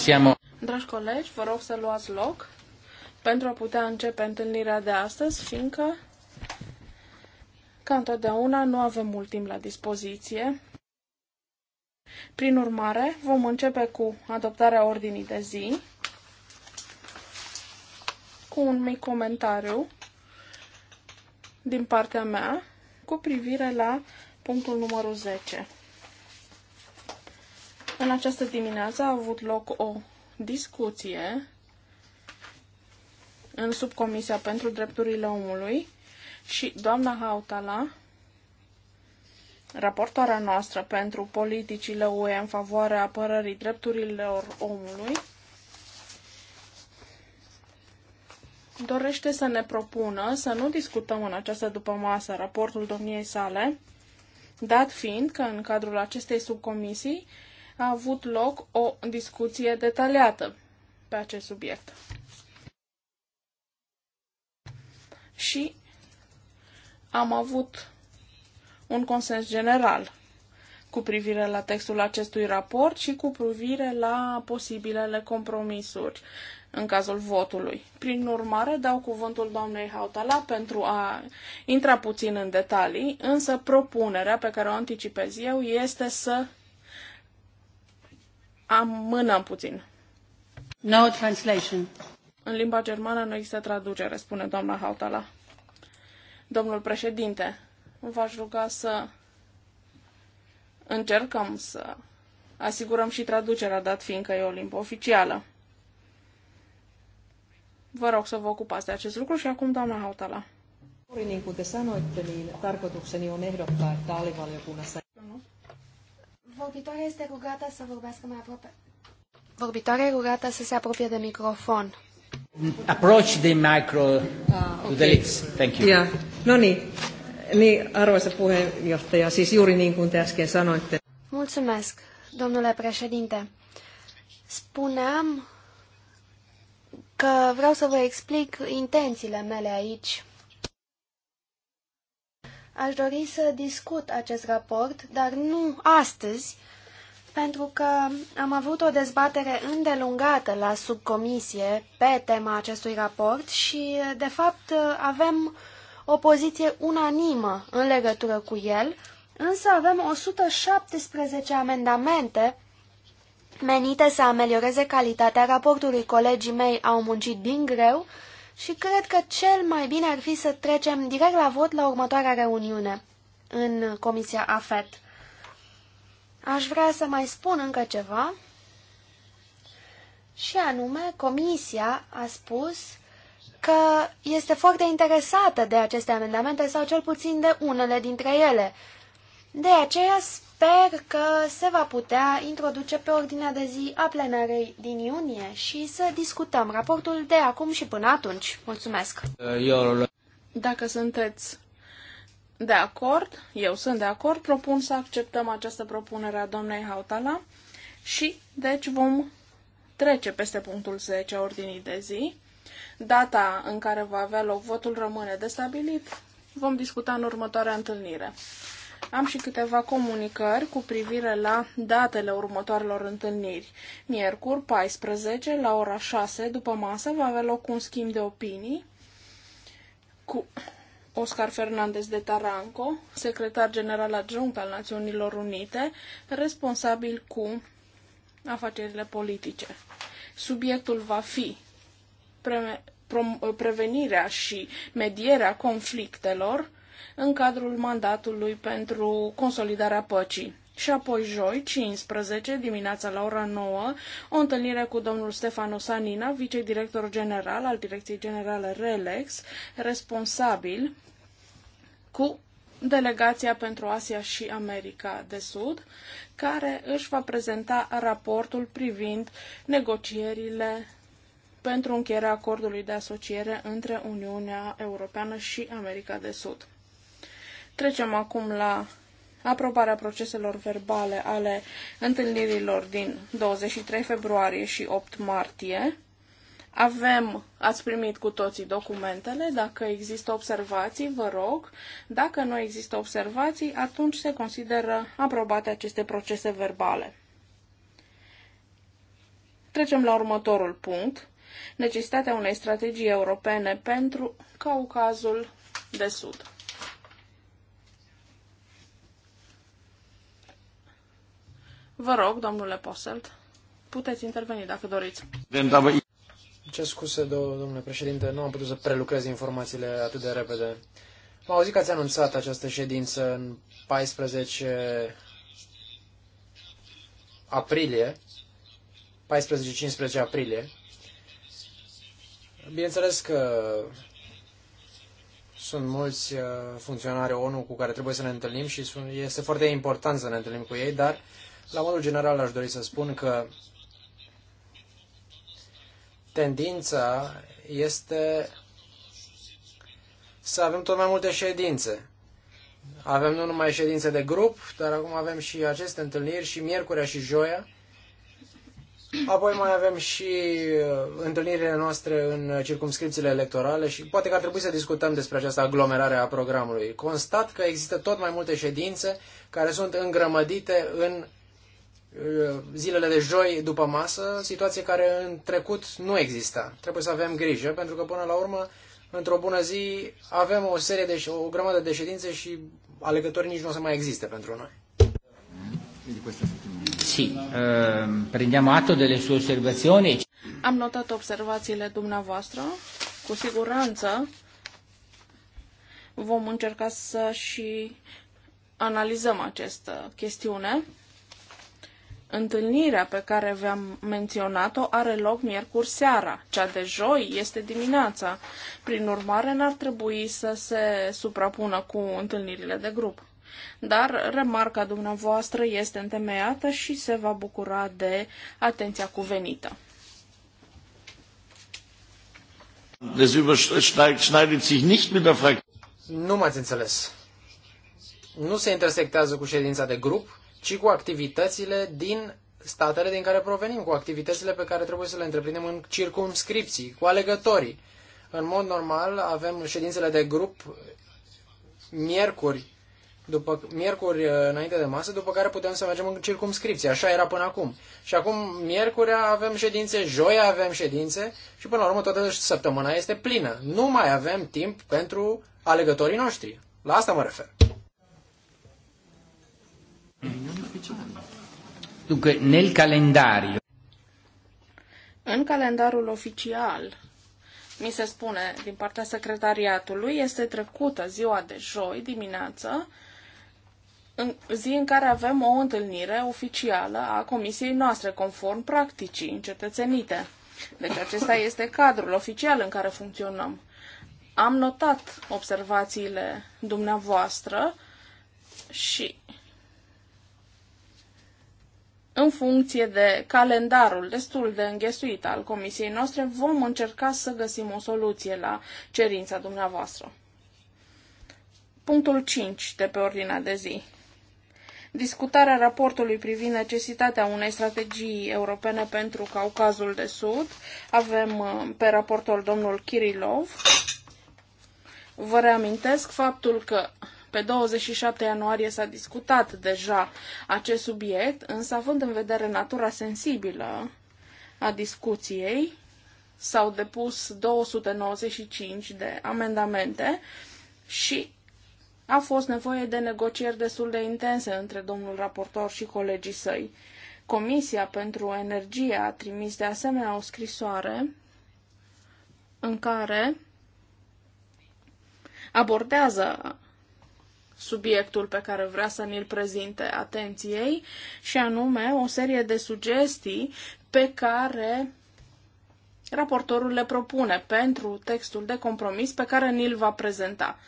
Siamo... Dragi colegi, vă rog să luați loc pentru a putea începe întâlnirea de astăzi, fiindcă, ca întotdeauna, nu avem mult timp la dispoziție. Prin urmare, vom începe cu adoptarea ordinii de zi, cu un mic comentariu din partea mea cu privire la punctul numărul 10. În această dimineață a avut loc o discuție în subcomisia pentru drepturile omului și doamna Hautala, raportoarea noastră pentru politicile UE în favoarea apărării drepturilor omului, dorește să ne propună să nu discutăm în această dupămasă raportul domniei sale, dat fiind că în cadrul acestei subcomisii a avut loc o discuție detaliată pe acest subiect. Și am avut un consens general cu privire la textul acestui raport și cu privire la posibilele compromisuri în cazul votului. Prin urmare, dau cuvântul doamnei Hautala pentru a intra puțin în detalii, însă propunerea pe care o anticipez eu este să am puțin. No translation. În limba germană nu există traducere, spune doamna Hautala. Domnul președinte, v-aș ruga să încercăm să asigurăm și traducerea, dat fiindcă e o limbă oficială. Vă rog să vă ocupați de acest lucru și acum doamna Hautala. Niin kuin te sanoitte, niin tarkoitukseni on ehdottaa, että alivaliokunnassa Vorbitoarea este rugată să vorbească mai aproape. Vorbitoarea e rugată să se apropie de microfon. Approach the micro ah, okay. to the lips. Thank you. Yeah. No niin. Niin, arvoisa puheenjohtaja, siis juuri niin kuin te äsken sanoitte. Mulțumesc, domnule președinte. Spuneam că vreau să vă explic intențiile mele aici. Aș dori să discut acest raport, dar nu astăzi, pentru că am avut o dezbatere îndelungată la subcomisie pe tema acestui raport și, de fapt, avem o poziție unanimă în legătură cu el, însă avem 117 amendamente menite să amelioreze calitatea raportului. Colegii mei au muncit din greu și cred că cel mai bine ar fi să trecem direct la vot la următoarea reuniune în Comisia AFET. Aș vrea să mai spun încă ceva și anume, Comisia a spus că este foarte interesată de aceste amendamente sau cel puțin de unele dintre ele. De aceea Sper că se va putea introduce pe ordinea de zi a plenarei din iunie și să discutăm raportul de acum și până atunci. Mulțumesc! Dacă sunteți de acord, eu sunt de acord, propun să acceptăm această propunere a doamnei Hautala și deci vom trece peste punctul 10 a ordinii de zi. Data în care va avea loc votul rămâne de stabilit. Vom discuta în următoarea întâlnire. Am și câteva comunicări cu privire la datele următoarelor întâlniri. Miercuri, 14, la ora 6, după masă, va avea loc un schimb de opinii cu Oscar Fernandez de Taranco, secretar general adjunct al Națiunilor Unite, responsabil cu afacerile politice. Subiectul va fi prevenirea și medierea conflictelor, în cadrul mandatului pentru consolidarea păcii. Și apoi joi, 15, dimineața la ora 9, o întâlnire cu domnul Stefano Sanina, vicedirector general al Direcției Generale Relex, responsabil cu delegația pentru Asia și America de Sud, care își va prezenta raportul privind negocierile pentru încheierea acordului de asociere între Uniunea Europeană și America de Sud. Trecem acum la aprobarea proceselor verbale ale întâlnirilor din 23 februarie și 8 martie. Avem, ați primit cu toții documentele, dacă există observații, vă rog. Dacă nu există observații, atunci se consideră aprobate aceste procese verbale. Trecem la următorul punct, necesitatea unei strategii europene pentru Caucazul de Sud. Vă rog, domnule Poselt, puteți interveni dacă doriți. Ce scuse, domnule președinte, nu am putut să prelucrez informațiile atât de repede. m au auzit că ați anunțat această ședință în 14 aprilie, 14-15 aprilie. Bineînțeles că sunt mulți uh, funcționari ONU cu care trebuie să ne întâlnim și este foarte important să ne întâlnim cu ei, dar la modul general aș dori să spun că tendința este să avem tot mai multe ședințe. Avem nu numai ședințe de grup, dar acum avem și aceste întâlniri și miercurea și joia. Apoi mai avem și uh, întâlnirile noastre în circumscripțiile electorale și poate că ar trebui să discutăm despre această aglomerare a programului. Constat că există tot mai multe ședințe care sunt îngrămădite în zilele de joi după masă, situație care în trecut nu exista. Trebuie să avem grijă, pentru că până la urmă, într-o bună zi, avem o serie de, o grămadă de ședințe și alegători nici nu o să mai existe pentru noi. Sì, eh, prendiamo atto delle sue osservazioni. Am notat observațiile dumneavoastră. Cu siguranță vom încerca să și analizăm această chestiune. Întâlnirea pe care v-am menționat-o are loc miercuri seara, cea de joi este dimineața. Prin urmare, n-ar trebui să se suprapună cu întâlnirile de grup. Dar remarca dumneavoastră este întemeiată și se va bucura de atenția cuvenită. Nu m-ați înțeles. Nu se intersectează cu ședința de grup, ci cu activitățile din statele din care provenim, cu activitățile pe care trebuie să le întreprindem în circumscripții, cu alegătorii. În mod normal avem ședințele de grup miercuri, după, miercuri uh, înainte de masă, după care putem să mergem în circumscripție. Așa era până acum. Și acum miercuri avem ședințe, joi avem ședințe și până la urmă toată săptămâna este plină. Nu mai avem timp pentru alegătorii noștri. La asta mă refer. Dunque, nel calendario. În calendarul oficial, mi se spune din partea secretariatului, este trecută ziua de joi dimineață, în zi în care avem o întâlnire oficială a comisiei noastre, conform practicii încetățenite. Deci acesta este cadrul oficial în care funcționăm. Am notat observațiile dumneavoastră și în funcție de calendarul destul de înghesuit al comisiei noastre, vom încerca să găsim o soluție la cerința dumneavoastră. Punctul 5 de pe ordinea de zi. Discutarea raportului privind necesitatea unei strategii europene pentru Caucazul de Sud. Avem uh, pe raportor domnul Kirilov. Vă reamintesc faptul că pe 27 ianuarie s-a discutat deja acest subiect, însă având în vedere natura sensibilă a discuției, s-au depus 295 de amendamente și a fost nevoie de negocieri destul de intense între domnul raportor și colegii săi. Comisia pentru Energie a trimis de asemenea o scrisoare în care abordează subiectul pe care vrea să ne-l prezinte atenției și anume o serie de sugestii pe care raportorul le propune pentru textul de compromis pe care ni-l va prezenta.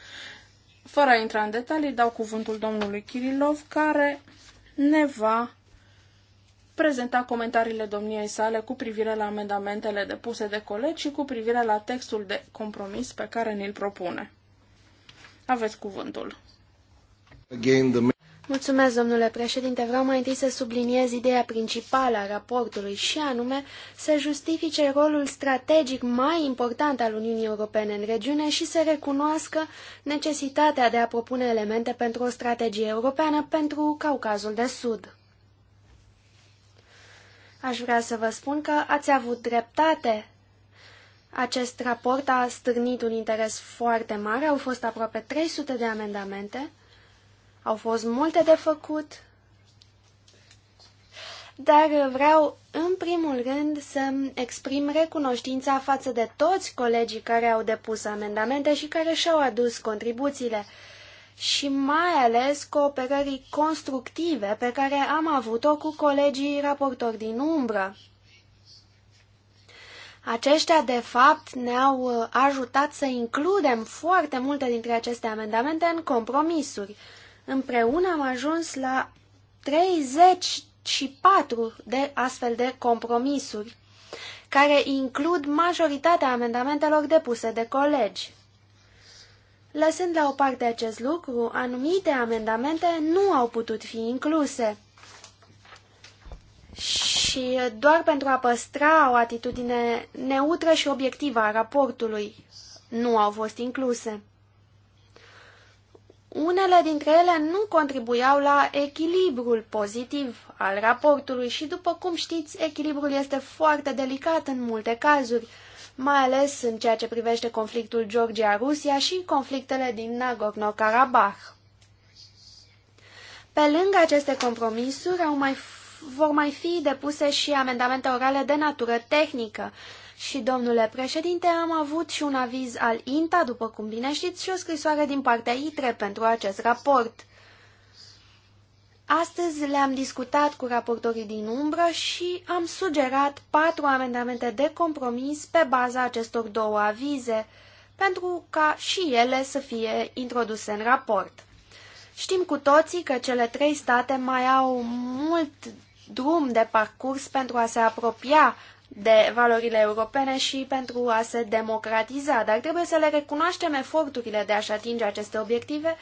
Fără a intra în detalii, dau cuvântul domnului Kirilov, care ne va prezenta comentariile domniei sale cu privire la amendamentele depuse de colegi și cu privire la textul de compromis pe care ni-l propune. Aveți cuvântul. Mulțumesc, domnule președinte. Vreau mai întâi să subliniez ideea principală a raportului și anume să justifice rolul strategic mai important al Uniunii Europene în regiune și să recunoască necesitatea de a propune elemente pentru o strategie europeană pentru Caucazul de Sud. Aș vrea să vă spun că ați avut dreptate. Acest raport a stârnit un interes foarte mare, au fost aproape 300 de amendamente, au fost multe de făcut, dar vreau în primul rând să exprim recunoștința față de toți colegii care au depus amendamente și care și-au adus contribuțiile și mai ales cooperării constructive pe care am avut-o cu colegii raportori din umbră. Aceștia, de fapt, ne-au uh, ajutat să includem foarte multe dintre aceste amendamente în compromisuri Împreună am ajuns la 34 de astfel de compromisuri, care includ majoritatea amendamentelor depuse de colegi. Lăsând la o parte acest lucru, anumite amendamente nu au putut fi incluse. Și doar pentru a păstra o atitudine neutră și obiectivă a raportului, nu au fost incluse. Unele dintre ele nu contribuiau la echilibrul pozitiv al raportului și, după cum știți, echilibrul este foarte delicat în multe cazuri, mai ales în ceea ce privește conflictul Georgia-Rusia și conflictele din Nagorno-Karabakh. Pe lângă aceste compromisuri, au mai, vor mai fi depuse și amendamente orale de natură tehnică, și, domnule președinte, am avut și un aviz al INTA, după cum bine știți, și o scrisoare din partea ITRE pentru acest raport. Astăzi le-am discutat cu raportorii din umbră și am sugerat patru amendamente de compromis pe baza acestor două avize, pentru ca și ele să fie introduse în raport. Știm cu toții că cele trei state mai au mult drum de parcurs pentru a se apropia de valorile europene și pentru a se democratiza, dar trebuie să le recunoaștem eforturile de a-și atinge aceste obiective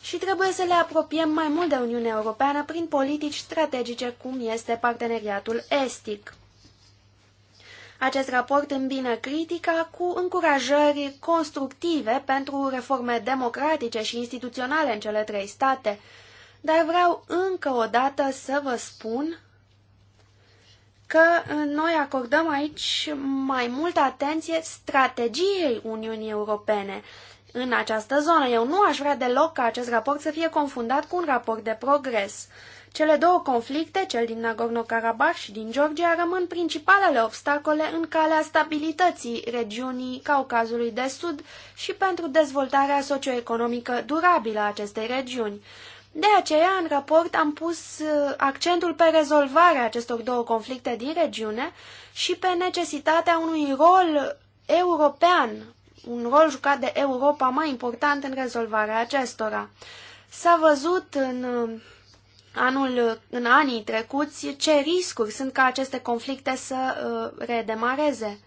și trebuie să le apropiem mai mult de Uniunea Europeană prin politici strategice cum este parteneriatul estic. Acest raport îmbină critica cu încurajări constructive pentru reforme democratice și instituționale în cele trei state, dar vreau încă o dată să vă spun că uh, noi acordăm aici mai multă atenție strategiei Uniunii Europene în această zonă. Eu nu aș vrea deloc ca acest raport să fie confundat cu un raport de progres. Cele două conflicte, cel din Nagorno-Karabakh și din Georgia, rămân principalele obstacole în calea stabilității regiunii Caucazului de Sud și pentru dezvoltarea socioeconomică durabilă a acestei regiuni. De aceea, în raport am pus uh, accentul pe rezolvarea acestor două conflicte din regiune și pe necesitatea unui rol european, un rol jucat de Europa mai important în rezolvarea acestora. S-a văzut în uh, anul, în anii trecuți ce riscuri sunt ca aceste conflicte să uh, redemareze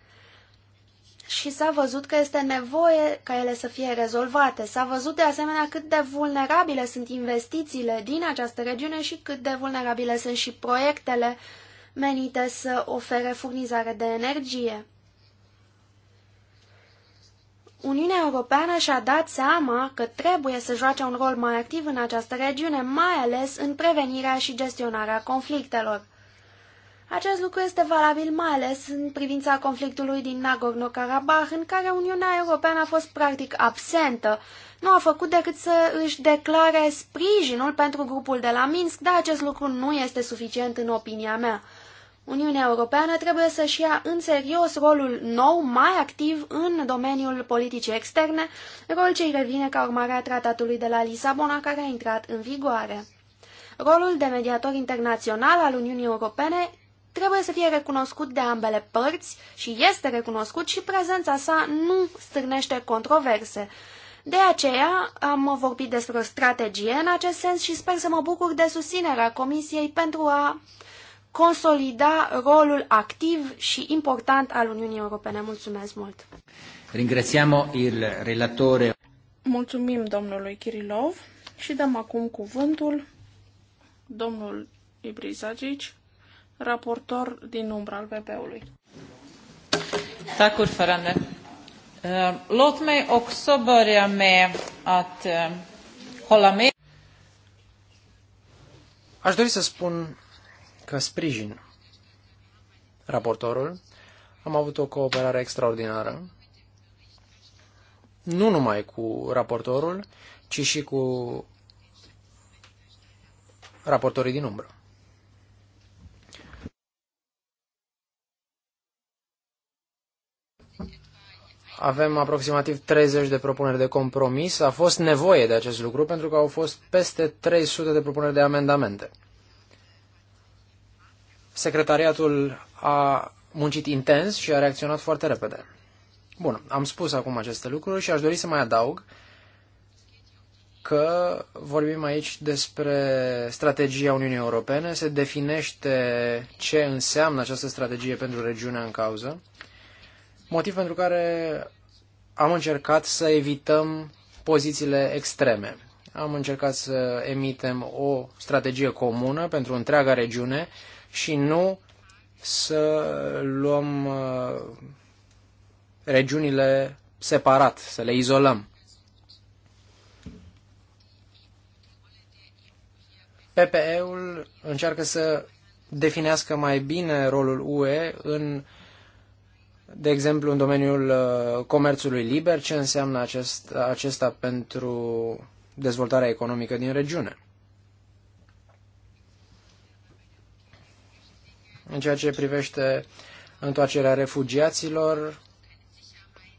și s-a văzut că este nevoie ca ele să fie rezolvate. S-a văzut de asemenea cât de vulnerabile sunt investițiile din această regiune și cât de vulnerabile sunt și proiectele menite să ofere furnizare de energie. Uniunea Europeană și-a dat seama că trebuie să joace un rol mai activ în această regiune, mai ales în prevenirea și gestionarea conflictelor. Acest lucru este valabil mai ales în privința conflictului din Nagorno-Karabakh, în care Uniunea Europeană a fost practic absentă. Nu a făcut decât să își declare sprijinul pentru grupul de la Minsk, dar acest lucru nu este suficient în opinia mea. Uniunea Europeană trebuie să-și ia în serios rolul nou, mai activ în domeniul politicii externe, rol ce îi revine ca urmare a tratatului de la Lisabona care a intrat în vigoare. Rolul de mediator internațional al Uniunii Europene trebuie să fie recunoscut de ambele părți și este recunoscut și prezența sa nu stârnește controverse. De aceea am vorbit despre o strategie în acest sens și sper să mă bucur de susținerea Comisiei pentru a consolida rolul activ și important al Uniunii Europene. Mulțumesc mult! Ringrațiamo il relatore. Mulțumim domnului Kirilov și dăm acum cuvântul domnul Ibrizagici raportor din umbra al PP-ului. Tack ordförande. Eh, låt mig också börja med att eh, hålla med. Aș dori să spun că sprijin raportorul. Am avut o cooperare extraordinară, nu numai cu raportorul, ci și cu raportorii din umbră. avem aproximativ 30 de propuneri de compromis. A fost nevoie de acest lucru pentru că au fost peste 300 de propuneri de amendamente. Secretariatul a muncit intens și a reacționat foarte repede. Bun, am spus acum aceste lucruri și aș dori să mai adaug că vorbim aici despre strategia Uniunii Europene, se definește ce înseamnă această strategie pentru regiunea în cauză motiv pentru care am încercat să evităm pozițiile extreme. Am încercat să emitem o strategie comună pentru întreaga regiune și nu să luăm uh, regiunile separat, să le izolăm. PPE-ul încearcă să definească mai bine rolul UE în uh, de exemplu, în domeniul uh, comerțului liber, ce înseamnă acest, acesta pentru dezvoltarea economică din regiune. În ceea ce privește întoarcerea refugiaților,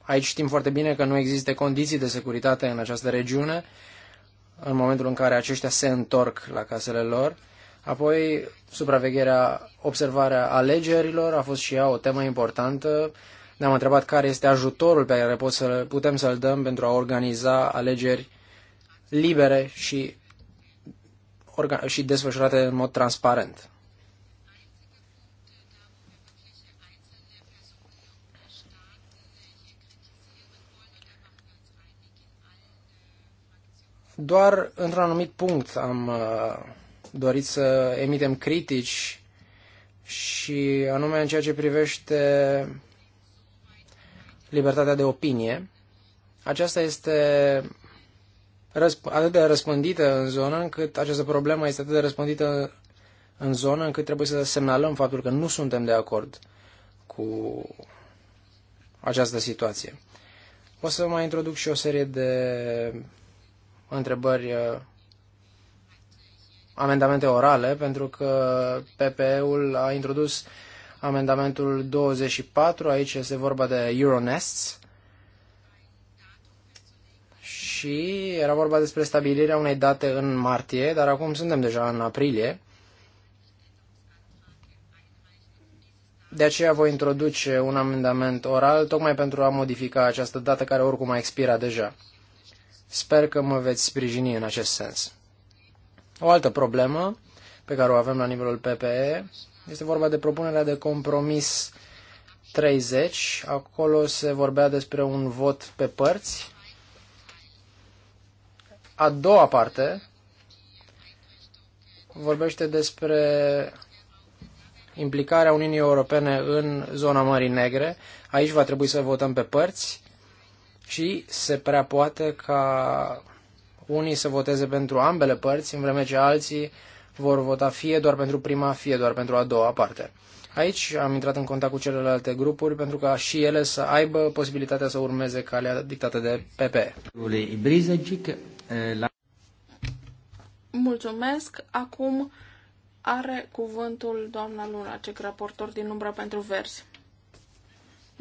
aici știm foarte bine că nu există condiții de securitate în această regiune în momentul în care aceștia se întorc la casele lor. Apoi, supravegherea, observarea alegerilor a fost și ea o temă importantă. Ne-am întrebat care este ajutorul pe care pot să, putem să-l dăm pentru a organiza alegeri libere și, orga, și desfășurate în mod transparent. Doar într-un anumit punct am uh, dorit să emitem critici și anume în ceea ce privește libertatea de opinie. Aceasta este atât de răspândită în zonă încât această problemă este atât de răspândită în zonă încât trebuie să semnalăm faptul că nu suntem de acord cu această situație. O să mai introduc și o serie de întrebări uh, amendamente orale, pentru că PPE-ul a introdus amendamentul 24, aici este vorba de Euronests, și era vorba despre stabilirea unei date în martie, dar acum suntem deja în aprilie. De aceea voi introduce un amendament oral, tocmai pentru a modifica această dată care oricum a expirat deja. Sper că mă veți sprijini în acest sens. O altă problemă pe care o avem la nivelul PPE este vorba de propunerea de compromis 30. Acolo se vorbea despre un vot pe părți. A doua parte vorbește despre implicarea Uniunii Europene în zona Mării Negre. Aici va trebui să votăm pe părți și se prea poate ca unii să voteze pentru ambele părți, în vreme ce alții vor vota fie doar pentru prima, fie doar pentru a doua parte. Aici am intrat în contact cu celelalte grupuri pentru ca și ele să aibă posibilitatea să urmeze calea dictată de PP. Eh, Mulțumesc. Acum are cuvântul doamna Luna, cec raportor din umbra pentru versi.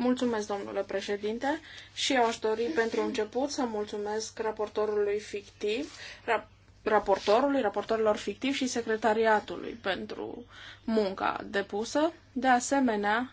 Mulțumesc, domnule președinte, și eu aș dori pentru început să mulțumesc raportorului fictiv, rap- raportorului, raportorilor fictivi și secretariatului pentru munca depusă. De asemenea,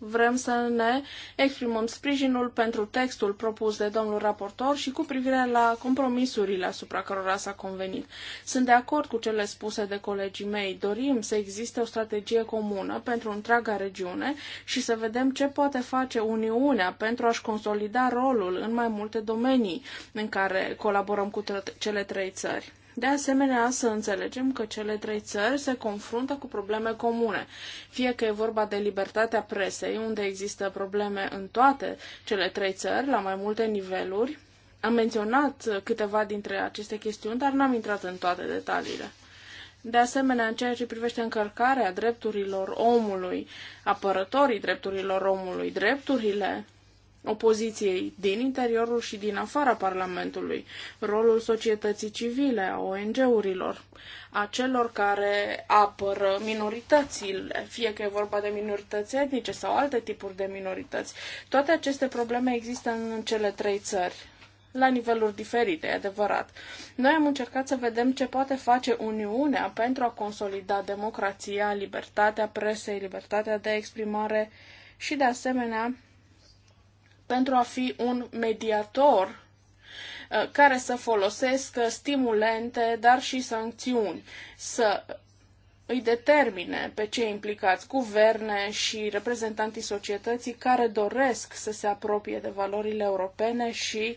Vrem să ne exprimăm sprijinul pentru textul propus de domnul raportor și cu privire la compromisurile asupra cărora s-a convenit. Sunt de acord cu cele spuse de colegii mei. Dorim să existe o strategie comună pentru întreaga regiune și să vedem ce poate face Uniunea pentru a-și consolida rolul în mai multe domenii în care colaborăm cu cele trei țări. De asemenea, să înțelegem că cele trei țări se confruntă cu probleme comune, fie că e vorba de libertatea presei, unde există probleme în toate cele trei țări, la mai multe niveluri. Am menționat câteva dintre aceste chestiuni, dar n-am intrat în toate detaliile. De asemenea, în ceea ce privește încărcarea drepturilor omului, apărătorii drepturilor omului, drepturile opoziției din interiorul și din afara Parlamentului, rolul societății civile, a ONG-urilor, a celor care apără minoritățile, fie că e vorba de minorități etnice sau alte tipuri de minorități. Toate aceste probleme există în cele trei țări la niveluri diferite, e adevărat. Noi am încercat să vedem ce poate face Uniunea pentru a consolida democrația, libertatea presei, libertatea de exprimare și, de asemenea, pentru a fi un mediator uh, care să folosească stimulente, dar și sancțiuni, să îi determine pe cei implicați, guverne și reprezentanții societății care doresc să se apropie de valorile europene și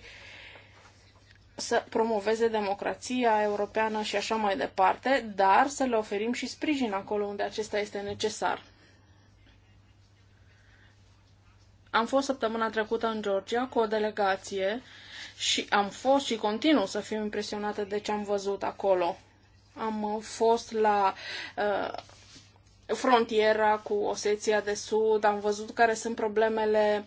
să promoveze democrația europeană și așa mai departe, dar să le oferim și sprijin acolo unde acesta este necesar. Am fost săptămâna trecută în Georgia cu o delegație și am fost și continuu să fiu impresionată de ce am văzut acolo. Am fost la uh, frontiera cu Oseția de Sud, am văzut care sunt problemele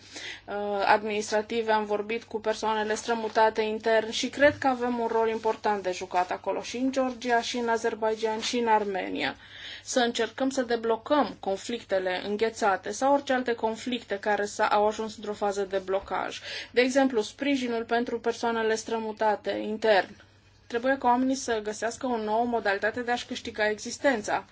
uh, administrative, am vorbit cu persoanele strămutate intern și cred că avem un rol important de jucat acolo și în Georgia, și în Azerbaidjan și în Armenia. Să încercăm să deblocăm conflictele înghețate sau orice alte conflicte care au ajuns într-o fază de blocaj. De exemplu, sprijinul pentru persoanele strămutate intern. Trebuie ca oamenii să găsească o nouă modalitate de a-și câștiga existența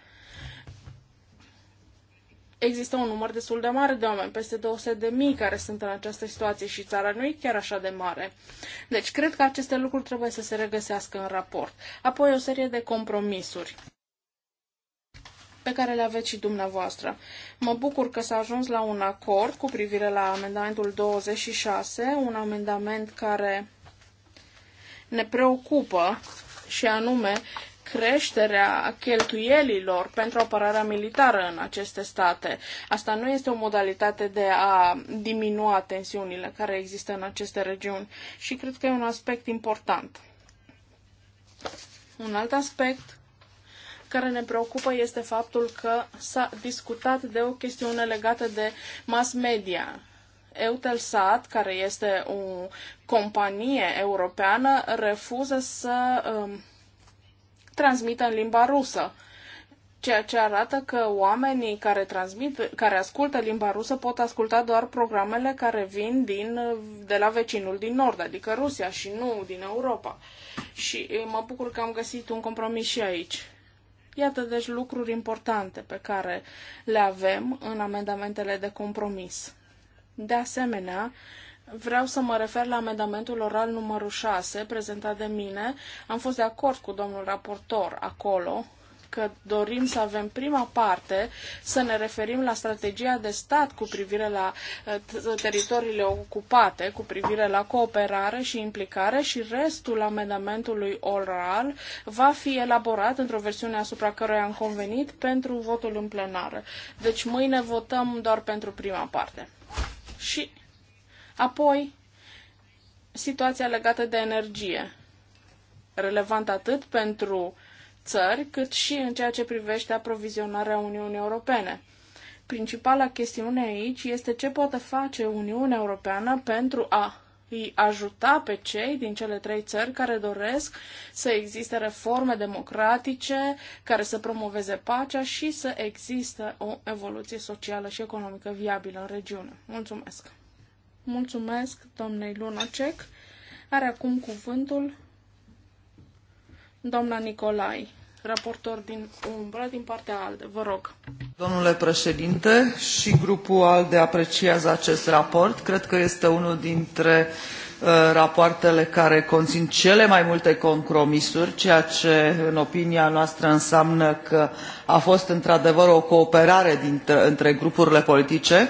există un număr destul de mare de oameni, peste 200 de mii care sunt în această situație și țara nu e chiar așa de mare. Deci cred că aceste lucruri trebuie să se regăsească în raport. Apoi o serie de compromisuri pe care le aveți și dumneavoastră. Mă bucur că s-a ajuns la un acord cu privire la amendamentul 26, un amendament care ne preocupă și anume creșterea cheltuielilor pentru apărarea militară în aceste state. Asta nu este o modalitate de a diminua tensiunile care există în aceste regiuni și cred că e un aspect important. Un alt aspect care ne preocupă este faptul că s-a discutat de o chestiune legată de mass media. Eutelsat, care este o companie europeană, refuză să um, transmită în limba rusă, ceea ce arată că oamenii care, transmit, care ascultă limba rusă pot asculta doar programele care vin din, de la vecinul din nord, adică Rusia și nu din Europa. Și mă bucur că am găsit un compromis și aici. Iată deci lucruri importante pe care le avem în amendamentele de compromis. De asemenea, Vreau să mă refer la amendamentul oral numărul 6 prezentat de mine. Am fost de acord cu domnul raportor acolo că dorim să avem prima parte să ne referim la strategia de stat cu privire la eh, teritoriile ocupate, cu privire la cooperare și implicare și restul amendamentului oral va fi elaborat într-o versiune asupra căruia am convenit pentru votul în plenară. Deci mâine votăm doar pentru prima parte. Și Apoi, situația legată de energie, relevant atât pentru țări, cât și în ceea ce privește aprovizionarea Uniunii Europene. Principala chestiune aici este ce poate face Uniunea Europeană pentru a îi ajuta pe cei din cele trei țări care doresc să existe reforme democratice, care să promoveze pacea și să existe o evoluție socială și economică viabilă în regiune. Mulțumesc! Mulțumesc, domnei Lunacek. Are acum cuvântul doamna Nicolai, raportor din umbră, din partea ALDE. Vă rog. Domnule președinte, și grupul ALDE apreciază acest raport. Cred că este unul dintre uh, rapoartele care conțin cele mai multe compromisuri, ceea ce, în opinia noastră, înseamnă că a fost într-adevăr o cooperare dintre, între grupurile politice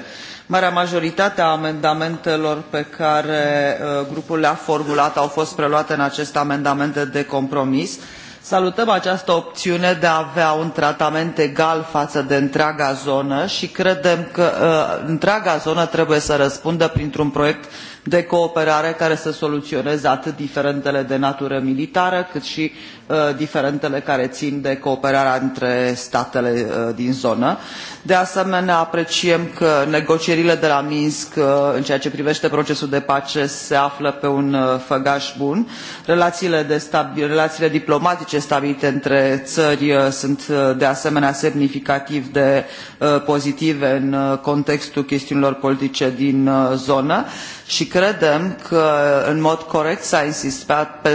marea majoritate a amendamentelor pe care uh, grupul le-a formulat au fost preluate în aceste amendamente de compromis. Salutăm această opțiune de a avea un tratament egal față de întreaga zonă și credem că uh, întreaga zonă trebuie să răspundă printr-un proiect de cooperare care să soluționeze atât diferendele de natură militară cât și Uh, diferentele care țin de cooperarea între statele uh, din zonă. De asemenea, apreciem că negocierile de la Minsk uh, în ceea ce privește procesul de pace se află pe un făgaș bun. Relațiile, de stabi- relațiile diplomatice stabilite între țări sunt de asemenea semnificativ de pozitive în contextul chestiunilor politice din zonă și credem că în mod corect s-a insistat pe,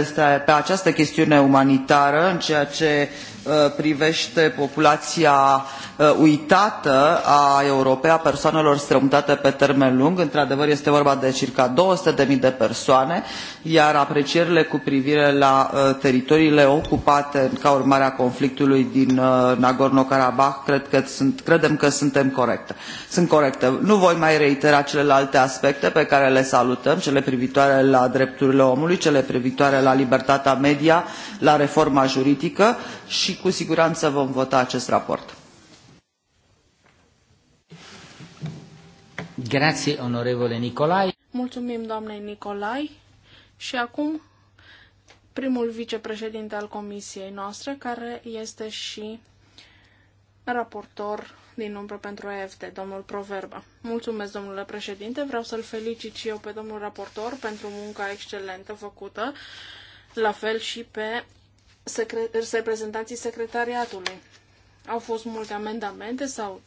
pe această chestiune umanitară umanitară, în ceea ce Uh, privește populația uh, uitată a Europei, a persoanelor strămutate pe termen lung. Într-adevăr, este vorba de circa 200.000 de persoane, iar aprecierile cu privire la uh, teritoriile ocupate ca urmare a conflictului din Nagorno-Karabakh cred că sunt, credem că suntem corecte. Sunt corecte. Nu voi mai reitera celelalte aspecte pe care le salutăm, cele privitoare la drepturile omului, cele privitoare la libertatea media, la reforma juridică și cu siguranță vom vota acest raport. Grazie, onorevole Nicolai. Mulțumim, doamnei Nicolai. Și acum, primul vicepreședinte al comisiei noastre, care este și raportor din umbră pentru EFT, domnul Proverba. Mulțumesc, domnule președinte. Vreau să-l felicit și eu pe domnul raportor pentru munca excelentă făcută, la fel și pe secre- reprezentanții secretariatului. Au fost multe amendamente, s-au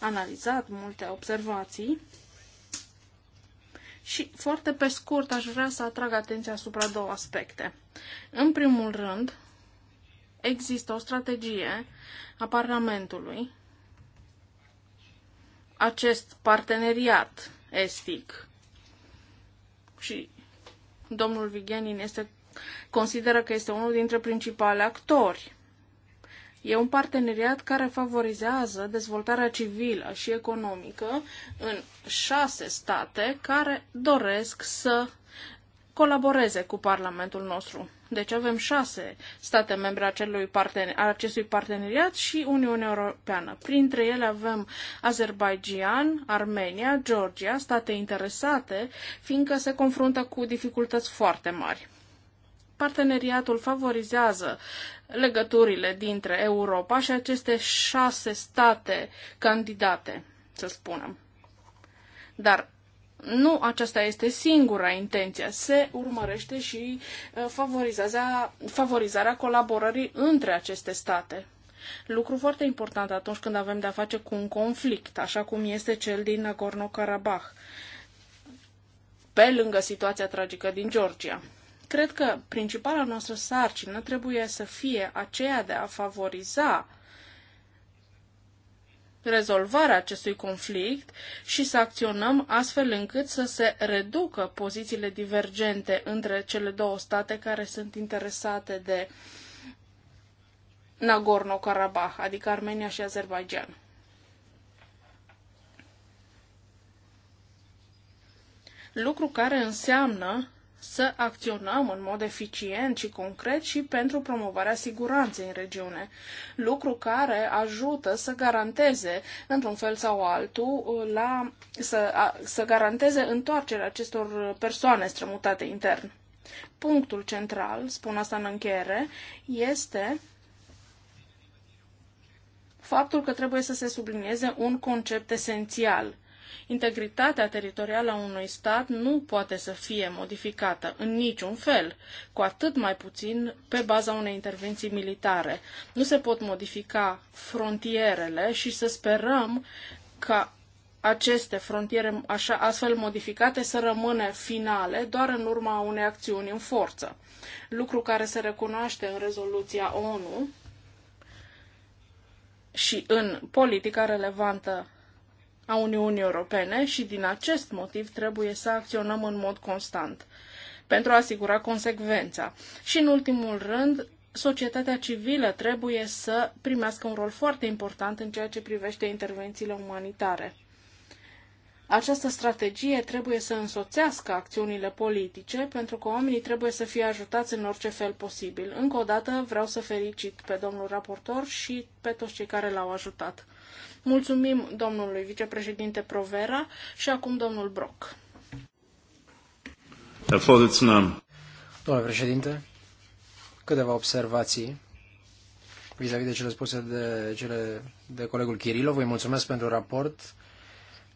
analizat multe observații și foarte pe scurt aș vrea să atrag atenția asupra două aspecte. În primul rând, există o strategie a Parlamentului, acest parteneriat estic și domnul Vigenin este consideră că este unul dintre principale actori. E un parteneriat care favorizează dezvoltarea civilă și economică în șase state care doresc să colaboreze cu Parlamentul nostru. Deci avem șase state membre acelui acestui parteneriat și Uniunea Europeană. Printre ele avem Azerbaijan, Armenia, Georgia, state interesate, fiindcă se confruntă cu dificultăți foarte mari. Parteneriatul favorizează legăturile dintre Europa și aceste șase state candidate, să spunem. Dar nu aceasta este singura intenție. Se urmărește și uh, favorizarea colaborării între aceste state. Lucru foarte important atunci când avem de-a face cu un conflict, așa cum este cel din Nagorno-Karabakh, pe lângă situația tragică din Georgia. Cred că principala noastră sarcină trebuie să fie aceea de a favoriza rezolvarea acestui conflict și să acționăm astfel încât să se reducă pozițiile divergente între cele două state care sunt interesate de Nagorno-Karabakh, adică Armenia și Azerbaijan. Lucru care înseamnă să acționăm în mod eficient și concret și pentru promovarea siguranței în regiune, lucru care ajută să garanteze, într-un fel sau altul, la, să, a, să garanteze întoarcerea acestor persoane strămutate intern. Punctul central, spun asta în încheiere, este faptul că trebuie să se sublinieze un concept esențial – Integritatea teritorială a unui stat nu poate să fie modificată în niciun fel, cu atât mai puțin pe baza unei intervenții militare. Nu se pot modifica frontierele și să sperăm ca aceste frontiere așa, astfel modificate să rămână finale doar în urma unei acțiuni în forță, lucru care se recunoaște în rezoluția ONU și în politica relevantă a Uniunii Europene și din acest motiv trebuie să acționăm în mod constant pentru a asigura consecvența. Și în ultimul rând, societatea civilă trebuie să primească un rol foarte important în ceea ce privește intervențiile umanitare. Această strategie trebuie să însoțească acțiunile politice, pentru că oamenii trebuie să fie ajutați în orice fel posibil. Încă o dată vreau să felicit pe domnul raportor și pe toți cei care l-au ajutat. Mulțumim domnului vicepreședinte Provera și acum domnul Brock. Domnule președinte, câteva observații vis-a-vis de cele spuse de, cele de colegul Kirilov. Vă mulțumesc pentru raport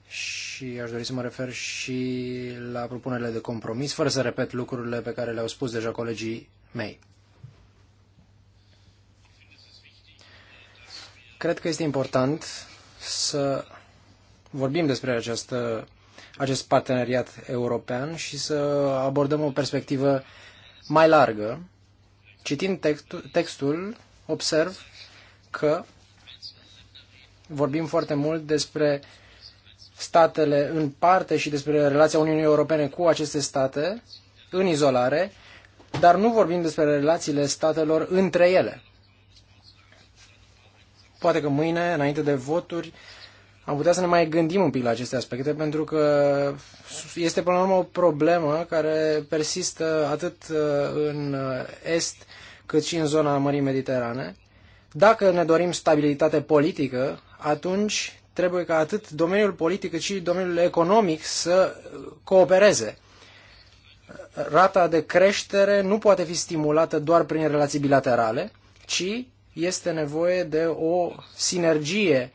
și aș dori să mă refer și la propunerile de compromis, fără să repet lucrurile pe care le-au spus deja colegii mei. Cred că este important să vorbim despre această, acest parteneriat european și să abordăm o perspectivă mai largă. Citind textul, textul observ că vorbim foarte mult despre statele în parte și despre relația Uniunii Europene cu aceste state în izolare, dar nu vorbim despre relațiile statelor între ele poate că mâine, înainte de voturi, am putea să ne mai gândim un pic la aceste aspecte, pentru că este până la urmă o problemă care persistă atât uh, în uh, est cât și în zona Mării Mediterane. Dacă ne dorim stabilitate politică, atunci trebuie ca atât domeniul politic cât și domeniul economic să uh, coopereze. Rata de creștere nu poate fi stimulată doar prin relații bilaterale, ci este nevoie de o sinergie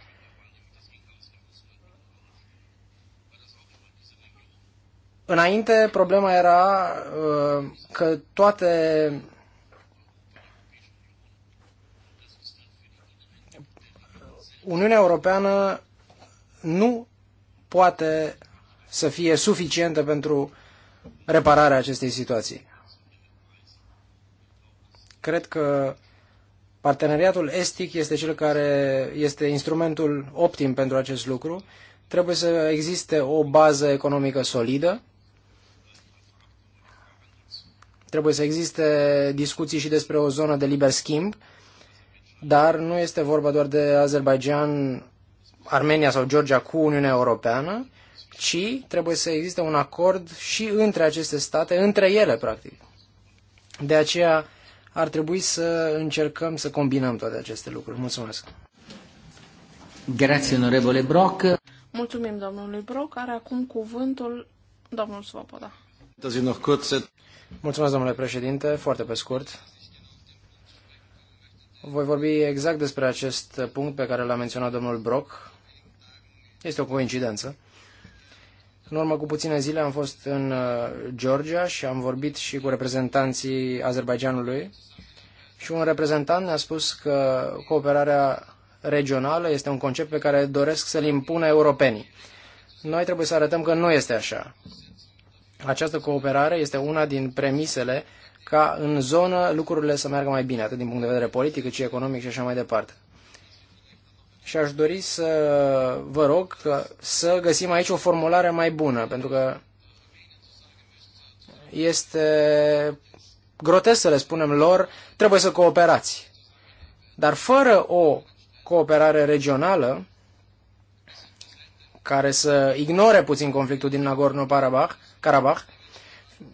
Înainte, problema era uh, că toate Uniunea Europeană nu poate să fie suficientă pentru repararea acestei situații. Cred că Parteneriatul estic este cel care este instrumentul optim pentru acest lucru. Trebuie să existe o bază economică solidă, trebuie să existe discuții și despre o zonă de liber schimb, dar nu este vorba doar de Azerbaijan, Armenia sau Georgia cu Uniunea Europeană, ci trebuie să existe un acord și între aceste state, între ele, practic. De aceea, ar trebui să încercăm să combinăm toate aceste lucruri. Mulțumesc! Grazie, onorevole Brock. Mulțumim domnului Brock. Are acum cuvântul domnul Svoboda. Mulțumesc, domnule președinte. Foarte pe scurt. Voi vorbi exact despre acest punct pe care l-a menționat domnul Brock. Este o coincidență. În urmă cu puține zile am fost în uh, Georgia și am vorbit și cu reprezentanții Azerbaijanului și un reprezentant ne-a spus că cooperarea regională este un concept pe care doresc să-l impună europenii. Noi trebuie să arătăm că nu este așa. Această cooperare este una din premisele ca în zonă lucrurile să meargă mai bine, atât din punct de vedere politic, cât și economic și așa mai departe și aș dori să vă rog să găsim aici o formulare mai bună, pentru că este grotesc să le spunem lor, trebuie să cooperați. Dar fără o cooperare regională, care să ignore puțin conflictul din Nagorno-Karabakh,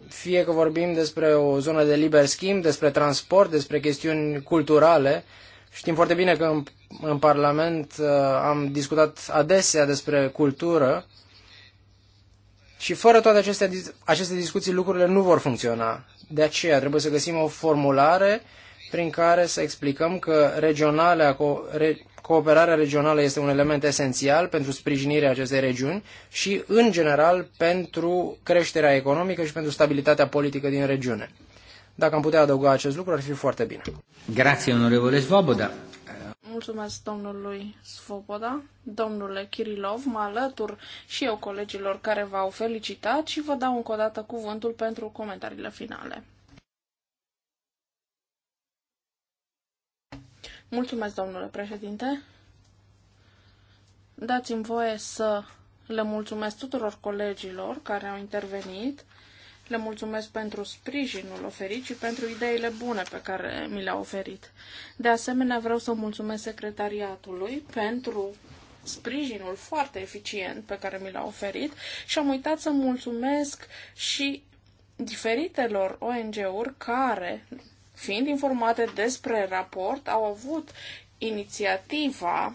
fie că vorbim despre o zonă de liber schimb, despre transport, despre chestiuni culturale, Știm foarte bine că în, în Parlament uh, am discutat adesea despre cultură și fără toate aceste, aceste discuții lucrurile nu vor funcționa. De aceea trebuie să găsim o formulare prin care să explicăm că regionale, co- re, cooperarea regională este un element esențial pentru sprijinirea acestei regiuni și, în general, pentru creșterea economică și pentru stabilitatea politică din regiune. Dacă am putea adăuga acest lucru, ar fi foarte bine. Grație, onorevole Svoboda. Mulțumesc domnului Svoboda, domnule Kirilov, mă alătur și eu colegilor care v-au felicitat și vă dau încă o dată cuvântul pentru comentariile finale. Mulțumesc, domnule președinte. Dați-mi voie să le mulțumesc tuturor colegilor care au intervenit le mulțumesc pentru sprijinul oferit și pentru ideile bune pe care mi le-a oferit. De asemenea, vreau să mulțumesc secretariatului pentru sprijinul foarte eficient pe care mi l-a oferit și am uitat să mulțumesc și diferitelor ONG-uri care, fiind informate despre raport, au avut inițiativa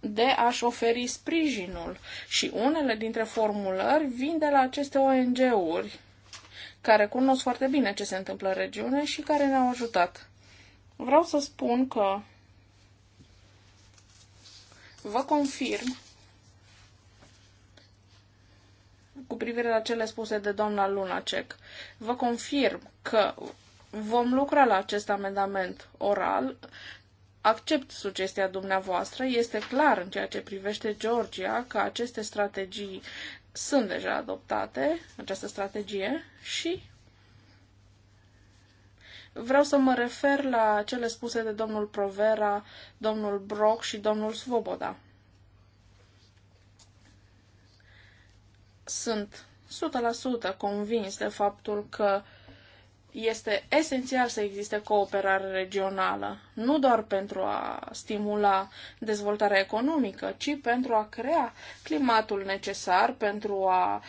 de a-și oferi sprijinul. Și unele dintre formulări vin de la aceste ONG-uri care cunosc foarte bine ce se întâmplă în regiune și care ne-au ajutat. Vreau să spun că vă confirm cu privire la cele spuse de doamna Lunacek. Vă confirm că vom lucra la acest amendament oral accept sugestia dumneavoastră. Este clar în ceea ce privește Georgia că aceste strategii sunt deja adoptate, această strategie, și vreau să mă refer la cele spuse de domnul Provera, domnul Brock și domnul Svoboda. Sunt 100% convins de faptul că uh, este esențial să existe cooperare regională, nu doar pentru a stimula dezvoltarea economică, ci pentru a crea climatul necesar, pentru a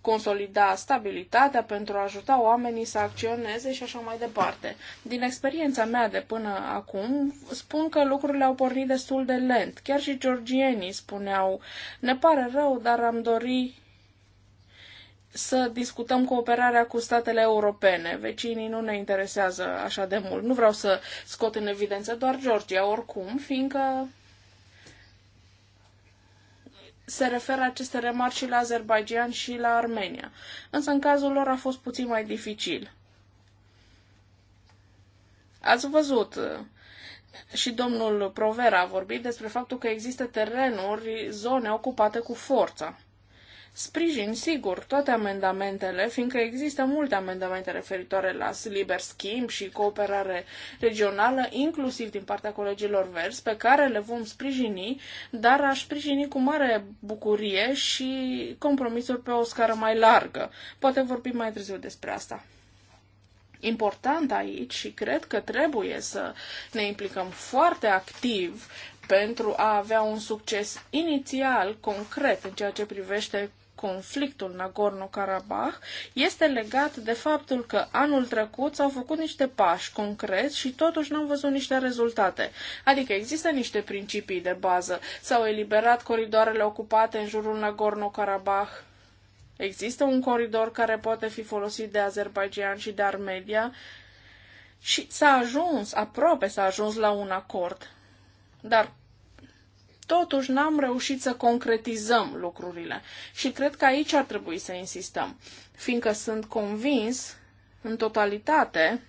consolida stabilitatea, pentru a ajuta oamenii să acționeze și așa mai departe. Din experiența mea de până acum, spun că lucrurile au pornit destul de lent. Chiar și georgienii spuneau, ne pare rău, dar am dori să discutăm cooperarea cu statele europene. Vecinii nu ne interesează așa de mult. Nu vreau să scot în evidență doar Georgia, oricum, fiindcă se referă aceste remarci și la Azerbaijan și la Armenia. Însă în cazul lor a fost puțin mai dificil. Ați văzut, și domnul Provera a vorbit despre faptul că există terenuri, zone ocupate cu forța. Sprijin, sigur, toate amendamentele, fiindcă există multe amendamente referitoare la liber schimb și cooperare regională, inclusiv din partea colegilor verzi, pe care le vom sprijini, dar aș sprijini cu mare bucurie și compromisuri pe o scară mai largă. Poate vorbim mai târziu despre asta important aici și cred că trebuie să ne implicăm foarte activ pentru a avea un succes inițial concret în ceea ce privește conflictul Nagorno-Karabakh este legat de faptul că anul trecut s-au făcut niște pași concreți și totuși n-am văzut niște rezultate. Adică există niște principii de bază. S-au eliberat coridoarele ocupate în jurul Nagorno-Karabakh. Există un coridor care poate fi folosit de Azerbaijan și de Armenia și s-a ajuns, aproape s-a ajuns la un acord. Dar Totuși n-am reușit să concretizăm lucrurile și cred că aici ar trebui să insistăm, fiindcă sunt convins în totalitate,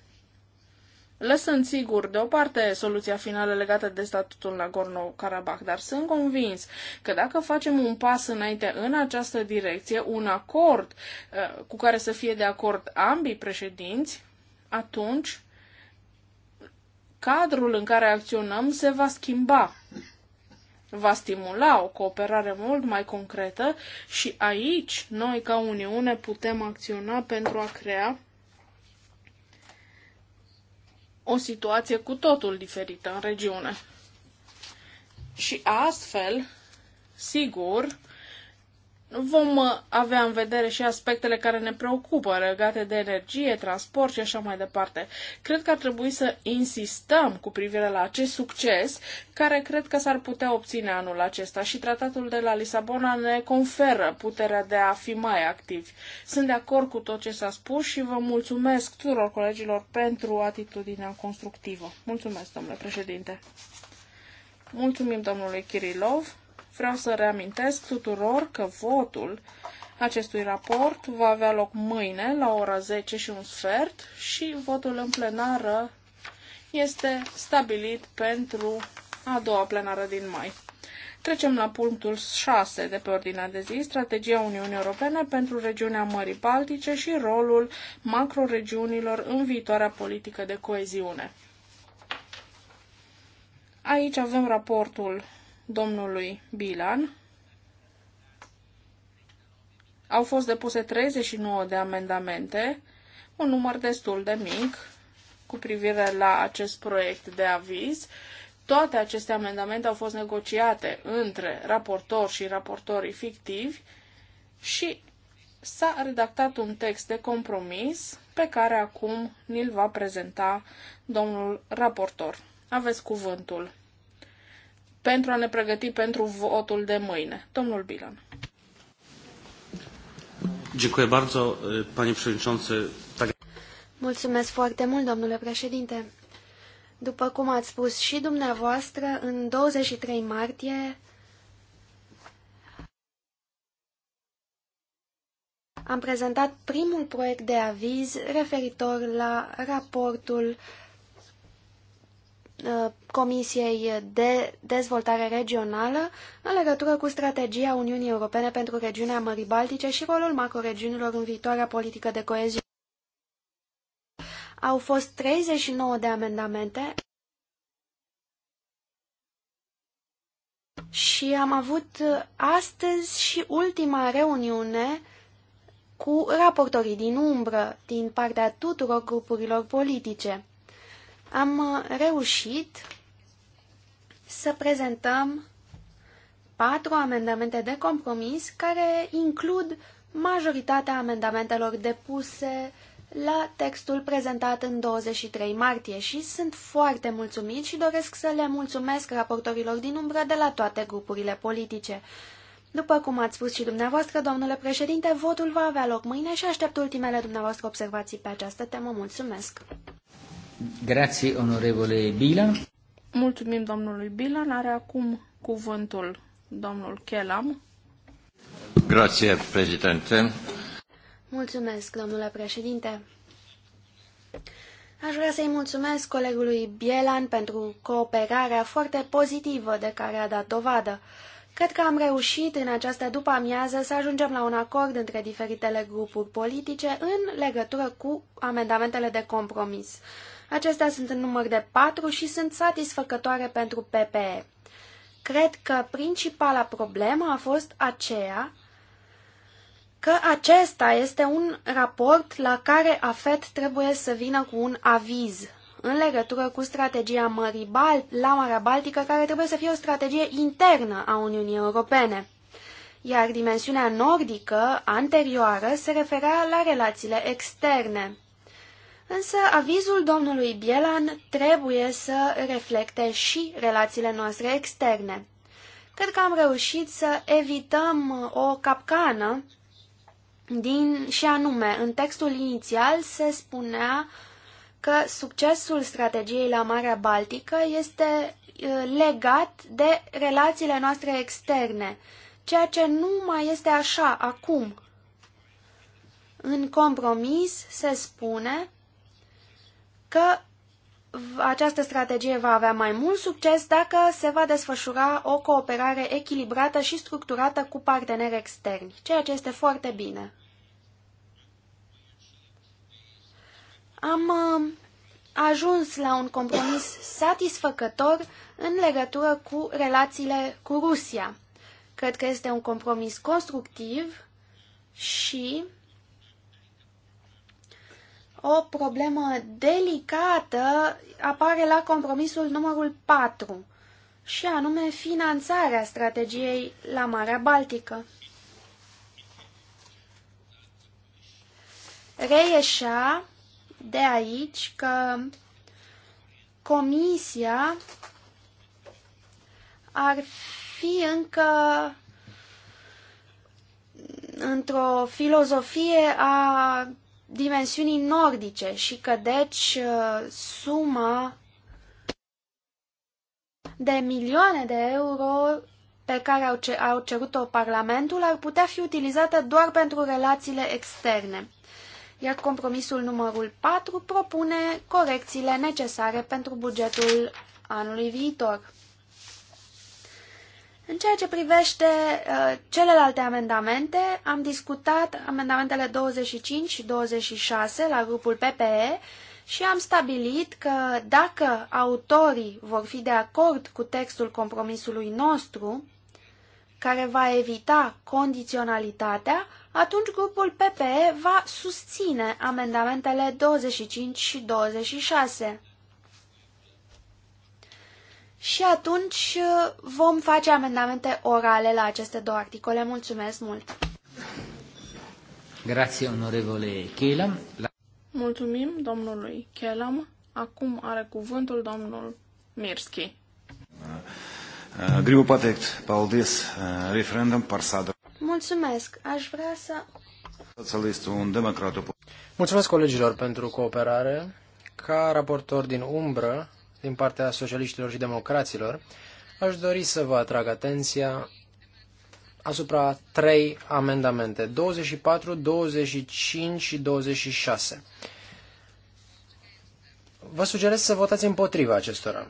lăsând sigur deoparte soluția finală legată de statutul Nagorno-Karabakh, dar sunt convins că dacă facem un pas înainte în această direcție, un acord uh, cu care să fie de acord ambii președinți, atunci cadrul în care acționăm se va schimba va stimula o cooperare mult mai concretă și aici noi ca Uniune putem acționa pentru a crea o situație cu totul diferită în regiune. Și astfel, sigur, vom uh, avea în vedere și aspectele care ne preocupă, legate de energie, transport și așa mai departe. Cred că ar trebui să insistăm cu privire la acest succes, care cred că s-ar putea obține anul acesta și tratatul de la Lisabona ne conferă puterea de a fi mai activi. Sunt de acord cu tot ce s-a spus și vă mulțumesc tuturor colegilor pentru atitudinea constructivă. Mulțumesc, domnule președinte. Mulțumim domnului Kirilov. Vreau să reamintesc tuturor că votul acestui raport va avea loc mâine la ora 10 și un sfert și votul în plenară este stabilit pentru a doua plenară din mai. Trecem la punctul 6 de pe ordinea de zi, strategia Uniunii Europene pentru regiunea Mării Baltice și rolul macroregiunilor în viitoarea politică de coeziune. Aici avem raportul domnului Bilan. Au fost depuse 39 de amendamente, un număr destul de mic cu privire la acest proiect de aviz. Toate aceste amendamente au fost negociate între raportor și raportorii fictivi și s-a redactat un text de compromis pe care acum ni-l va prezenta domnul raportor. Aveți cuvântul pentru a ne pregăti pentru votul de mâine. Domnul Bilan. Dziękuję bardzo, panie przewodniczący. Mulțumesc foarte mult, domnule președinte. După cum ați spus și dumneavoastră, în 23 martie am prezentat primul proiect de aviz referitor la raportul uh, Uh, Comisiei de Dezvoltare Regională în legătură cu strategia Uniunii Europene pentru regiunea Mării Baltice și rolul macroregiunilor în viitoarea politică de coeziune. Au fost 39 de amendamente și am avut astăzi și ultima reuniune cu raportorii din umbră din partea tuturor grupurilor politice am uh, reușit să prezentăm patru amendamente de compromis care includ majoritatea amendamentelor depuse la textul prezentat în 23 martie și sunt foarte mulțumit și doresc să le mulțumesc raportorilor din umbră de la toate grupurile politice. După cum ați spus și dumneavoastră, domnule președinte, votul va avea loc mâine și aștept ultimele dumneavoastră observații pe această temă. Mulțumesc! Grazie, onorevole Bilan. Mulțumim domnului Bilan. Are acum cuvântul domnul Chelam. Grazie, președinte. Mulțumesc, domnule președinte. Aș vrea să-i mulțumesc colegului Bielan pentru cooperarea foarte pozitivă de care a dat dovadă. Cred că am reușit în această după-amiază să ajungem la un acord între diferitele grupuri politice în legătură cu amendamentele de compromis. Acestea sunt în număr de patru și sunt satisfăcătoare pentru PPE. Cred că principala problemă a fost aceea că acesta este un raport la care AFET trebuie să vină cu un aviz în legătură cu strategia Mării Bal la Marea Baltică, care trebuie să fie o strategie internă a Uniunii Europene. Iar dimensiunea nordică anterioară se referea la relațiile externe. Însă avizul domnului Bielan trebuie să reflecte și relațiile noastre externe. Cred că am reușit să evităm o capcană din, și anume, în textul inițial se spunea că succesul strategiei la Marea Baltică este legat de relațiile noastre externe, ceea ce nu mai este așa acum. În compromis se spune că această strategie va avea mai mult succes dacă se va desfășura o cooperare echilibrată și structurată cu parteneri externi, ceea ce este foarte bine. Am um, ajuns la un compromis satisfăcător în legătură cu relațiile cu Rusia. Cred că este un compromis constructiv și o problemă delicată apare la compromisul numărul 4, și anume finanțarea strategiei la Marea Baltică. Reieșea de aici că Comisia ar fi încă într-o filozofie a dimensiunii nordice și că deci uh, suma de milioane de euro pe care au, ce, au cerut-o Parlamentul ar putea fi utilizată doar pentru relațiile externe. Iar compromisul numărul 4 propune corecțiile necesare pentru bugetul anului viitor. În ceea ce privește uh, celelalte amendamente, am discutat amendamentele 25 și 26 la grupul PPE și am stabilit că dacă autorii vor fi de acord cu textul compromisului nostru, care va evita condiționalitatea, atunci grupul PPE va susține amendamentele 25 și 26 și atunci uh, vom face amendamente orale la aceste două articole. Mulțumesc mult! Grazie, onorevole Chelam. La... Mulțumim domnului Chelam. Acum are cuvântul domnul Mirski. Gribu pateikt, paldies eh, referendum par Mulțumesc, aș vrea să... un democrat. Mulțumesc colegilor pentru cooperare. Ca raportor din umbră, din partea socialiștilor și democraților, aș dori să vă atrag atenția asupra trei amendamente, 24, 25 și 26. Vă sugerez să votați împotriva acestora.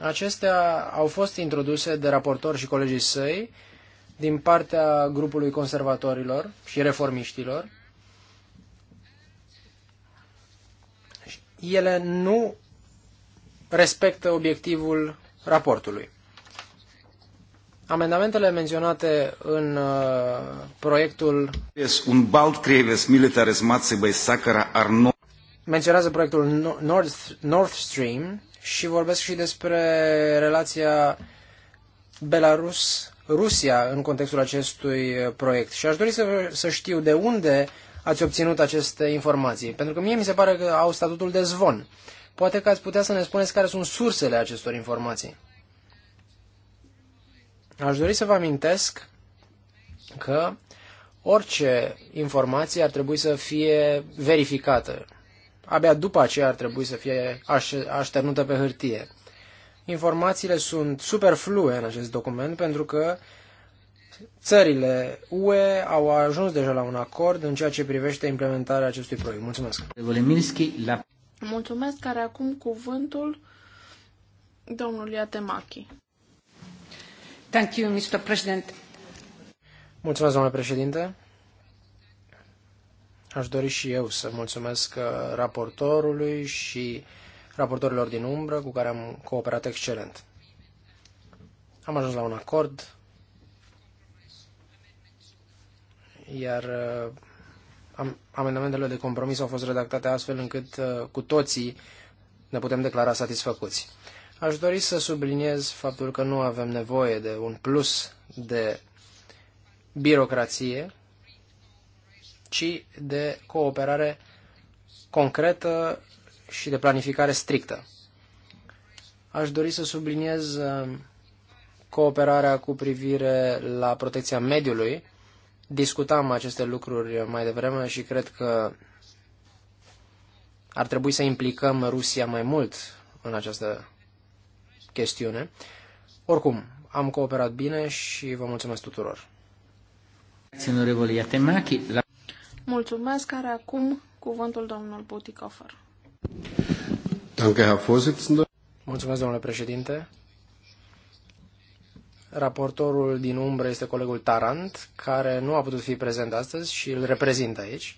Acestea au fost introduse de raportor și colegii săi din partea grupului conservatorilor și reformiștilor. Ele nu respectă obiectivul raportului. Amendamentele menționate în uh, proiectul un bald creves militares matsibei sacra arno menționează proiectul North, North Stream și vorbesc și despre relația Belarus-Rusia în contextul acestui uh, proiect. Și aș dori să, să știu de unde ați obținut aceste informații, pentru că mie mi se pare că au statutul de zvon. Uh, Poate că ați putea să ne spuneți care sunt sursele acestor informații. Aș dori să vă amintesc că orice informație ar trebui să fie verificată. Abia după aceea ar trebui să fie așternută pe hârtie. Informațiile sunt superflue în acest document pentru că țările UE au ajuns deja la un acord în ceea ce privește implementarea acestui proiect. Mulțumesc! Mulțumesc, care acum cuvântul domnului Atemachi. Thank you, Mr. President. Mulțumesc, domnule președinte. Aș dori și eu să mulțumesc uh, raportorului și raportorilor din umbră cu care am cooperat excelent. Am ajuns la un acord, iar uh, amendamentele de compromis au fost redactate astfel încât uh, cu toții ne putem declara satisfăcuți. Aș dori să subliniez faptul că nu avem nevoie de un plus de birocrație, ci de cooperare concretă și de planificare strictă. Aș dori să subliniez uh, cooperarea cu privire la protecția mediului, Discutam aceste lucruri mai devreme și cred că ar trebui să implicăm Rusia mai mult în această chestiune. Oricum, am cooperat bine și vă mulțumesc tuturor. Mulțumesc, care acum cuvântul domnul Butikofer. Mulțumesc, domnule președinte. Raportorul din umbră este colegul Tarant, care nu a putut fi prezent astăzi și îl reprezintă aici.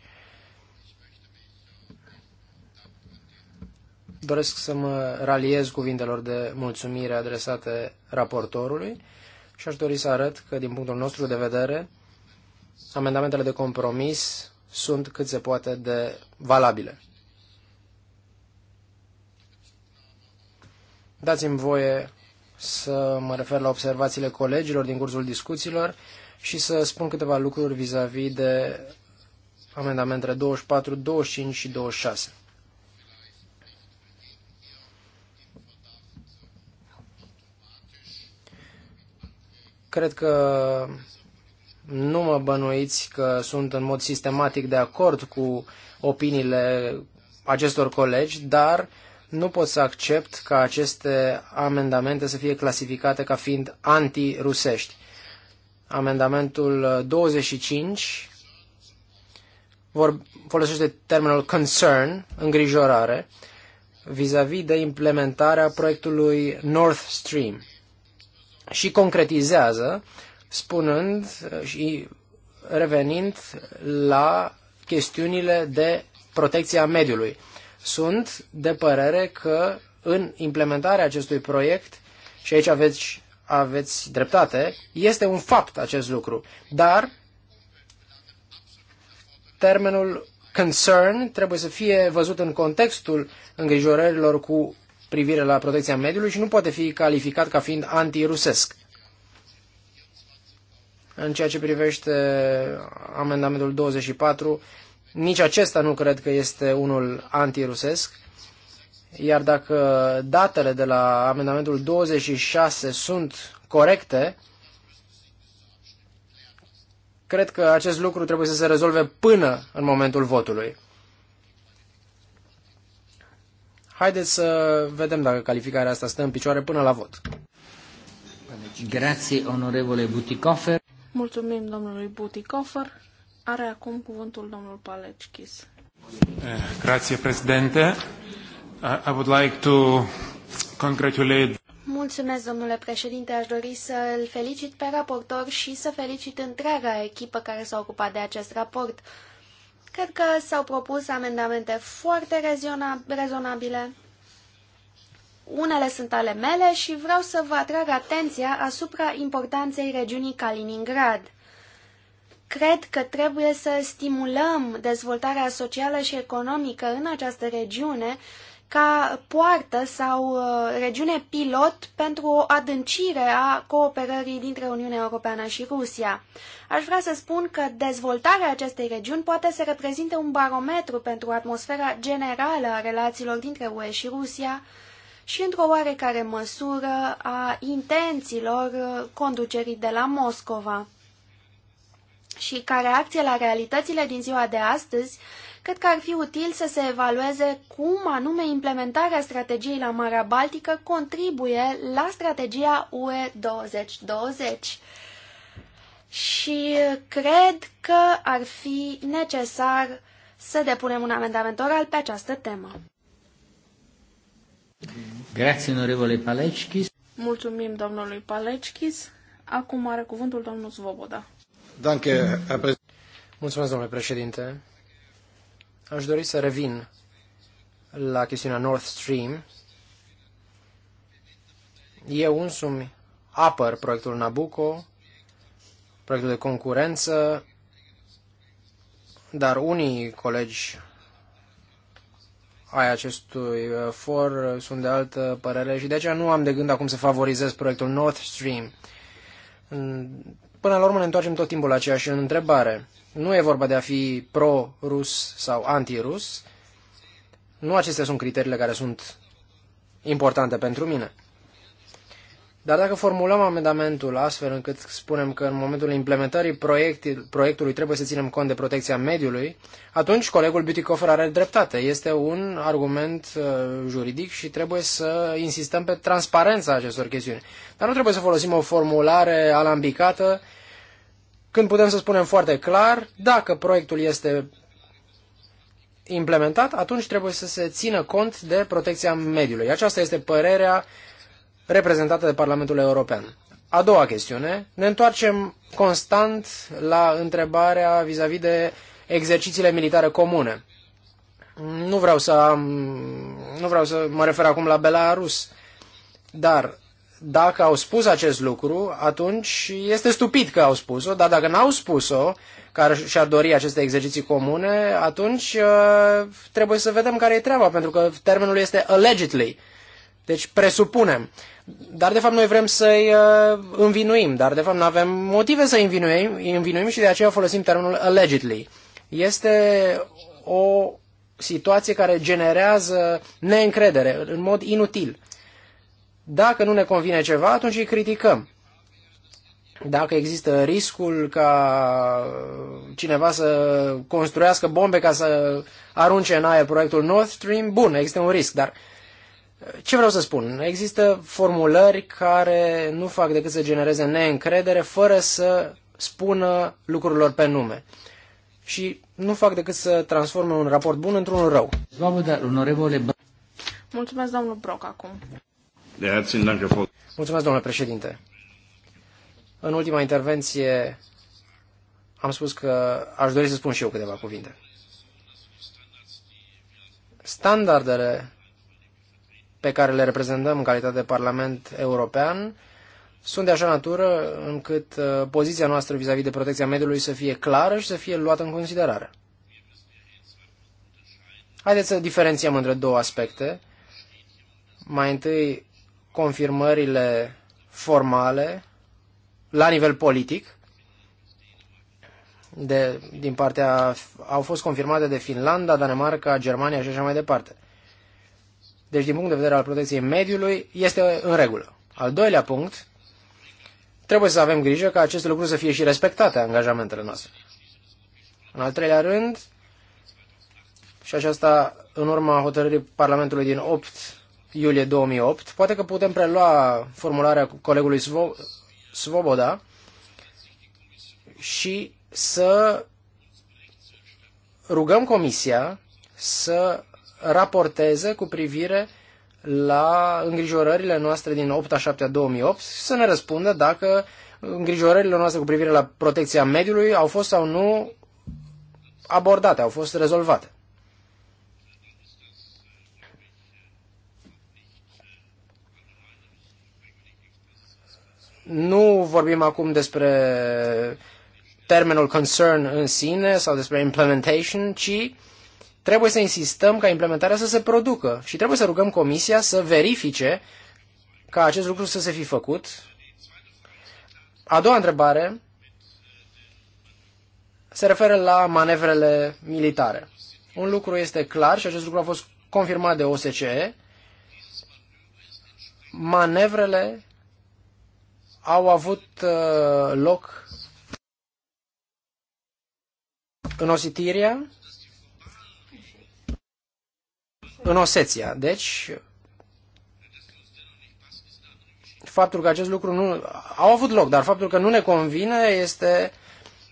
Doresc să mă raliez cuvintelor de mulțumire adresate raportorului și aș dori să arăt că, din punctul nostru de vedere, amendamentele de compromis sunt cât se poate de valabile. Dați-mi voie să mă refer la observațiile colegilor din cursul discuțiilor și să spun câteva lucruri vis-a-vis -vis de amendamentele 24, 25 și 26. Cred că nu mă bănuiți că sunt în mod sistematic de acord cu opiniile acestor colegi, dar uh, nu pot să accept ca aceste amendamente să fie clasificate ca fiind antirusești. Amendamentul 25 uh, vor, folosește termenul concern, îngrijorare, vis-a-vis -vis de implementarea proiectului North Stream și concretizează spunând uh, și revenind la chestiunile de protecția mediului. Sunt de părere că în implementarea acestui proiect, și aici aveți, aveți dreptate, este un fapt acest lucru, dar termenul concern trebuie să fie văzut în contextul îngrijorărilor cu privire la protecția mediului și nu poate fi calificat ca fiind antirusesc. În ceea ce privește amendamentul 24, nici acesta nu cred că este unul antirusesc. Iar dacă datele de la amendamentul 26 sunt corecte, cred că acest lucru trebuie să se rezolve până în momentul votului. Haideți să vedem dacă calificarea asta stă în picioare până la vot. Grație, onorevole Buticofer. Mulțumim domnului Buticofer. Are acum cuvântul domnul Palechis. Eh, Grazie, președinte. I would like to congratulate Mulțumesc, domnule președinte. Aș dori să-l felicit pe raportor și să felicit întreaga echipă care s-a ocupat de acest raport. Cred că s-au propus amendamente foarte rezonabile. Unele sunt ale mele și vreau să vă atrag atenția asupra importanței regiunii Kaliningrad. Cred că trebuie să stimulăm dezvoltarea socială și economică în această regiune ca poartă sau uh, regiune pilot pentru o adâncire a cooperării dintre Uniunea Europeană și Rusia. Aș vrea să spun că dezvoltarea acestei regiuni poate să reprezinte un barometru pentru atmosfera generală a relațiilor dintre UE și Rusia și într-o oarecare măsură a intențiilor uh, conducerii de la Moscova și ca reacție la realitățile din ziua de astăzi, cred că ar fi util să se evalueze cum anume implementarea strategiei la Marea Baltică contribuie la strategia UE 2020. Și cred că ar fi necesar să depunem un amendament oral pe această temă. Grazie, onorevole Mulțumim domnului Palechis. Acum are cuvântul domnul Svoboda. Mulțumesc, domnule președinte. Aș dori să revin la chestiunea Nord Stream. Eu însumi apăr proiectul Nabucco, proiectul de concurență, dar unii colegi ai acestui uh, for sunt de altă părere și de aceea nu am de gând acum să favorizez proiectul Nord Stream. Până la urmă ne întoarcem tot timpul la aceeași întrebare. Nu e vorba de a fi pro-rus sau anti-rus. Nu acestea sunt criteriile care sunt importante pentru mine. Dar dacă formulăm amendamentul astfel încât spunem că în momentul implementării proiectului trebuie să ținem cont de protecția mediului, atunci colegul Beautycofer are dreptate. Este un argument uh, juridic și trebuie să insistăm pe transparența acestor chestiuni. Dar nu trebuie să folosim o formulare alambicată când putem să spunem foarte clar, dacă proiectul este implementat, atunci trebuie să se țină cont de protecția mediului. Aceasta este părerea reprezentată de Parlamentul European. A doua chestiune, ne întoarcem constant la întrebarea vis-a-vis -vis de exercițiile militare comune. Nu vreau să, nu vreau să mă refer acum la Belarus, dar dacă au spus acest lucru, atunci este stupid că au spus-o, dar dacă n-au spus-o, care și-ar dori aceste exerciții comune, atunci uh, trebuie să vedem care e treaba, pentru că termenul este allegedly. Deci presupunem. Dar de fapt noi vrem să-i uh, învinuim, dar de fapt nu avem motive să-i învinuim, învinuim și de aceea folosim termenul allegedly. Este o situație care generează neîncredere în mod inutil. Dacă nu ne convine ceva, atunci îi criticăm. Dacă există riscul ca cineva să construiască bombe ca să arunce în aer proiectul Nord Stream, bun, există un risc, dar uh, ce vreau să spun? Există formulări care nu fac decât să genereze neîncredere fără să spună lucrurilor pe nume. Și nu fac decât să transforme un raport bun într-un rău. Mulțumesc, domnul Broc, acum. Mulțumesc, domnule președinte. În ultima intervenție am spus că aș dori să spun și eu câteva cuvinte. Standardele pe care le reprezentăm în calitate de Parlament European sunt de așa natură încât uh, poziția noastră vis-a-vis -vis de protecția mediului să fie clară și să fie luată în considerare. Haideți să diferențiem între două aspecte. Mai întâi, confirmările formale la nivel politic. De, din partea, au fost confirmate de Finlanda, Danemarca, Germania și așa mai departe. Deci, din punct de vedere al protecției mediului, este în regulă. Al doilea punct, trebuie să avem grijă ca aceste lucruri să fie și respectate, angajamentele noastre. În al treilea rând, și aceasta în urma hotărârii Parlamentului din 8 iulie 2008. Poate că putem prelua formularea colegului Svo- Svoboda și să rugăm Comisia să raporteze cu privire la îngrijorările noastre din 8 a 7 a 2008 să ne răspundă dacă îngrijorările noastre cu privire la protecția mediului au fost sau nu abordate, au fost rezolvate. Nu vorbim acum despre termenul concern în sine sau despre implementation, ci trebuie să insistăm ca implementarea să se producă și trebuie să rugăm Comisia să verifice ca acest lucru să se fi făcut. A doua întrebare se referă la manevrele militare. Un lucru este clar și acest lucru a fost confirmat de OSCE. Manevrele au avut uh, loc în Ositiria, în Oseția. Deci, faptul că acest lucru nu... Au avut loc, dar faptul că nu ne convine este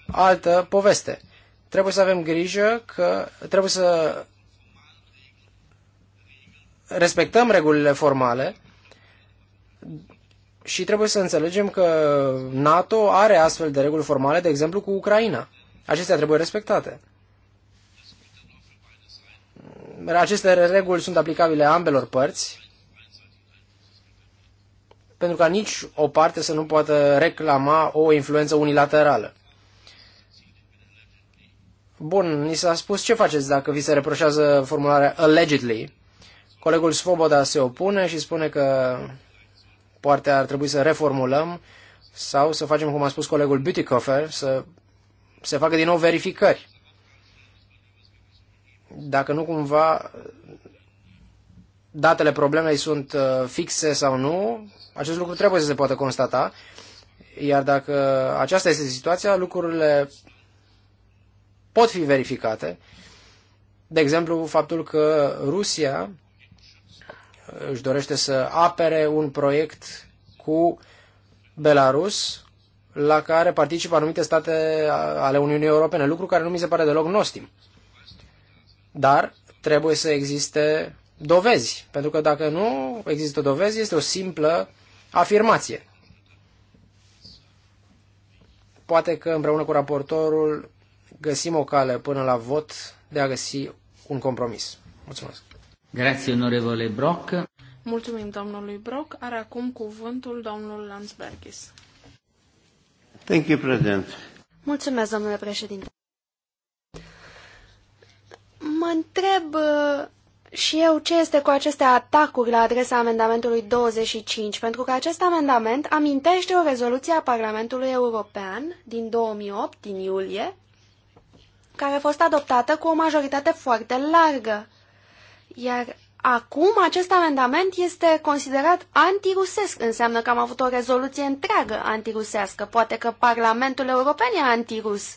altă poveste. Trebuie să avem grijă că trebuie să respectăm regulile formale, și trebuie să înțelegem că NATO are astfel de reguli formale, de exemplu, cu Ucraina. Acestea trebuie respectate. Aceste reguli sunt aplicabile ambelor părți, pentru ca nici o parte să nu poată reclama o influență unilaterală. Bun, ni s-a spus ce faceți dacă vi se reproșează formularea allegedly. Colegul Svoboda se opune și spune că poate ar trebui să reformulăm sau să facem, cum a spus colegul Bütikofer, să se facă din nou verificări. Dacă nu cumva datele problemei sunt uh, fixe sau nu, acest lucru trebuie să se poată constata. Iar dacă aceasta este situația, lucrurile pot fi verificate. De exemplu, faptul că Rusia își dorește să apere un proiect cu Belarus la care participă anumite state ale Uniunii Europene, lucru care nu mi se pare deloc nostim. Dar trebuie să existe dovezi, pentru că dacă nu există dovezi, este o simplă afirmație. Poate că împreună cu raportorul găsim o cale până la vot de a găsi un compromis. Mulțumesc. Grazie, onorevole Brock. Mulțumim domnului Brock. Are acum cuvântul domnul Landsbergis. Thank you, President. Mulțumesc, domnule președinte. Mă întreb uh, și eu ce este cu aceste atacuri la adresa amendamentului 25, pentru că acest amendament amintește o rezoluție a Parlamentului European din 2008, din iulie, care a fost adoptată cu o majoritate foarte largă. Iar acum acest amendament este considerat antirusesc. Înseamnă că am avut o rezoluție întreagă antirusească. Poate că Parlamentul European e antirus.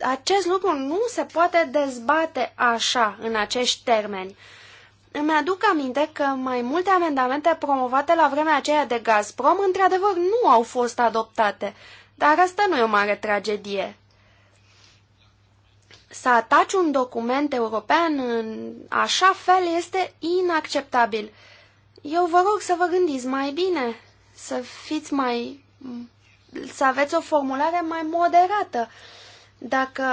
Acest lucru nu se poate dezbate așa, în acești termeni. Îmi aduc aminte că mai multe amendamente promovate la vremea aceea de Gazprom, într-adevăr, nu au fost adoptate dar asta nu e o mare tragedie. Să ataci un document european în așa fel este inacceptabil. Eu vă rog să vă gândiți mai bine, să fiți mai... să aveți o formulare mai moderată. Dacă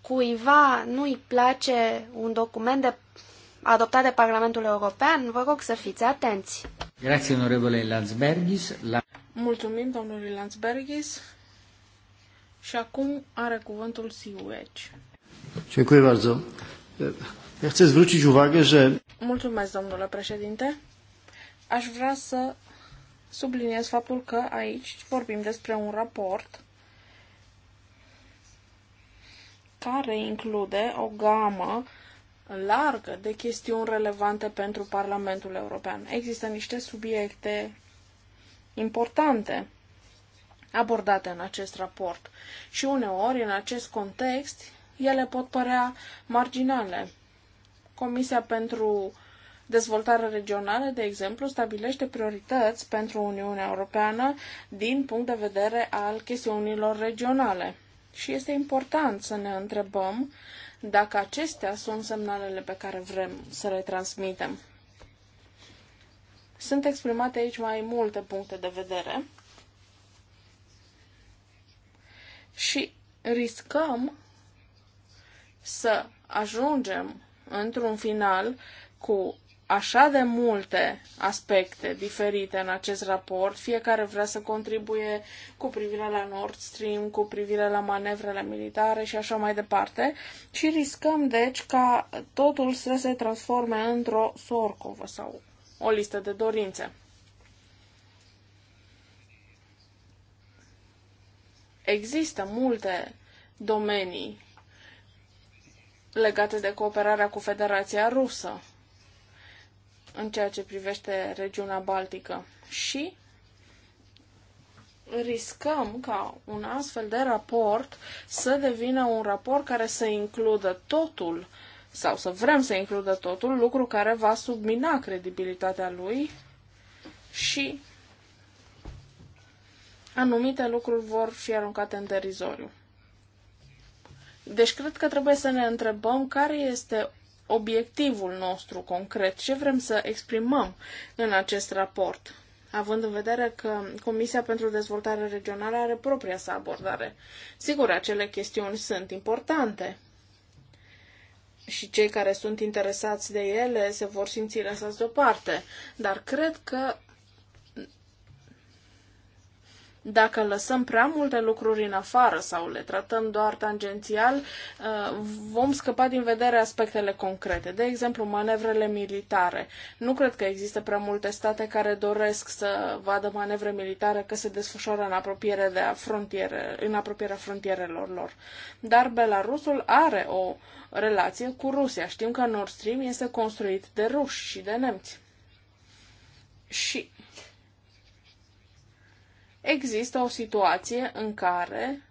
cuiva nu-i place un document de, adoptat de Parlamentul European, vă rog să fiți atenți. Grazie, onorevole La... Mulțumim domnului Landsbergis. Și acum are cuvântul Siuec. Dziękuję bardzo. Ja chcę zwrócić uwagę, że... Mulțumesc, domnule președinte. Aș vrea să subliniez faptul că aici vorbim despre un raport care include o gamă largă de chestiuni relevante pentru Parlamentul European. Există niște subiecte importante abordate în acest raport și uneori, în acest context, ele pot părea marginale. Comisia pentru Dezvoltare regională, de exemplu, stabilește priorități pentru Uniunea Europeană din punct de vedere al chestiunilor regionale. Și este important să ne întrebăm dacă acestea sunt semnalele pe care vrem să le transmitem. Sunt exprimate aici mai multe puncte de vedere și riscăm să ajungem într-un final cu așa de multe aspecte diferite în acest raport, fiecare vrea să contribuie cu privire la Nord Stream, cu privire la manevrele militare și așa mai departe, și riscăm deci ca totul să se transforme într-o sorcovă sau o listă de dorințe. Există multe domenii legate de cooperarea cu Federația Rusă în ceea ce privește regiunea Baltică și riscăm ca un astfel de raport să devină un raport care să includă totul sau să vrem să includă totul, lucru care va submina credibilitatea lui și anumite lucruri vor fi aruncate în derizoriu. Deci cred că trebuie să ne întrebăm care este obiectivul nostru concret, ce vrem să exprimăm în acest raport, având în vedere că Comisia pentru Dezvoltare Regională are propria sa abordare. Sigur, acele chestiuni sunt importante, și cei care sunt interesați de ele se vor simți lăsați deoparte. Dar cred că dacă lăsăm prea multe lucruri în afară sau le tratăm doar tangențial, uh, vom scăpa din vedere aspectele concrete, de exemplu manevrele militare. Nu cred că există prea multe state care doresc să vadă manevre militare că se desfășoară în, apropiere de frontiere, în apropierea frontierelor lor. Dar Belarusul are o uh, relație cu Rusia. Știm că Nord Stream este construit de ruși și de nemți. Și există o situație în care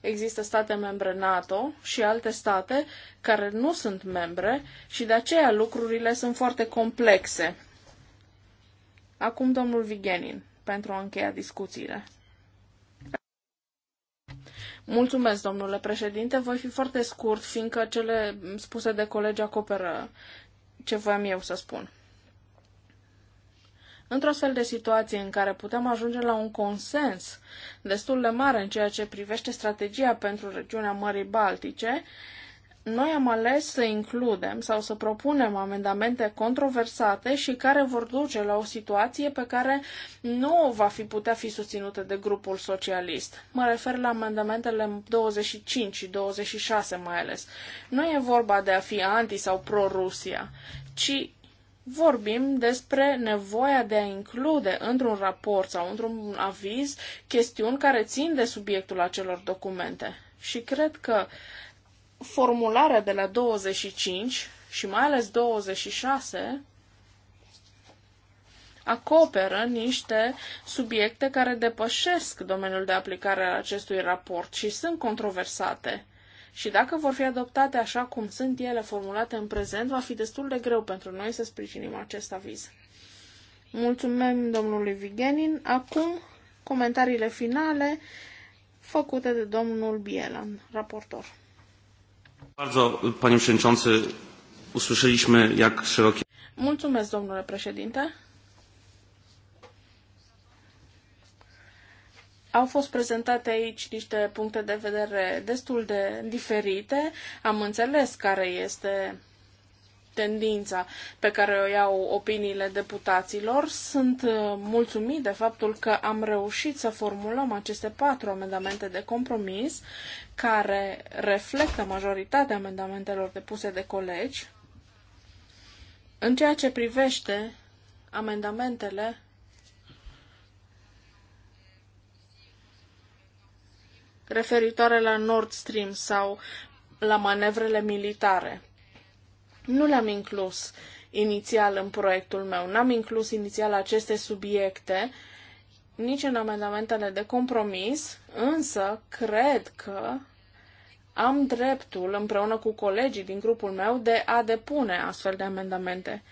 există state membre NATO și alte state care nu sunt membre și de aceea lucrurile sunt foarte complexe. Acum domnul Vigenin pentru a încheia discuțiile. Mulțumesc, domnule președinte. Voi fi foarte scurt, fiindcă cele spuse de colegi acoperă ce voiam eu să spun. Într-o astfel de situație în care putem ajunge la un consens destul de mare în ceea ce privește strategia pentru regiunea Mării Baltice, noi am ales să includem sau să propunem amendamente controversate și care vor duce la o situație pe care nu va fi putea fi susținută de grupul socialist. Mă refer la amendamentele 25 și 26 mai ales. Nu e vorba de a fi anti sau pro-Rusia, ci vorbim despre nevoia de a include într-un raport sau într-un aviz chestiuni care țin de subiectul acelor documente. Și cred că formularea de la 25 și mai ales 26 acoperă niște subiecte care depășesc domeniul de aplicare al acestui raport și sunt controversate. Și dacă vor fi adoptate așa cum sunt ele formulate în prezent, va fi destul de greu pentru noi să sprijinim acest aviz. Mulțumim domnului Vigenin. Acum, comentariile finale făcute de domnul Bielan, raportor. Bardzo, panie przewodniczący, usłyszeliśmy jak szerokie... Mulțumesc, domnule președinte. Au fost prezentate aici niște puncte de vedere destul de diferite. Am înțeles care este tendința pe care o iau opiniile deputaților. Sunt uh, mulțumit de faptul că am reușit să formulăm aceste patru amendamente de compromis care reflectă majoritatea amendamentelor depuse de colegi. În ceea ce privește amendamentele referitoare la Nord Stream sau la manevrele militare. Nu le-am inclus inițial în proiectul meu, n-am inclus inițial aceste subiecte nici în amendamentele de compromis, însă cred că am dreptul, împreună cu colegii din grupul meu, de a depune astfel de amendamente.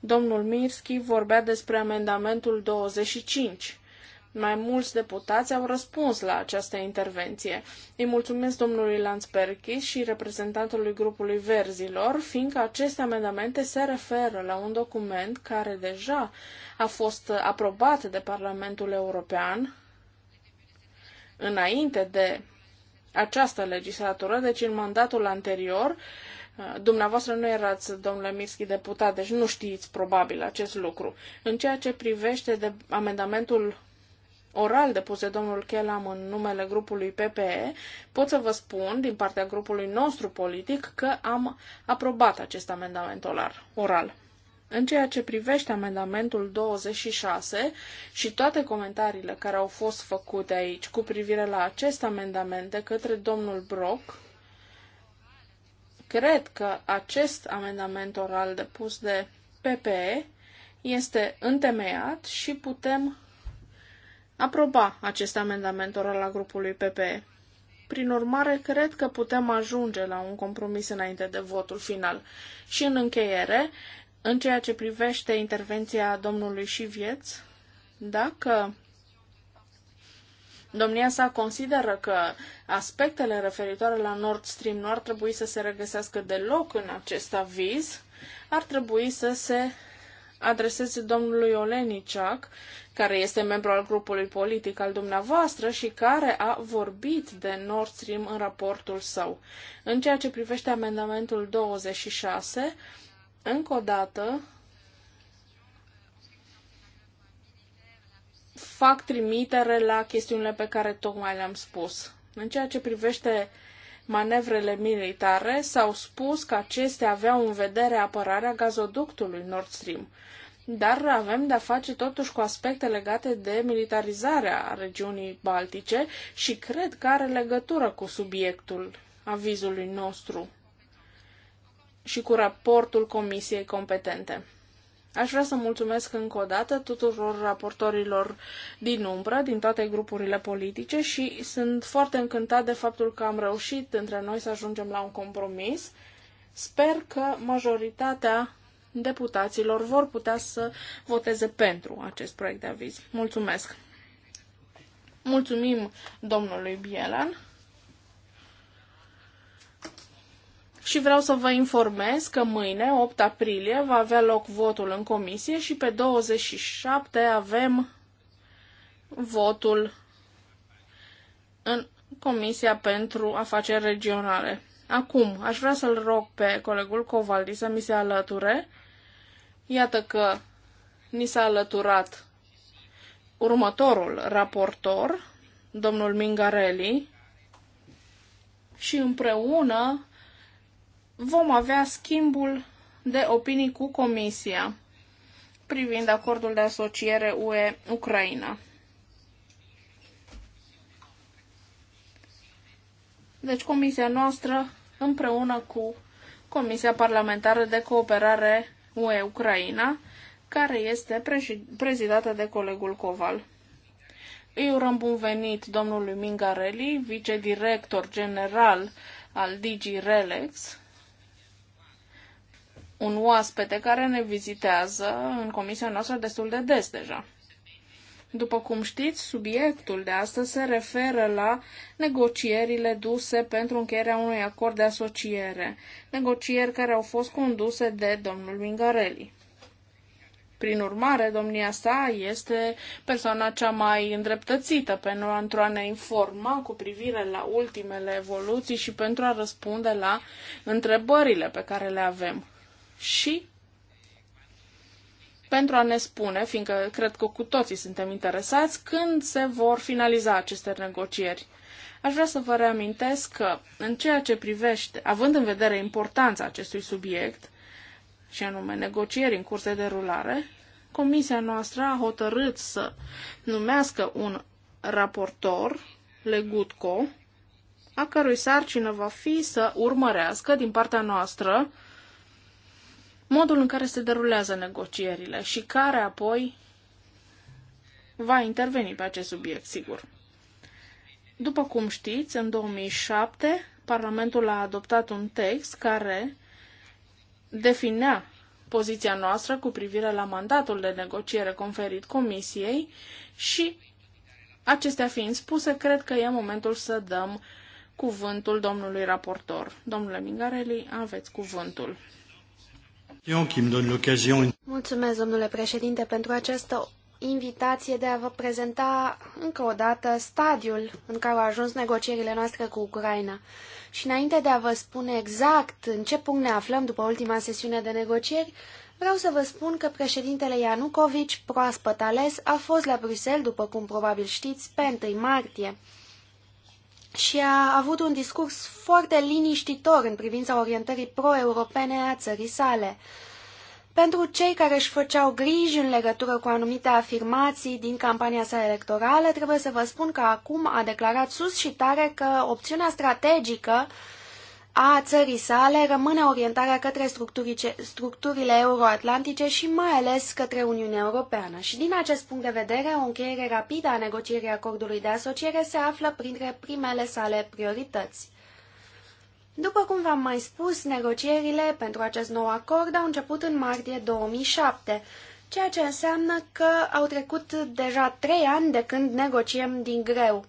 Domnul Mirski vorbea despre amendamentul 25. Mai mulți deputați au răspuns la această intervenție. Îi mulțumesc domnului Lansperchis și reprezentantului grupului Verzilor, fiindcă aceste amendamente se referă la un document care deja a fost aprobat de Parlamentul European înainte de această legislatură, deci în mandatul anterior, Dumneavoastră nu erați, domnule Mirski, deputat, deci nu știți probabil acest lucru. În ceea ce privește de amendamentul oral depus de domnul Chelam în numele grupului PPE, pot să vă spun, din partea grupului nostru politic, că am aprobat acest amendament oral. În ceea ce privește amendamentul 26 și toate comentariile care au fost făcute aici cu privire la acest amendament de către domnul Brock, cred că acest amendament oral depus de PPE este întemeiat și putem aproba acest amendament oral al grupului PPE. Prin urmare, cred că putem ajunge la un compromis înainte de votul final. Și în încheiere, în ceea ce privește intervenția domnului Șivieț, dacă domnia sa consideră că aspectele referitoare la Nord Stream nu ar trebui să se regăsească deloc în acest aviz, ar trebui să se adreseze domnului Oleniciac, care este membru al grupului politic al dumneavoastră și care a vorbit de Nord Stream în raportul său. În ceea ce privește amendamentul 26, încă o dată fac trimitere la chestiunile pe care tocmai le-am spus. În ceea ce privește uh, manevrele militare, s-au spus că acestea aveau în vedere apărarea gazoductului Nord Stream. Dar avem de-a face totuși cu aspecte legate de militarizarea regiunii Baltice și cred că are legătură cu subiectul avizului nostru și cu raportul comisiei competente. Aș vrea să mulțumesc încă o dată tuturor raportorilor din umbră, din toate grupurile politice și sunt foarte încântat de faptul că am reușit între noi să ajungem la un compromis. Sper că majoritatea deputaților vor putea să voteze pentru acest proiect de aviz. Mulțumesc! Mulțumim domnului Bielan. și vreau să vă informez că mâine, 8 aprilie, va avea loc votul în comisie și pe 27 avem votul în Comisia pentru Afaceri Regionale. Acum, aș vrea să-l rog pe colegul Covaldi să mi se alăture. Iată că ni s-a alăturat următorul raportor, domnul Mingarelli, și împreună vom avea schimbul de opinii cu Comisia privind acordul de asociere UE-Ucraina. Deci Comisia noastră împreună cu Comisia Parlamentară de Cooperare UE-Ucraina, care este prezidată de colegul Coval. Îi urăm bun venit domnului Mingarelli, vicedirector general al DG Relex, un oaspete care ne vizitează în comisia noastră destul de des deja. După cum știți, subiectul de astăzi se referă la negocierile duse pentru încheierea unui acord de asociere, negocieri care au fost conduse de domnul Mingarelli. Prin urmare, domnia sa este persoana cea mai îndreptățită pentru a ne informa cu privire la ultimele evoluții și pentru a răspunde la întrebările pe care le avem și pentru a ne spune, fiindcă cred că cu toții suntem interesați, când se vor finaliza aceste negocieri. Aș vrea să vă reamintesc că, în ceea ce privește, având în vedere importanța acestui subiect, și anume negocieri în curs de derulare, comisia noastră a hotărât să numească un raportor, Legutco, a cărui sarcină va fi să urmărească din partea noastră modul în care se derulează negocierile și care apoi va interveni pe acest subiect, sigur. După cum știți, în 2007, Parlamentul a adoptat un text care definea poziția noastră cu privire la mandatul de negociere conferit Comisiei și, acestea fiind spuse, cred că e momentul să dăm cuvântul domnului raportor. Domnule Mingarelli, aveți cuvântul. Mulțumesc, domnule președinte, pentru această invitație de a vă prezenta încă o dată stadiul în care au ajuns negocierile noastre cu Ucraina. Și înainte de a vă spune exact în ce punct ne aflăm după ultima sesiune de negocieri, vreau să vă spun că președintele Ianucovici, proaspăt ales, a fost la Bruxelles, după cum probabil știți, pe 1 martie și a avut un discurs foarte liniștitor în privința orientării pro-europene a țării sale. Pentru cei care își făceau griji în legătură cu anumite afirmații din campania sa electorală, trebuie să vă spun că acum a declarat sus și tare că opțiunea strategică a țării sale rămâne orientarea către structurile euroatlantice și mai ales către Uniunea Europeană. Și din acest punct de vedere, o încheiere rapidă a negocierii acordului de asociere se află printre primele sale priorități. După cum v-am mai spus, negocierile pentru acest nou acord au început în martie 2007, ceea ce înseamnă că au trecut deja trei ani de când negociem din greu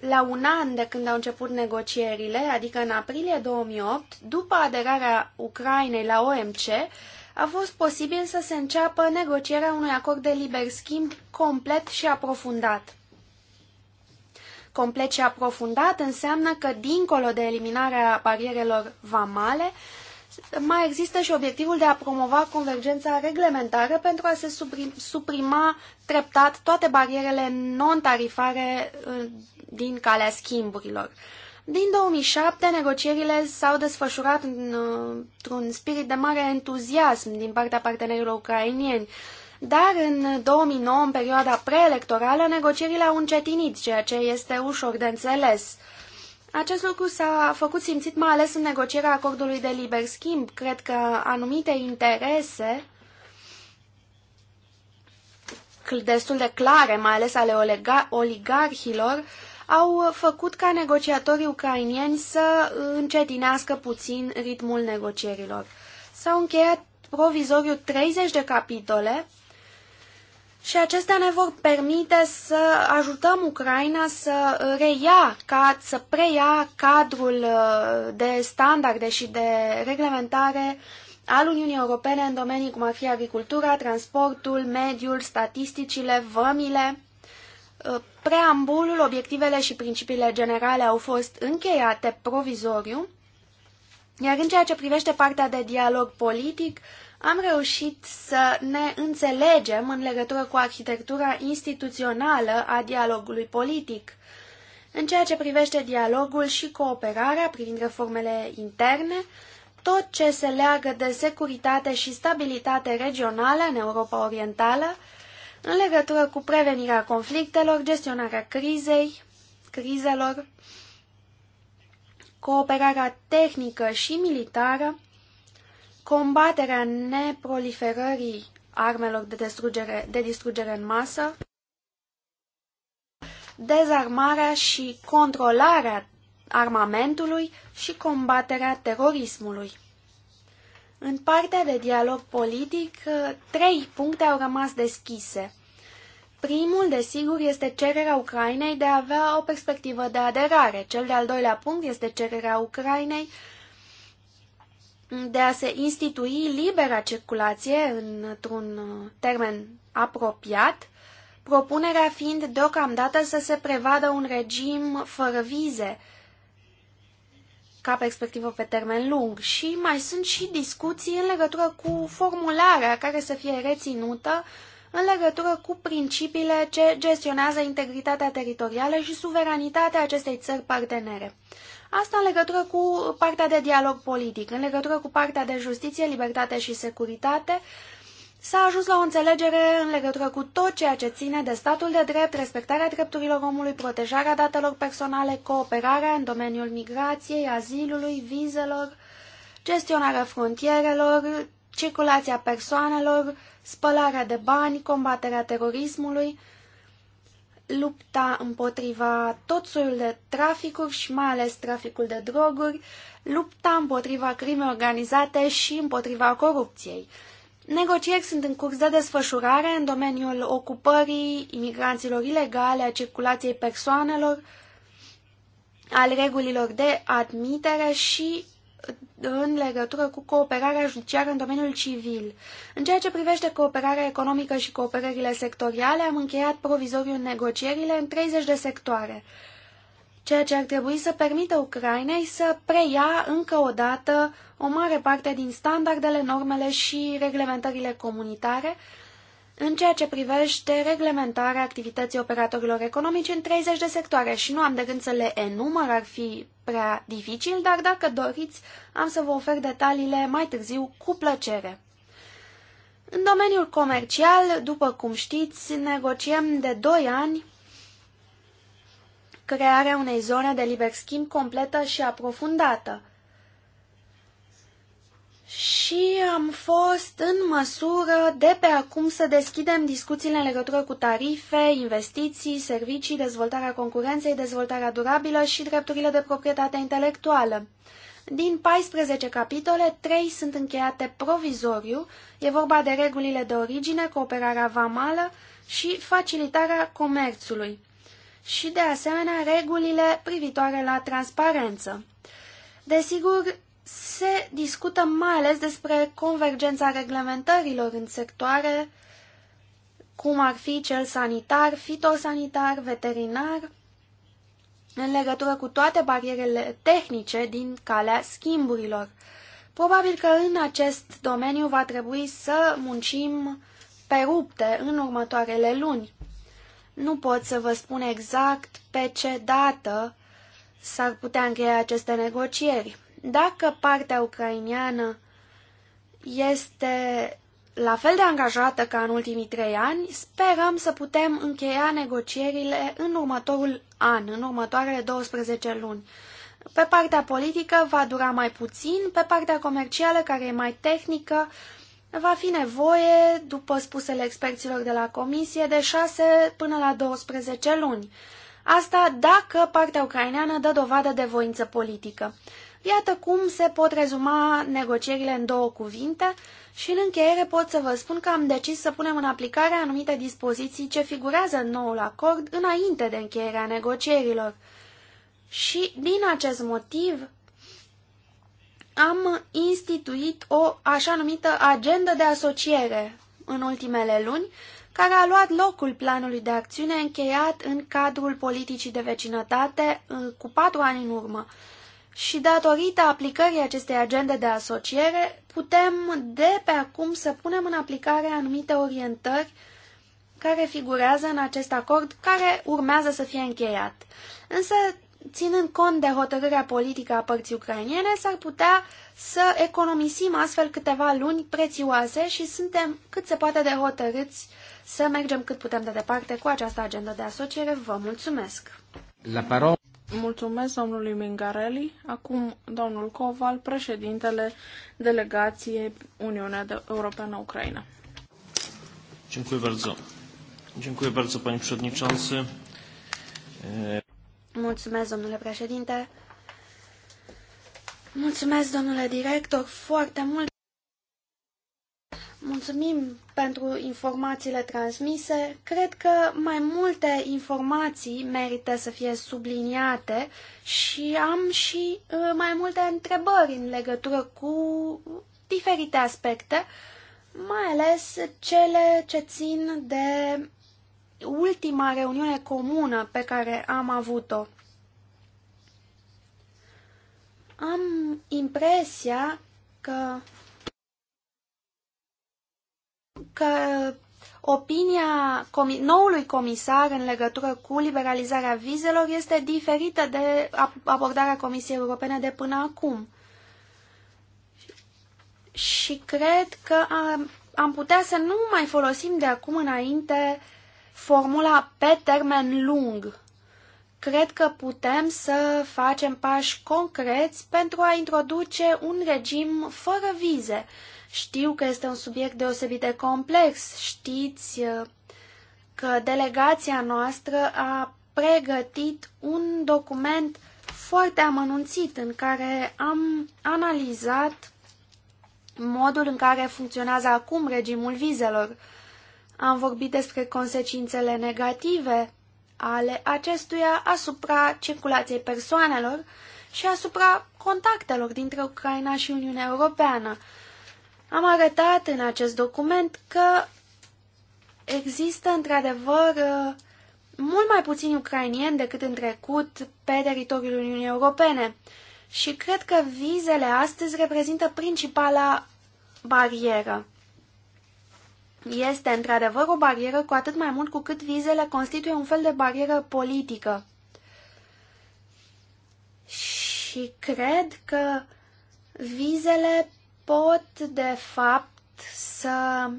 la un an de când au început negocierile, adică în aprilie 2008, după aderarea Ucrainei la OMC, a fost posibil să se înceapă negocierea unui acord de liber schimb complet și aprofundat. Complet și aprofundat înseamnă că, dincolo de eliminarea barierelor vamale, mai există și obiectivul de a promova convergența reglementară pentru a se suprima treptat toate barierele non-tarifare uh, din calea schimburilor. Din 2007, negocierile s-au desfășurat uh, într-un spirit de mare entuziasm din partea partenerilor ucrainieni, dar în 2009, în perioada preelectorală, negocierile au încetinit, ceea ce este ușor de înțeles. Acest lucru s-a făcut simțit mai ales în negocierea acordului de liber schimb. Cred că anumite interese destul de clare, mai ales ale oligarhilor, au făcut ca negociatorii ucrainieni să încetinească puțin ritmul negocierilor. S-au încheiat provizoriu 30 de capitole și acestea ne vor permite să ajutăm Ucraina să reia, ca, să preia cadrul uh, de standarde și de reglementare al Uniunii Europene în domenii cum ar fi agricultura, transportul, mediul, statisticile, vămile. Uh, preambulul, obiectivele și principiile generale au fost încheiate provizoriu, iar în ceea ce privește partea de dialog politic, am reușit să ne înțelegem în legătură cu arhitectura instituțională a dialogului politic. În ceea ce privește dialogul și cooperarea privind reformele interne, tot ce se leagă de securitate și stabilitate regională în Europa Orientală, în legătură cu prevenirea conflictelor, gestionarea crizei, crizelor, cooperarea tehnică și militară, combaterea neproliferării armelor de distrugere, de distrugere în masă, dezarmarea și controlarea armamentului și combaterea terorismului. În partea de dialog politic, trei puncte au rămas deschise. Primul, desigur, este cererea Ucrainei de a avea o perspectivă de aderare. Cel de-al doilea punct este cererea Ucrainei de a se institui libera circulație într-un termen apropiat, propunerea fiind deocamdată să se prevadă un regim fără vize ca perspectivă pe termen lung și mai sunt și discuții în legătură cu formularea care să fie reținută în legătură cu principiile ce gestionează integritatea teritorială și suveranitatea acestei țări partenere. Asta în legătură cu partea de dialog politic, în legătură cu partea de justiție, libertate și securitate, s-a ajuns la o înțelegere în legătură cu tot ceea ce ține de statul de drept, respectarea drepturilor omului, protejarea datelor personale, cooperarea în domeniul migrației, azilului, vizelor, gestionarea frontierelor, circulația persoanelor, spălarea de bani, combaterea terorismului, lupta împotriva tot soiul de traficuri și mai ales traficul de droguri, lupta împotriva crimei organizate și împotriva corupției. Negocieri sunt în curs de desfășurare în domeniul ocupării, imigranților ilegale, a circulației persoanelor, al regulilor de admitere și în legătură cu cooperarea judiciară în domeniul civil. În ceea ce privește cooperarea economică și cooperările sectoriale, am încheiat provizoriu negocierile în 30 de sectoare, ceea ce ar trebui să permită Ucrainei să preia încă o dată o mare parte din standardele, normele și reglementările comunitare, în ceea ce privește reglementarea activității operatorilor economici în 30 de sectoare și nu am de gând să le enumăr, ar fi prea dificil, dar dacă doriți, am să vă ofer detaliile mai târziu cu plăcere. În domeniul comercial, după cum știți, negociem de 2 ani crearea unei zone de liber schimb completă și aprofundată – și am fost în măsură de pe acum să deschidem discuțiile în legătură cu tarife, investiții, servicii, dezvoltarea concurenței, dezvoltarea durabilă și drepturile de proprietate intelectuală. Din 14 capitole, 3 sunt încheiate provizoriu, e vorba de regulile de origine, cooperarea vamală și facilitarea comerțului și, de asemenea, regulile privitoare la transparență. Desigur, se discută mai ales despre convergența reglementărilor în sectoare, cum ar fi cel sanitar, fitosanitar, veterinar, în legătură cu toate barierele tehnice din calea schimburilor. Probabil că în acest domeniu va trebui să muncim pe rupte în următoarele luni. Nu pot să vă spun exact pe ce dată s-ar putea încheia aceste negocieri. Dacă partea ucraineană este la fel de angajată ca în ultimii trei ani, sperăm să putem încheia negocierile în următorul an, în următoarele 12 luni. Pe partea politică va dura mai puțin, pe partea comercială, care e mai tehnică, va fi nevoie, după spusele experților de la comisie, de 6 până la 12 luni. Asta dacă partea ucraineană dă dovadă de voință politică. Iată cum se pot rezuma negocierile în două cuvinte și în încheiere pot să vă spun că am decis să punem în aplicare anumite dispoziții ce figurează în noul acord înainte de încheierea negocierilor. Și din acest motiv am instituit o așa numită agendă de asociere în ultimele luni, care a luat locul planului de acțiune încheiat în cadrul politicii de vecinătate cu patru ani în urmă și datorită aplicării acestei agende de asociere, putem de pe acum să punem în aplicare anumite orientări care figurează în acest acord care urmează să fie încheiat. Însă, ținând cont de hotărârea politică a părții ucrainiene, s-ar putea să economisim astfel câteva luni prețioase și suntem cât se poate de hotărâți să mergem cât putem de departe cu această agendă de asociere. Vă mulțumesc! La parol- Mulțumesc domnului Mingarelli. Acum domnul Coval, președintele delegației Uniunea Europeană-Ucraina. Dziękuję bardzo. Dziękuję bardzo, przewodniczący. Mulțumesc, domnule președinte. Mulțumesc, domnule director, foarte mult. Mulțumim pentru informațiile transmise. Cred că mai multe informații merită să fie subliniate și am și uh, mai multe întrebări în legătură cu diferite aspecte, mai ales cele ce țin de ultima reuniune comună pe care am avut-o. Am impresia că că opinia comi noului comisar în legătură cu liberalizarea vizelor este diferită de abordarea Comisiei Europene de până acum. Și cred că am, am putea să nu mai folosim de acum înainte formula pe termen lung. Cred că putem să facem pași concreți pentru a introduce un regim fără vize știu că este un subiect deosebit de complex. Știți uh, că delegația noastră a pregătit un document foarte amănunțit în care am analizat modul în care funcționează acum regimul vizelor. Am vorbit despre consecințele negative ale acestuia asupra circulației persoanelor și asupra contactelor dintre Ucraina și Uniunea Europeană. Am arătat în acest document că există într-adevăr mult mai puțini ucrainieni decât în trecut pe teritoriul Uniunii Europene și cred că vizele astăzi reprezintă principala barieră. Este într-adevăr o barieră cu atât mai mult cu cât vizele constituie un fel de barieră politică. Și cred că vizele pot, de fapt, să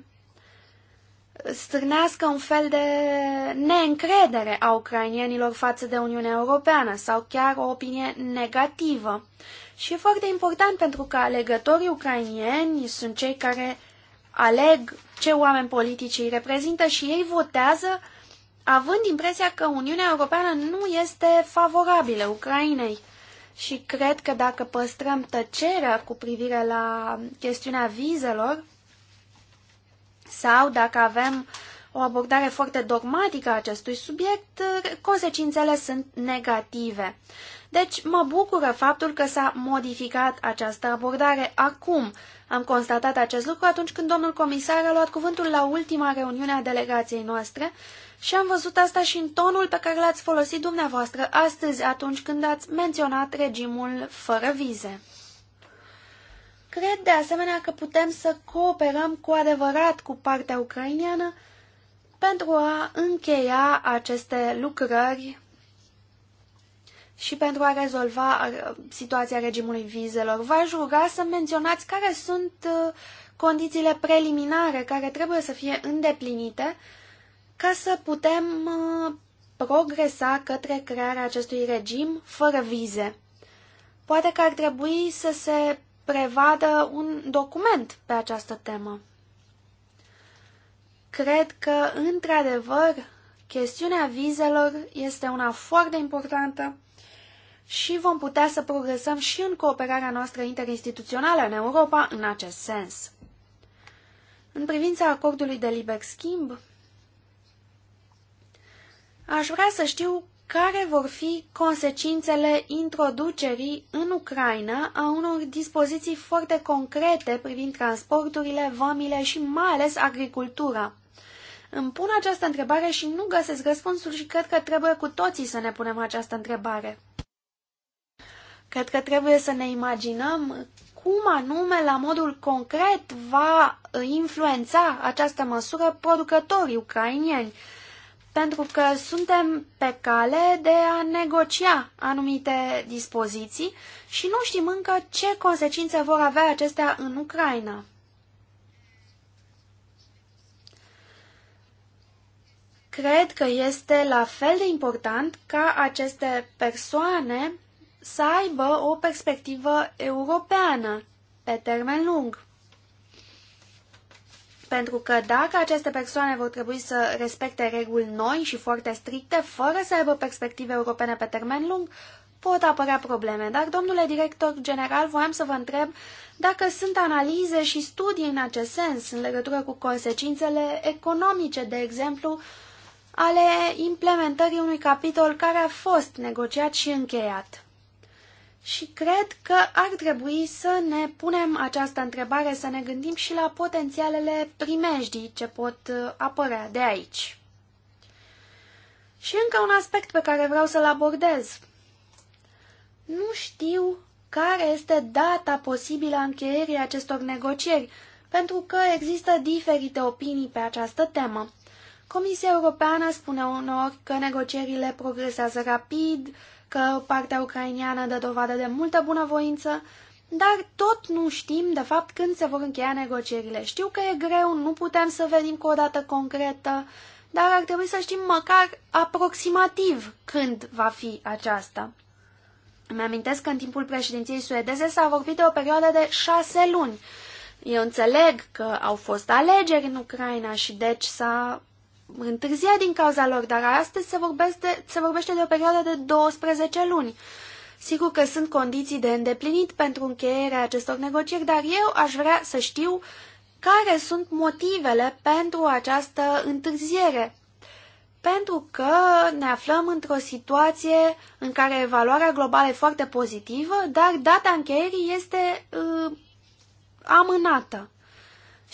strânească un fel de neîncredere a ucrainienilor față de Uniunea Europeană sau chiar o opinie negativă. Și e foarte important pentru că alegătorii ucrainieni sunt cei care aleg ce oameni politici îi reprezintă și ei votează având impresia că Uniunea Europeană nu este favorabilă Ucrainei și cred că dacă păstrăm tăcerea cu privire la chestiunea vizelor sau dacă avem o abordare foarte dogmatică a acestui subiect, consecințele sunt negative. Deci mă bucură faptul că s-a modificat această abordare acum. Am constatat acest lucru atunci când domnul comisar a luat cuvântul la ultima reuniune a delegației noastre și am văzut asta și în tonul pe care l-ați folosit dumneavoastră astăzi atunci când ați menționat regimul fără vize. Cred de asemenea că putem să cooperăm cu adevărat cu partea ucraineană pentru a încheia aceste lucrări și pentru a rezolva uh, situația regimului vizelor. V-aș ruga să menționați care sunt uh, condițiile preliminare care trebuie să fie îndeplinite ca să putem uh, progresa către crearea acestui regim fără vize. Poate că ar trebui să se prevadă un document pe această temă. Cred că, într-adevăr, chestiunea vizelor este una foarte importantă și vom putea să progresăm și în cooperarea noastră interinstituțională în Europa în acest sens. În privința acordului de liber schimb, aș vrea să știu care vor fi consecințele introducerii în Ucraina a unor dispoziții foarte concrete privind transporturile, vămile și mai ales agricultura. Îmi pun această întrebare și nu găsesc răspunsul și cred că trebuie cu toții să ne punem această întrebare. Cred că trebuie să ne imaginăm cum anume, la modul concret, va uh, influența această măsură producătorii ucrainieni, pentru că suntem pe cale de a negocia anumite dispoziții și nu știm încă ce consecințe vor avea acestea în Ucraina. Cred că este la fel de important ca aceste persoane să aibă o perspectivă europeană pe termen lung. Pentru că dacă aceste persoane vor trebui să respecte reguli noi și foarte stricte, fără să aibă perspective europene pe termen lung, pot apărea probleme. Dar, domnule director general, voiam să vă întreb dacă sunt analize și studii în acest sens, în legătură cu consecințele economice, de exemplu, ale implementării unui capitol care a fost negociat și încheiat. Și cred că ar trebui să ne punem această întrebare, să ne gândim și la potențialele primejdii ce pot uh, apărea de aici. Și încă un aspect pe care vreau să-l abordez. Nu știu care este data posibilă a încheierii acestor negocieri, pentru că există diferite opinii pe această temă. Comisia Europeană spune uneori că negocierile progresează rapid, că partea ucraineană dă dovadă de multă bunăvoință, dar tot nu știm, de fapt, când se vor încheia negocierile. Știu că e greu, nu putem să venim cu o dată concretă, dar ar trebui să știm măcar aproximativ când va fi aceasta. Îmi amintesc că în timpul președinției suedeze s-a vorbit de o perioadă de șase luni. Eu înțeleg că au fost alegeri în Ucraina și deci s-a întârzia din cauza lor, dar astăzi se, de, se vorbește de o perioadă de 12 luni. Sigur că sunt condiții de îndeplinit pentru încheierea acestor negocieri, dar eu aș vrea să știu care sunt motivele pentru această întârziere. Pentru că ne aflăm într-o situație în care evaluarea globală e foarte pozitivă, dar data încheierii este uh, amânată.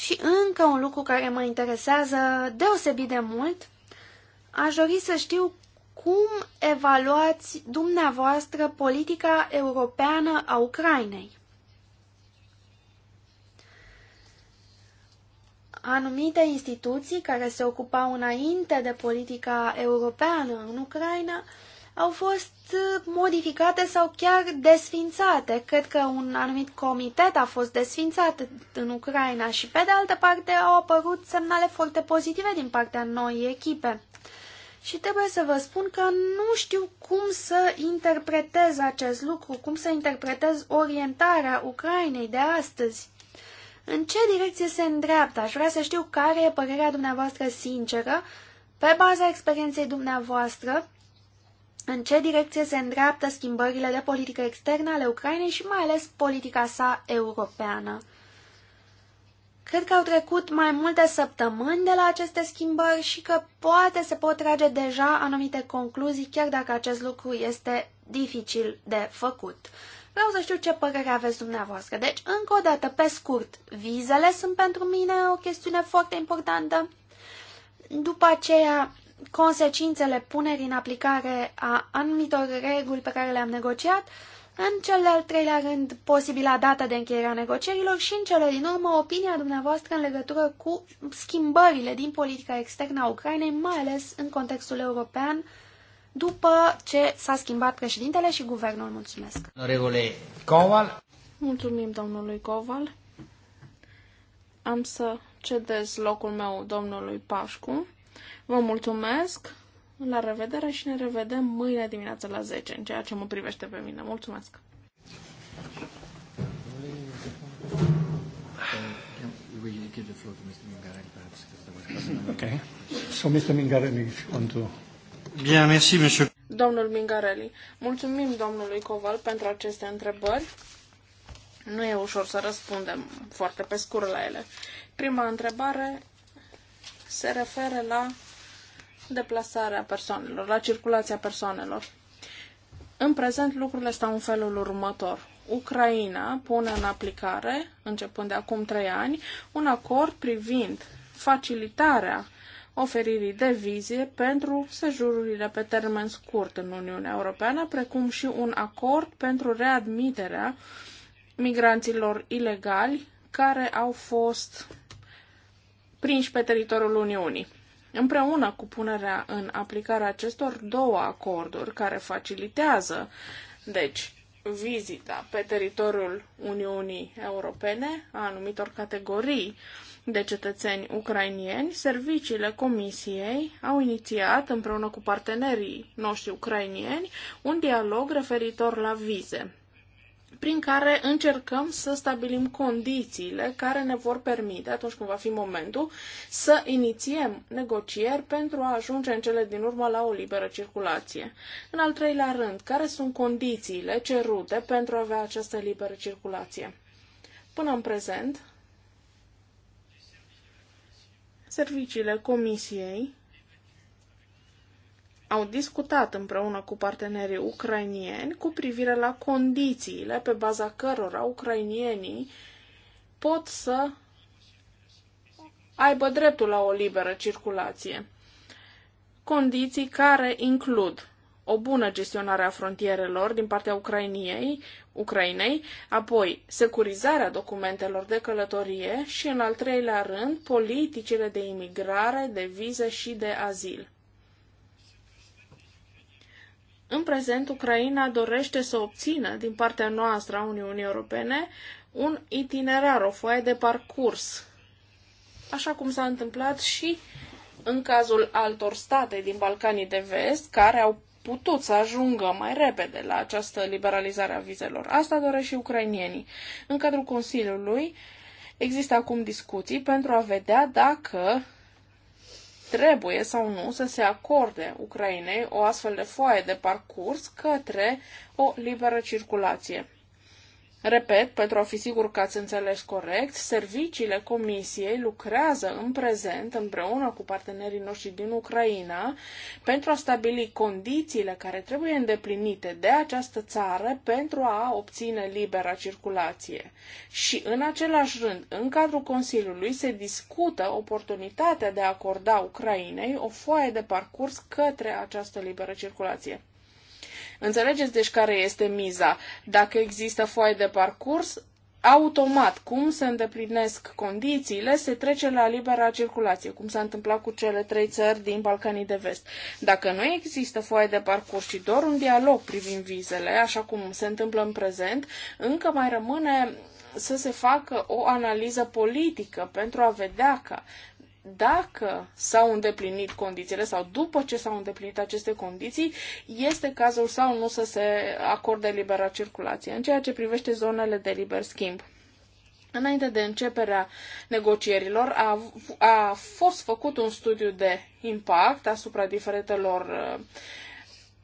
Și încă un lucru care mă interesează deosebit de mult, aș dori să știu cum evaluați dumneavoastră politica europeană a Ucrainei. Anumite instituții care se ocupau înainte de politica europeană în Ucraina au fost uh, modificate sau chiar desfințate. Cred că un anumit comitet a fost desfințat în Ucraina și, pe de altă parte, au apărut semnale foarte pozitive din partea noii echipe. Și trebuie să vă spun că nu știu cum să interpretez acest lucru, cum să interpretez orientarea Ucrainei de astăzi. În ce direcție se îndreaptă? Aș vrea să știu care e părerea dumneavoastră sinceră, pe baza experienței dumneavoastră, în ce direcție se îndreaptă schimbările de politică externă ale Ucrainei și mai ales politica sa europeană. Cred că au trecut mai multe săptămâni de la aceste schimbări și că poate se pot trage deja anumite concluzii, chiar dacă acest lucru este dificil de făcut. Vreau să știu ce părere aveți dumneavoastră. Deci, încă o dată, pe scurt, vizele sunt pentru mine o chestiune foarte importantă. După aceea, consecințele punerii în aplicare a anumitor reguli pe care le-am negociat, în cel de-al treilea rând, posibila dată de încheiere a negocierilor și, în cele din urmă, opinia dumneavoastră în legătură cu schimbările din politica externă a Ucrainei, mai ales în contextul european, după ce s-a schimbat președintele și guvernul. Mulțumesc! Onorevole Coval. Mulțumim domnului Coval. Am să cedez locul meu domnului Pașcu Vă mulțumesc, la revedere și ne revedem mâine dimineață la 10, în ceea ce mă privește pe mine. Mulțumesc! Mingarelli, Domnul Mingarelli, mulțumim domnului Coval pentru aceste întrebări. Nu e ușor să răspundem foarte pe scurt la ele. Prima întrebare se referă la deplasarea persoanelor, la circulația persoanelor. În prezent lucrurile stau în felul următor. Ucraina pune în aplicare, începând de acum trei ani, un acord privind facilitarea oferirii de vizie pentru sejururile pe termen scurt în Uniunea Europeană, precum și un acord pentru readmiterea migranților ilegali care au fost prinși pe teritoriul Uniunii. Împreună cu punerea în aplicare acestor două acorduri care facilitează, deci, vizita pe teritoriul Uniunii Europene a anumitor categorii de cetățeni ucrainieni, serviciile Comisiei au inițiat, împreună cu partenerii noștri ucrainieni, un dialog referitor la vize prin care încercăm să stabilim condițiile care ne vor permite, atunci când va fi momentul, să inițiem negocieri pentru a ajunge în cele din urmă la o liberă circulație. În al treilea rând, care sunt condițiile cerute pentru a avea această liberă circulație? Până în prezent, serviciile Comisiei au discutat împreună cu partenerii ucrainieni cu privire la condițiile pe baza cărora ucrainienii pot să aibă dreptul la o liberă circulație. Condiții care includ o bună gestionare a frontierelor din partea Ucrainiei, Ucrainei, apoi securizarea documentelor de călătorie și, în al treilea rând, politicile de imigrare, de vize și de azil. În prezent, Ucraina dorește să obțină din partea noastră a Uniunii Europene un itinerar, o foaie de parcurs, așa cum s-a întâmplat și în cazul altor state din Balcanii de Vest care au putut să ajungă mai repede la această liberalizare a vizelor. Asta doresc și ucrainienii. În cadrul Consiliului există acum discuții pentru a vedea dacă trebuie sau nu să se acorde Ucrainei o astfel de foaie de parcurs către o liberă circulație. Repet, pentru a fi sigur că ați înțeles corect, serviciile Comisiei lucrează în prezent împreună cu partenerii noștri din Ucraina pentru a stabili condițiile care trebuie îndeplinite de această țară pentru a obține libera circulație. Și în același rând, în cadrul Consiliului se discută oportunitatea de a acorda Ucrainei o foaie de parcurs către această liberă circulație. Înțelegeți deci care este miza. Dacă există foaie de parcurs, automat, cum se îndeplinesc condițiile, se trece la libera circulație, cum s-a întâmplat cu cele trei țări din Balcanii de Vest. Dacă nu există foaie de parcurs, ci doar un dialog privind vizele, așa cum se întâmplă în prezent, încă mai rămâne să se facă o analiză politică pentru a vedea că dacă s-au îndeplinit condițiile sau după ce s-au îndeplinit aceste condiții, este cazul sau nu să se acorde libera circulație. În ceea ce privește zonele de liber schimb, Înainte de începerea negocierilor, a, a fost făcut un studiu de impact asupra diferitelor uh,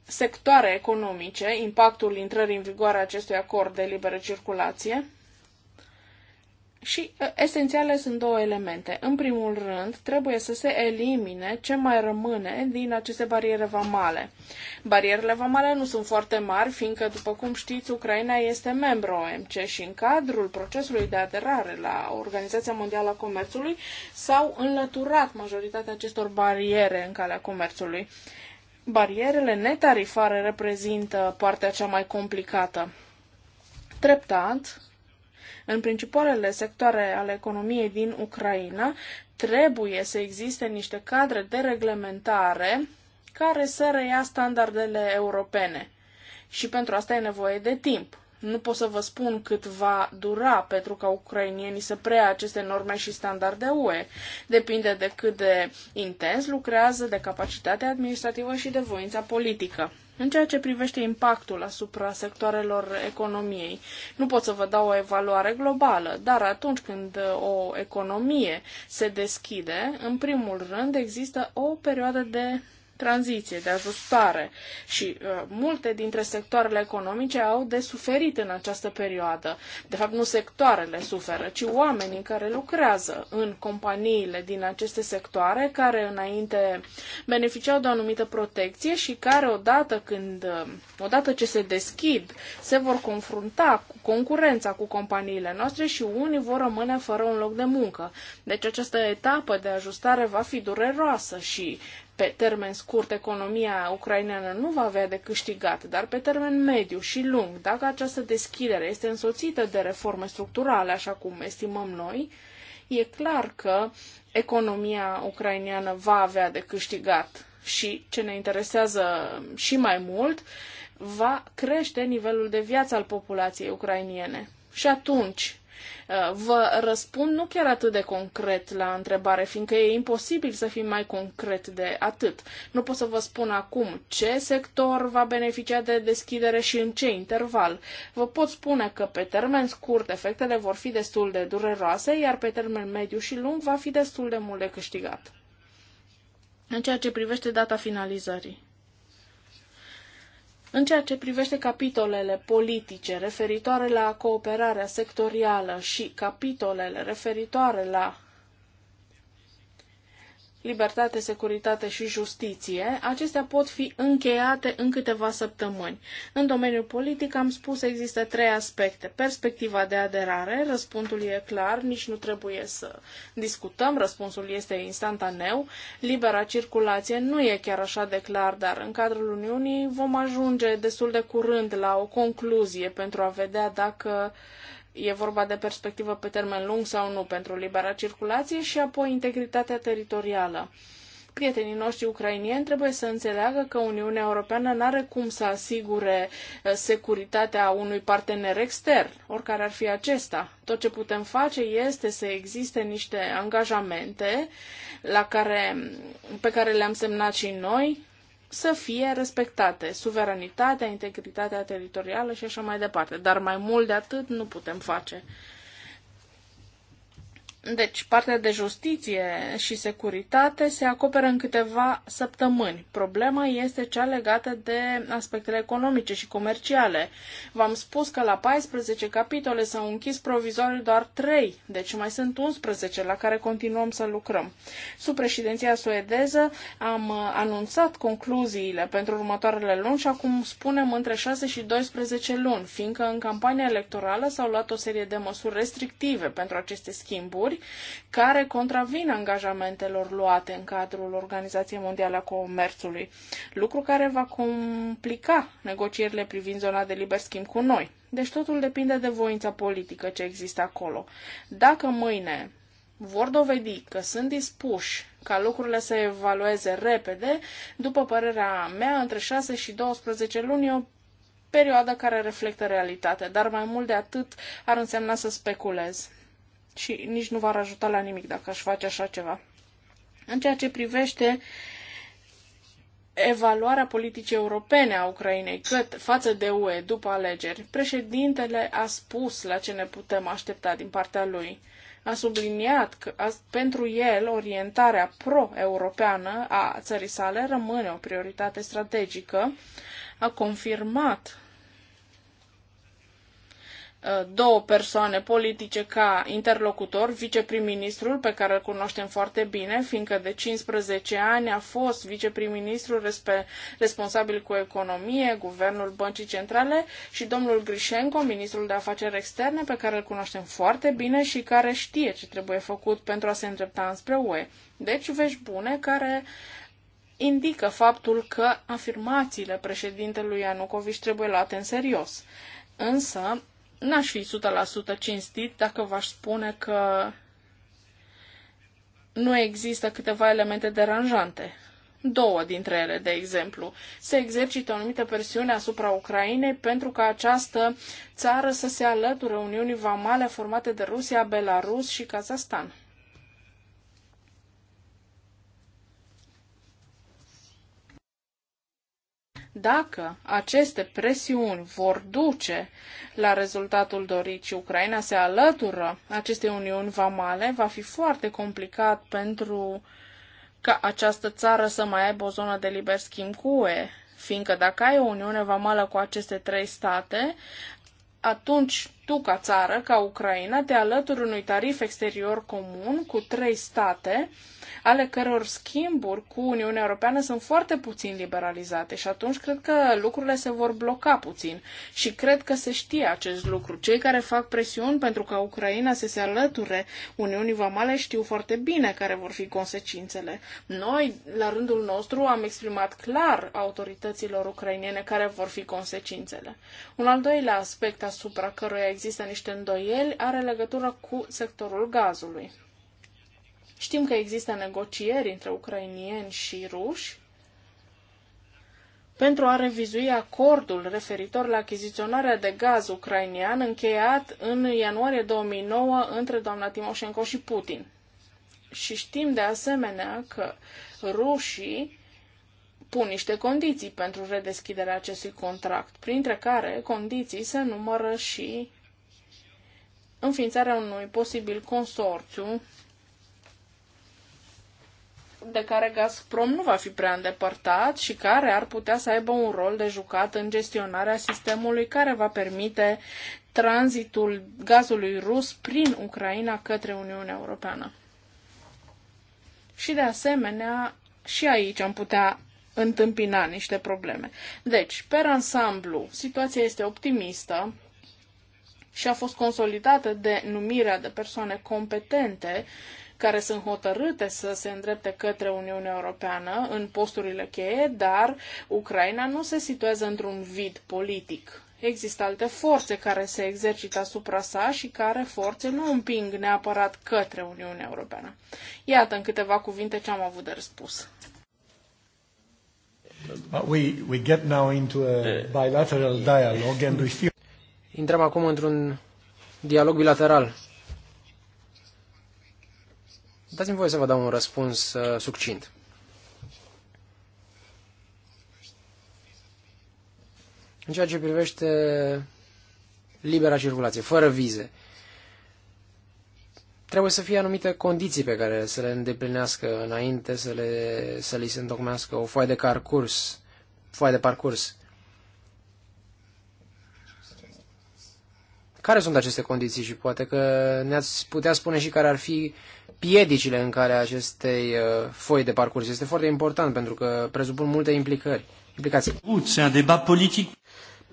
sectoare economice, impactul intrării în vigoare a acestui acord de liberă circulație și ă, esențiale sunt două elemente. În primul rând, trebuie să se elimine ce mai rămâne din aceste bariere vamale. Barierele vamale nu sunt foarte mari, fiindcă, după cum știți, Ucraina este membru OMC și în cadrul procesului de aderare la Organizația Mondială a Comerțului s-au înlăturat majoritatea acestor bariere în calea comerțului. Barierele netarifare reprezintă partea cea mai complicată. Treptat, în principalele sectoare ale economiei din Ucraina trebuie să existe niște cadre de reglementare care să reia standardele europene. Și pentru asta e nevoie de timp. Nu pot să vă spun cât va dura pentru ca ucrainienii să preia aceste norme și standarde UE. Depinde de cât de intens lucrează, de capacitatea administrativă și de voința politică. În ceea ce privește impactul asupra sectoarelor economiei, nu pot să vă dau o evaluare globală, dar atunci când o economie se deschide, în primul rând există o perioadă de tranziție, de ajustare și uh, multe dintre sectoarele economice au de suferit în această perioadă. De fapt, nu sectoarele suferă, ci oamenii care lucrează în companiile din aceste sectoare, care înainte beneficiau de o anumită protecție și care odată, când, uh, odată ce se deschid, se vor confrunta cu concurența cu companiile noastre și unii vor rămâne fără un loc de muncă. Deci această etapă de ajustare va fi dureroasă și pe termen scurt economia ucraineană nu va avea de câștigat, dar pe termen mediu și lung, dacă această deschidere este însoțită de reforme structurale, așa cum estimăm noi, e clar că economia ucraineană va avea de câștigat și, ce ne interesează și mai mult, va crește nivelul de viață al populației ucrainiene. Și atunci, Uh, vă răspund nu chiar atât de concret la întrebare, fiindcă e imposibil să fim mai concret de atât. Nu pot să vă spun acum ce sector va beneficia de deschidere și în ce interval. Vă pot spune că pe termen scurt efectele vor fi destul de dureroase, iar pe termen mediu și lung va fi destul de mult de câștigat. În ceea ce privește data finalizării. În ceea ce privește capitolele politice referitoare la cooperarea sectorială și capitolele referitoare la libertate, securitate și justiție, acestea pot fi încheiate în câteva săptămâni. În domeniul politic, am spus, există trei aspecte. Perspectiva de aderare, răspunsul e clar, nici nu trebuie să discutăm, răspunsul este instantaneu. Libera circulație nu e chiar așa de clar, dar în cadrul Uniunii vom ajunge destul de curând la o concluzie pentru a vedea dacă uh, e vorba de perspectivă pe termen lung sau nu pentru libera circulație și apoi integritatea teritorială. Prietenii noștri ucrainieni trebuie să înțeleagă că Uniunea Europeană nu are cum să asigure uh, securitatea unui partener extern, oricare ar fi acesta. Tot ce putem face este să existe niște angajamente la care, pe care le-am semnat și noi, să fie respectate suveranitatea, integritatea teritorială și așa mai departe. Dar mai mult de atât nu putem face. Deci, partea de justiție și securitate se acoperă în câteva săptămâni. Problema este cea legată de aspectele economice și comerciale. V-am spus că la 14 capitole s-au închis provizoriu doar 3, deci mai sunt 11 la care continuăm să lucrăm. Sub președinția suedeză am anunțat concluziile pentru următoarele luni și acum spunem între 6 și 12 luni, fiindcă în campania electorală s-au luat o serie de măsuri restrictive pentru aceste schimburi lucruri care contravin angajamentelor luate în cadrul Organizației Mondiale a Comerțului, lucru care va complica negocierile privind zona de liber schimb cu noi. Deci totul depinde de voința politică ce există acolo. Dacă mâine vor dovedi că sunt dispuși ca lucrurile să evalueze repede, după părerea mea, între 6 și 12 luni e o perioadă care reflectă realitatea, dar mai mult de atât ar însemna să speculez și nici nu v-ar ajuta la nimic dacă aș face așa ceva. În ceea ce privește evaluarea politicii europene a Ucrainei cât față de UE după alegeri, președintele a spus la ce ne putem aștepta din partea lui. A subliniat că pentru el orientarea pro-europeană a țării sale rămâne o prioritate strategică. A confirmat Uh, două persoane politice ca interlocutor, viceprim-ministrul, pe care îl cunoaștem foarte bine, fiindcă de 15 ani a fost viceprim-ministrul responsabil cu economie, guvernul băncii centrale și domnul Grișenco, ministrul de afaceri externe, pe care îl cunoaștem foarte bine și care știe ce trebuie făcut pentru a se îndrepta înspre UE. Deci vești bune care indică faptul că afirmațiile președintelui Ianucovici trebuie luate în serios. Însă, n-aș fi 100% cinstit dacă v-aș spune că nu există câteva elemente deranjante. Două dintre ele, de exemplu, se exercită o anumită presiune asupra Ucrainei pentru ca această țară să se alăture Uniunii Vamale formate de Rusia, Belarus și Kazahstan. Dacă aceste presiuni vor duce la rezultatul dorit și Ucraina se alătură acestei uniuni vamale, va fi foarte complicat pentru ca această țară să mai aibă o zonă de liber schimb cu UE, fiindcă dacă ai o uniune vamală cu aceste trei state, atunci tu ca țară, ca Ucraina, te alături unui tarif exterior comun cu trei state, ale căror schimburi cu Uniunea Europeană sunt foarte puțin liberalizate și atunci cred că lucrurile se vor bloca puțin și cred că se știe acest lucru. Cei care fac presiuni pentru ca Ucraina să se alăture Uniunii Vamale știu foarte bine care vor fi consecințele. Noi, la rândul nostru, am exprimat clar autorităților ucrainene care vor fi consecințele. Un al doilea aspect asupra căruia există niște îndoieli are legătură cu sectorul gazului. Știm că există negocieri între ucrainieni și ruși pentru a revizui acordul referitor la achiziționarea de gaz ucrainian încheiat în ianuarie 2009 între doamna Timoșenko și Putin. Și știm de asemenea că rușii pun niște condiții pentru redeschiderea acestui contract, printre care condiții se numără și înființarea unui posibil consorțiu de care Gazprom nu va fi prea îndepărtat și care ar putea să aibă un rol de jucat în gestionarea sistemului care va permite tranzitul gazului rus prin Ucraina către Uniunea Europeană. Și de asemenea, și aici am putea întâmpina niște probleme. Deci, per ansamblu, situația este optimistă și a fost consolidată de numirea de persoane competente care sunt hotărâte să se îndrepte către Uniunea Europeană în posturile cheie, dar Ucraina nu se situează într-un vid politic. Există alte forțe care se exercită asupra sa și care forțe nu împing neapărat către Uniunea Europeană. Iată în câteva cuvinte ce am avut de răspuns. Intrăm acum într-un dialog bilateral Dați-mi voie să vă dau un răspuns uh, succint. În ceea ce privește libera circulație, fără vize, trebuie să fie anumite condiții pe care să le îndeplinească înainte să, le, să li se întocmească o foaie de parcurs. Foaie de parcurs. Care sunt aceste condiții și poate că ne-ați putea spune și care ar fi piedicile în care acestei uh, foi de parcurs. Este foarte important pentru că presupun multe implicări. Implicații.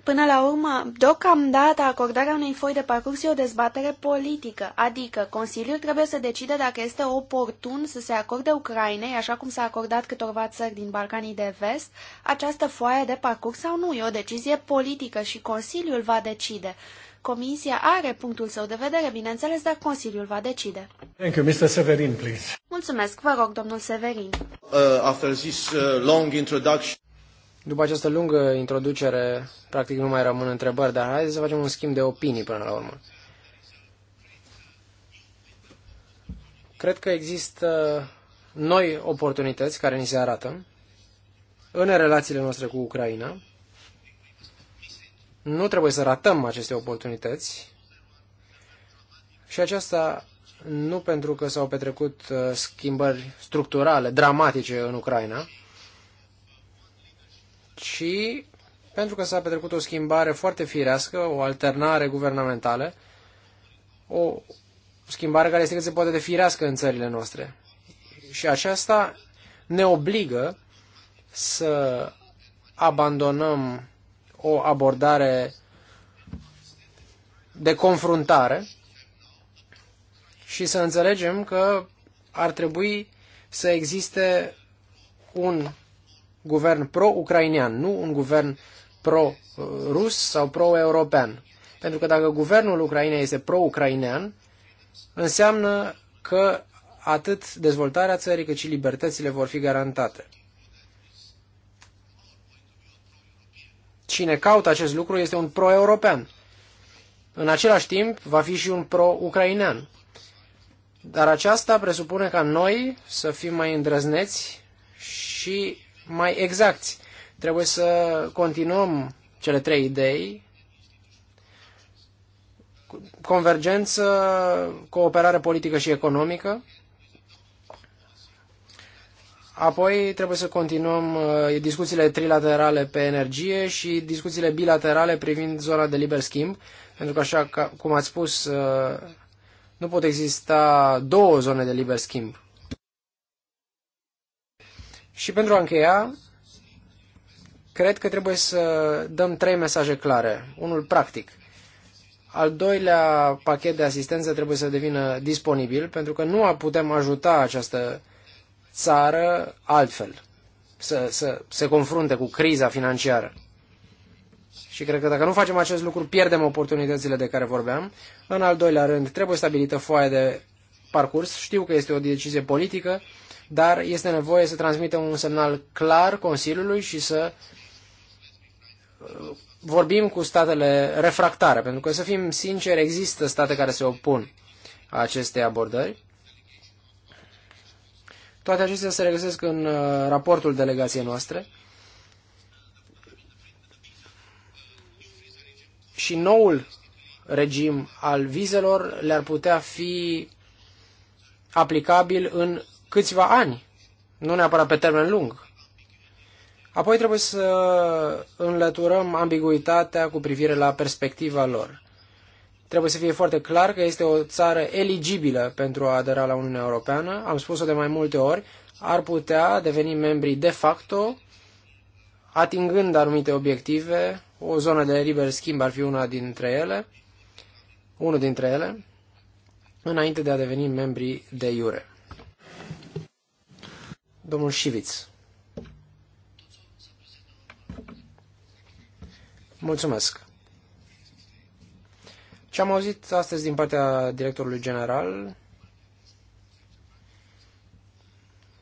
Până la urmă, deocamdată acordarea unei foi de parcurs e o dezbatere politică, adică Consiliul trebuie să decide dacă este oportun să se acorde Ucrainei, așa cum s-a acordat câtorva țări din Balcanii de Vest, această foaie de parcurs sau nu. E o decizie politică și Consiliul va decide. Comisia are punctul său de vedere, bineînțeles, dar Consiliul va decide. Thank you, Mr. Severin, please. Mulțumesc, vă rog, domnul Severin. Uh, after this uh, long introduction... După această lungă introducere, practic nu mai rămân întrebări, dar haideți să facem un schimb de opinii până la urmă. Cred că există noi oportunități care ni se arată în relațiile noastre cu Ucraina, nu trebuie să ratăm aceste oportunități și aceasta nu pentru că s-au petrecut uh, schimbări structurale, dramatice în Ucraina, ci pentru că s-a petrecut o schimbare foarte firească, o alternare guvernamentală, o schimbare care este cât se poate de firească în țările noastre. Și aceasta ne obligă să abandonăm o abordare de confruntare și să înțelegem că ar trebui să existe un guvern pro-ucrainean, nu un guvern pro-rus sau pro-european. Pentru că dacă guvernul Ucrainei este pro-ucrainean, înseamnă că atât dezvoltarea țării cât și libertățile vor fi garantate. Cine caută acest lucru este un pro-european. În același timp, va fi și un pro-ucrainean. Dar aceasta presupune ca noi să fim mai îndrăzneți și mai exacti. Trebuie să continuăm cele trei idei. Convergență, cooperare politică și economică, Apoi trebuie să continuăm uh, discuțiile trilaterale pe energie și discuțiile bilaterale privind zona de liber schimb, pentru că așa cum ați spus, uh, nu pot exista două zone de liber schimb. Și pentru a încheia, cred că trebuie să dăm trei mesaje clare. Unul practic. Al doilea pachet de asistență trebuie să devină disponibil, pentru că nu putem ajuta această țară altfel, să, să se confrunte cu criza financiară. Și cred că dacă nu facem acest lucru, pierdem oportunitățile de care vorbeam. În al doilea rând, trebuie stabilită foaia de parcurs. Știu că este o decizie politică, dar este nevoie să transmitem un semnal clar Consiliului și să uh, vorbim cu statele refractare, pentru că, să fim sinceri, există state care se opun acestei abordări toate acestea se regăsesc în uh, raportul delegației noastre. Și noul regim al vizelor le-ar putea fi aplicabil în câțiva ani, nu neapărat pe termen lung. Apoi trebuie să înlăturăm ambiguitatea cu privire la perspectiva lor. Trebuie să fie foarte clar că este o țară eligibilă pentru a adera la Uniunea Europeană. Am spus-o de mai multe ori. Ar putea deveni membri de facto, atingând anumite obiective. O zonă de liber schimb ar fi una dintre ele, unul dintre ele, înainte de a deveni membri de iure. Domnul Șiviț. Mulțumesc. Ce am auzit astăzi din partea directorului general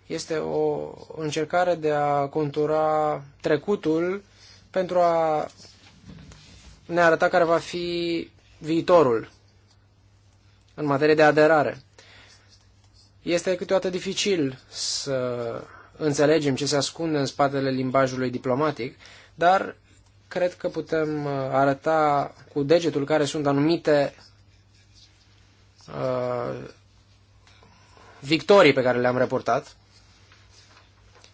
este o încercare de a contura trecutul pentru a ne arăta care va fi viitorul în materie de aderare. Este câteodată dificil să înțelegem ce se ascunde în spatele limbajului diplomatic, dar cred că putem uh, arăta cu degetul care sunt anumite uh, victorii pe care le-am reportat.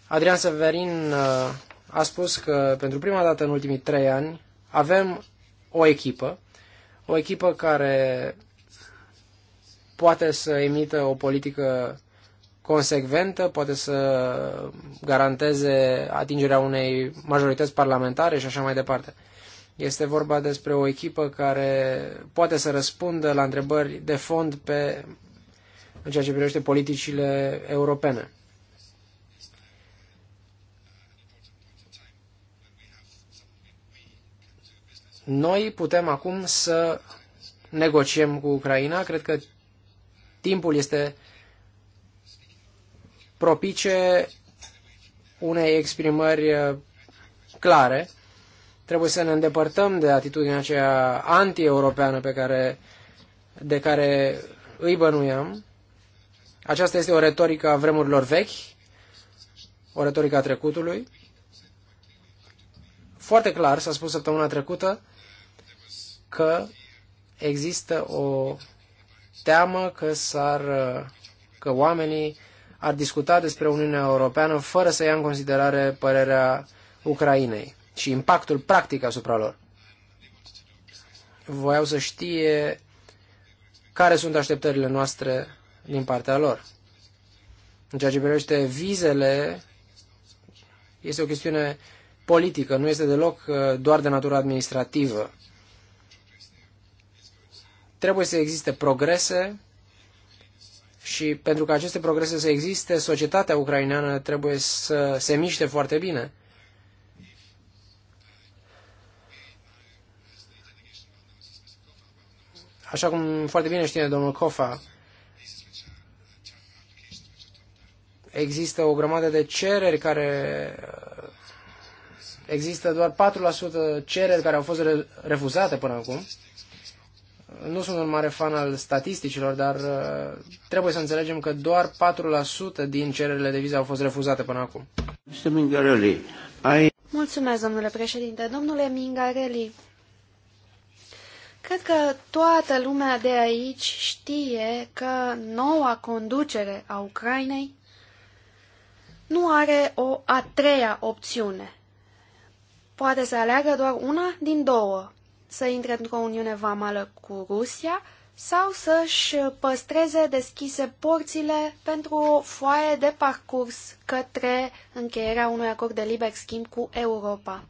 Adrian Severin uh, a spus că pentru prima dată în ultimii trei ani avem o echipă, o echipă care poate să emită o politică consecventă, poate să garanteze atingerea unei majorități parlamentare și așa mai departe. Este vorba despre o echipă care poate să răspundă la întrebări de fond pe, în ceea ce privește politicile europene. Noi putem acum să negociem cu Ucraina. Cred că timpul este propice unei exprimări uh, clare. Trebuie să ne îndepărtăm de atitudinea aceea anti-europeană pe care, de care îi bănuiam. Aceasta este o retorică a vremurilor vechi, o retorică a trecutului. Foarte clar s-a spus săptămâna trecută că există o teamă că s-ar uh, că oamenii ar discuta despre Uniunea Europeană fără să ia în considerare părerea Ucrainei și impactul practic asupra lor. Voiau să știe care sunt așteptările noastre din partea lor. În ceea ce privește vizele, este o chestiune politică, nu este deloc uh, doar de natură administrativă. Trebuie să existe progrese și pentru că aceste progrese să existe, societatea ucraineană trebuie să se miște foarte bine. Așa cum foarte bine știe domnul Kofa, există o grămadă de cereri care există doar 4% cereri care au fost refuzate până acum. Nu sunt un mare fan al statisticilor, dar uh, trebuie să înțelegem că doar 4% din cererile de vize au fost refuzate până acum. Mulțumesc, domnule președinte. Domnule Mingarelli, cred că toată lumea de aici știe că noua conducere a Ucrainei nu are o a treia opțiune. Poate să aleagă doar una din două să intre într-o uniune vamală cu Rusia sau să-și păstreze deschise porțile pentru o foaie de parcurs către încheierea unui acord de liber schimb cu Europa.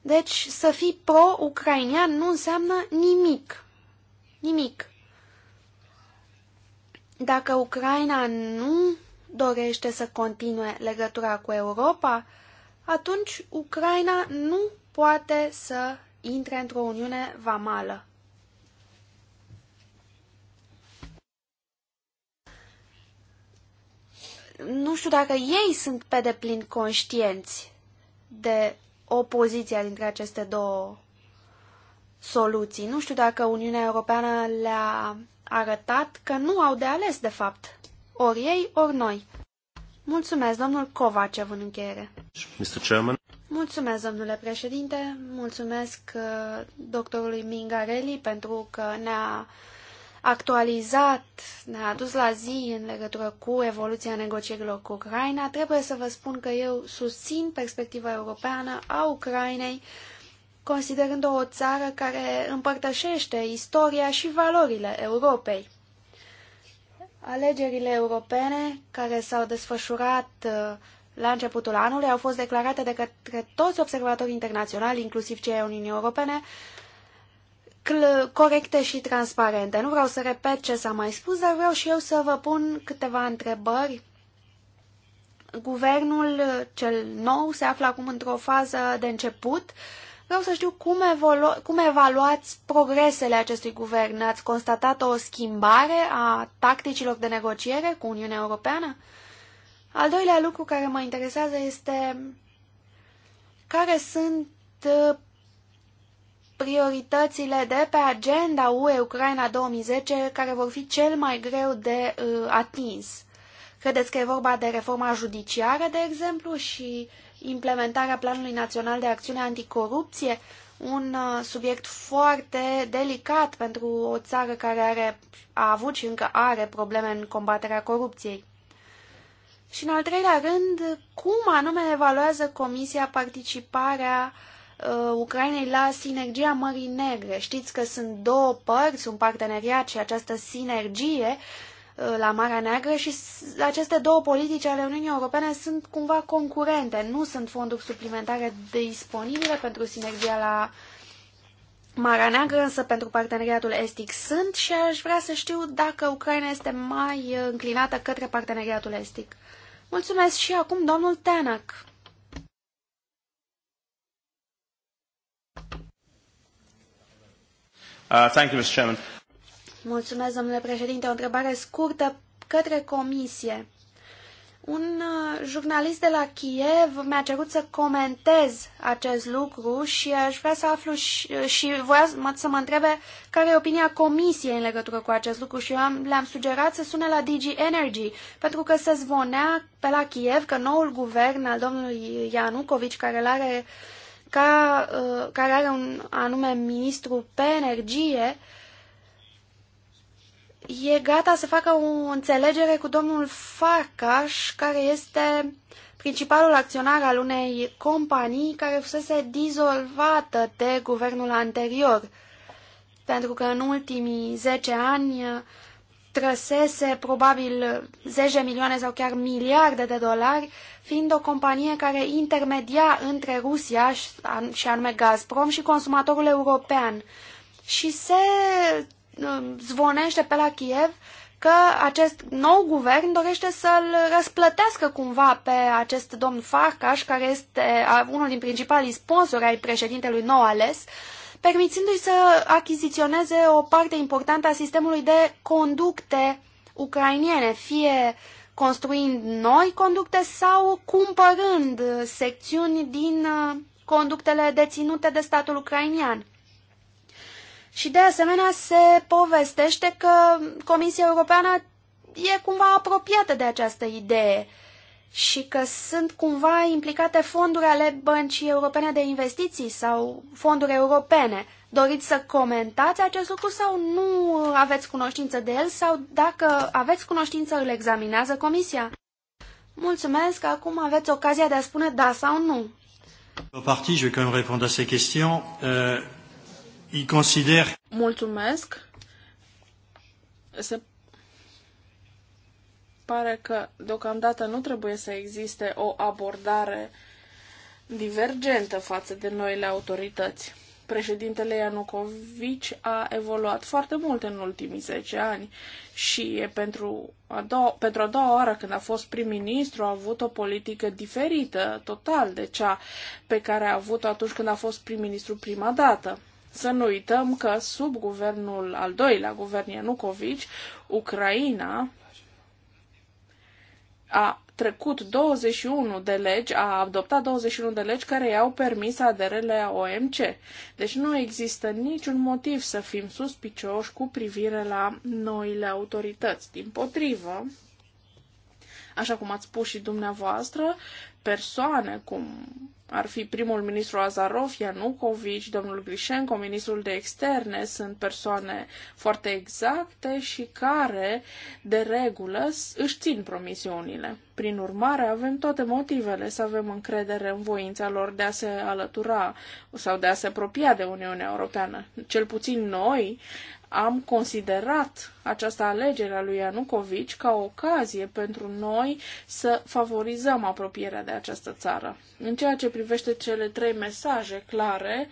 Deci, să fii pro-ucrainian nu înseamnă nimic. Nimic. Dacă Ucraina nu dorește să continue legătura cu Europa, atunci Ucraina nu poate să intre într-o uniune vamală. Nu știu dacă ei sunt pe deplin conștienți de opoziția dintre aceste două soluții. Nu știu dacă Uniunea Europeană le-a arătat că nu au de ales, de fapt. Ori ei, ori noi. Mulțumesc, domnul Covacev, în încheiere. Mr. Chairman. Mulțumesc, domnule președinte, mulțumesc uh, doctorului Mingarelli pentru că ne-a actualizat, ne-a adus la zi în legătură cu evoluția negocierilor cu Ucraina. Trebuie să vă spun că eu susțin perspectiva europeană a Ucrainei, considerând-o o țară care împărtășește istoria și valorile Europei. Alegerile europene care s-au desfășurat uh, la începutul anului au fost declarate de către toți observatorii internaționali, inclusiv cei ai Uniunii Europene, corecte și transparente. Nu vreau să repet ce s-a mai spus, dar vreau și eu să vă pun câteva întrebări. Guvernul uh, cel nou se află acum într-o fază de început uh, Vreau să știu cum, evolu- cum evaluați progresele acestui guvern. Ați constatat o schimbare a tacticilor de negociere cu Uniunea Europeană? Al doilea lucru care mă interesează este care sunt uh, prioritățile de pe agenda UE Ucraina 2010 care vor fi cel mai greu de uh, atins. Credeți că e vorba de reforma judiciară, de exemplu, și uh, implementarea Planului Național de Acțiune Anticorupție, un uh, subiect foarte delicat pentru o țară care are, a avut și încă are probleme în combaterea corupției. Și în al treilea rând, cum anume evaluează Comisia participarea uh, Ucrainei la sinergia Mării Negre? Știți că sunt două părți, un parteneriat și această sinergie Uh, la Marea Neagră și aceste două politici ale Uniunii Europene sunt cumva concurente, nu sunt fonduri suplimentare disponibile pentru sinergia la Marea Neagră, însă pentru parteneriatul estic sunt și aș vrea să știu dacă Ucraina este mai înclinată către parteneriatul estic. Mulțumesc și acum domnul Tenac. Uh, thank you, Mr. Chairman. Mulțumesc, domnule președinte. O întrebare scurtă către comisie. Un uh, jurnalist de la Kiev mi-a cerut să comentez acest lucru și aș vrea să aflu și, uh, și voia să mă întrebe care e opinia comisiei în legătură cu acest lucru și eu am, le-am sugerat să sune la Digi Energy, pentru că se zvonea pe la Kiev că noul guvern al domnului Ianucovici, care are, ca, uh, care are un anume ministru pe energie, e gata să facă o înțelegere cu domnul Farcaș, care este principalul acționar al unei companii care fusese dizolvată de guvernul anterior, pentru că în ultimii 10 ani trăsese probabil 10 milioane sau chiar miliarde de dolari, fiind o companie care intermedia între Rusia și anume Gazprom și consumatorul european. Și se Uh, zvonește pe la Kiev că acest nou guvern dorește să-l răsplătească cumva pe acest domn Farcaș, care este unul din principalii sponsori ai președintelui nou ales, permițindu-i să achiziționeze o parte importantă a sistemului de conducte ucrainiene, fie construind noi conducte sau cumpărând secțiuni din uh, conductele deținute de statul ucrainian. Și de asemenea se povestește că Comisia Europeană e cumva apropiată de această idee și că sunt cumva implicate fonduri ale băncii europene de investiții sau fonduri europene. Doriți să comentați acest lucru sau nu aveți cunoștință de el sau dacă aveți cunoștință îl examinează comisia? Mulțumesc, acum aveți ocazia de a spune da sau nu. Partie, je vais quand même répondre à ces questions. Euh consider... Mulțumesc. Se pare că deocamdată nu trebuie să existe o abordare divergentă față de noile autorități. Președintele Ianucovici a evoluat foarte mult în ultimii 10 ani și e pentru a doua, pentru a doua oară când a fost prim-ministru a avut o politică diferită total de cea pe care a avut-o atunci când a fost prim-ministru prima dată. Să nu uităm că sub guvernul al doilea, guvern Ianucovici, Ucraina a trecut 21 de legi, a adoptat 21 de legi care i-au permis aderele la OMC. Deci nu există niciun motiv să fim suspicioși cu privire la noile autorități. Din potrivă, așa cum ați spus și dumneavoastră, persoane cum ar fi primul ministru Azarov, Ianukovic, domnul Grișenko, ministrul de externe, sunt persoane foarte exacte și care, de regulă, își țin promisiunile. Prin urmare, avem toate motivele să avem încredere în voința lor de a se alătura sau de a se apropia de Uniunea Europeană. Cel puțin noi, am considerat această alegere a lui Ianucovici ca o ocazie pentru noi să favorizăm apropierea de această țară. În ceea ce privește cele trei mesaje clare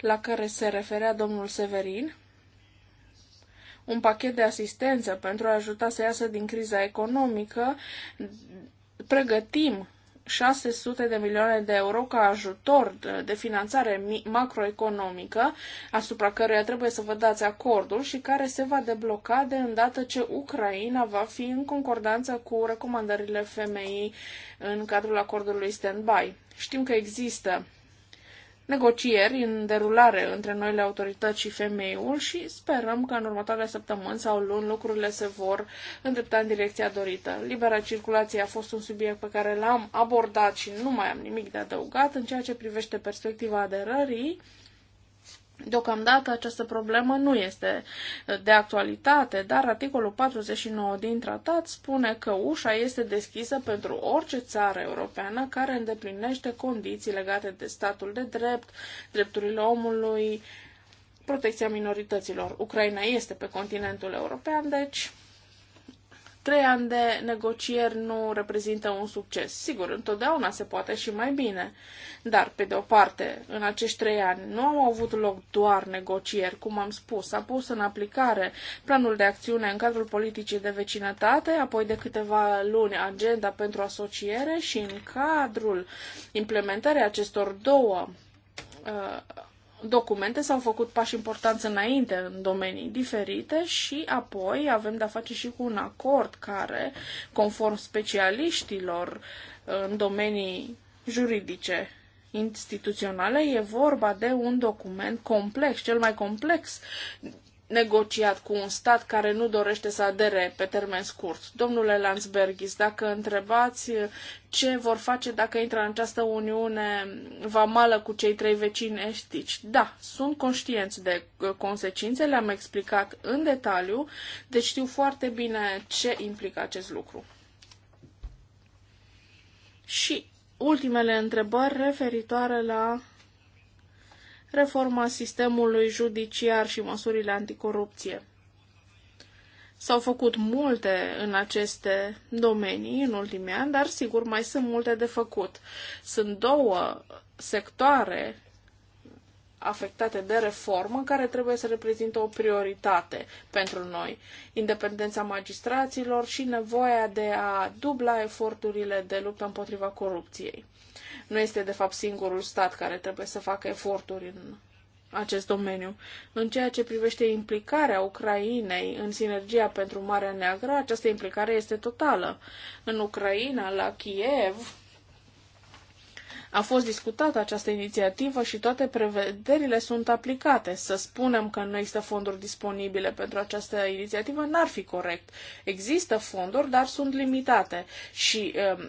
la care se referea domnul Severin, un pachet de asistență pentru a ajuta să iasă din criza economică, pregătim 600 de milioane de euro ca ajutor de finanțare macroeconomică, asupra căruia trebuie să vă dați acordul și care se va debloca de îndată ce Ucraina va fi în concordanță cu recomandările femeii în cadrul acordului stand-by. Știm că există negocieri în derulare între noile autorități și femeiul și sperăm că în următoarele săptămâni sau luni lucrurile se vor îndrepta în direcția dorită. Libera circulație a fost un subiect pe care l-am abordat și nu mai am nimic de adăugat în ceea ce privește perspectiva aderării. Deocamdată această problemă nu este de actualitate, dar articolul 49 din tratat spune că ușa este deschisă pentru orice țară europeană care îndeplinește condiții legate de statul de drept, drepturile omului, protecția minorităților. Ucraina este pe continentul european, deci Trei ani de negocieri nu reprezintă un succes. Sigur, întotdeauna se poate și mai bine. Dar, pe de o parte, în acești trei ani nu au avut loc doar negocieri, cum am spus. S-a pus în aplicare planul de acțiune în cadrul politicii de vecinătate, apoi de câteva luni agenda pentru asociere și în cadrul implementării acestor două uh, documente, s-au făcut pași importanți înainte în domenii diferite și apoi avem de-a face și cu un acord care, conform specialiștilor în domenii juridice instituționale, e vorba de un document complex, cel mai complex negociat cu un stat care nu dorește să adere pe termen scurt. Domnule Landsbergis, dacă întrebați uh, ce vor face dacă intră în această uniune vamală cu cei trei vecini estici, da, sunt conștienți de uh, consecințe, le-am explicat în detaliu, deci știu foarte bine ce implică acest lucru. Și ultimele întrebări referitoare la reforma sistemului judiciar și măsurile anticorupție. S-au făcut multe în aceste domenii în ultimii ani, dar sigur mai sunt multe de făcut. Sunt două sectoare afectate de reformă care trebuie să reprezintă o prioritate pentru noi. Independența magistraților și nevoia de a dubla eforturile de luptă împotriva corupției. Nu este, de fapt, singurul stat care trebuie să facă eforturi în acest domeniu. În ceea ce privește implicarea Ucrainei în sinergia pentru Marea Neagră, această implicare este totală. În Ucraina, la Kiev, a fost discutată această inițiativă și toate prevederile sunt aplicate. Să spunem că nu există fonduri disponibile pentru această inițiativă n-ar fi corect. Există fonduri, dar sunt limitate și um,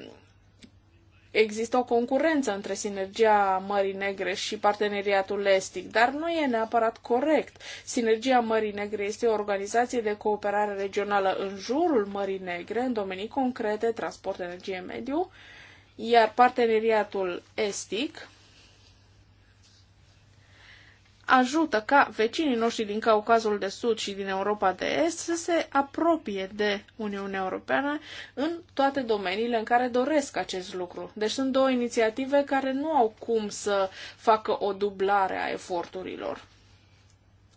există o concurență între sinergia Mării Negre și parteneriatul estic, dar nu e neapărat corect. Sinergia Mării Negre este o organizație de cooperare regională în jurul Mării Negre, în domenii concrete, transport, energie, mediu, iar parteneriatul estic ajută ca vecinii noștri din Caucazul de Sud și din Europa de Est să se apropie de Uniunea Europeană în toate domeniile în care doresc acest lucru. Deci sunt două inițiative care nu au cum să facă o dublare a eforturilor.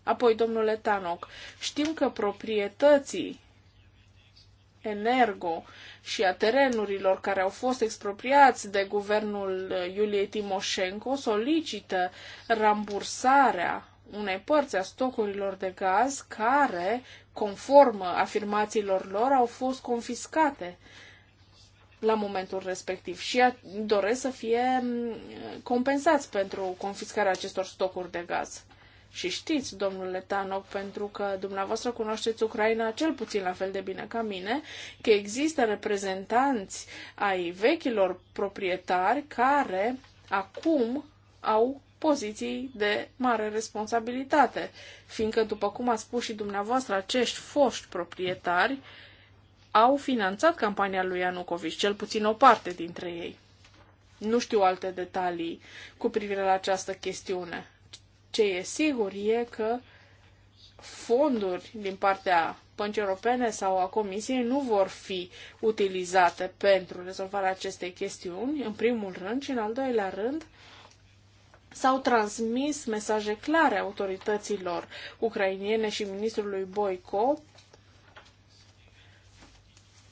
Apoi, domnule Tanoc, știm că proprietății Energo și a terenurilor care au fost expropriați de guvernul Iuliei Timoșenko solicită rambursarea unei părți a stocurilor de gaz care, conform afirmațiilor lor, au fost confiscate la momentul respectiv și doresc să fie mm, compensați pentru confiscarea acestor stocuri de gaz. Și știți, domnule Tanoc, pentru că dumneavoastră cunoașteți Ucraina cel puțin la fel de bine ca mine, că există reprezentanți ai vechilor proprietari care acum au poziții de mare responsabilitate, fiindcă, după cum a spus și dumneavoastră, acești foști proprietari au finanțat campania lui Ianucovici, cel puțin o parte dintre ei. Nu știu alte detalii cu privire la această chestiune. Ce e sigur e că fonduri din partea băncii europene sau a Comisiei nu vor fi utilizate pentru rezolvarea acestei chestiuni, în primul rând, și în al doilea rând, s-au transmis mesaje clare autorităților ucrainiene și ministrului Boico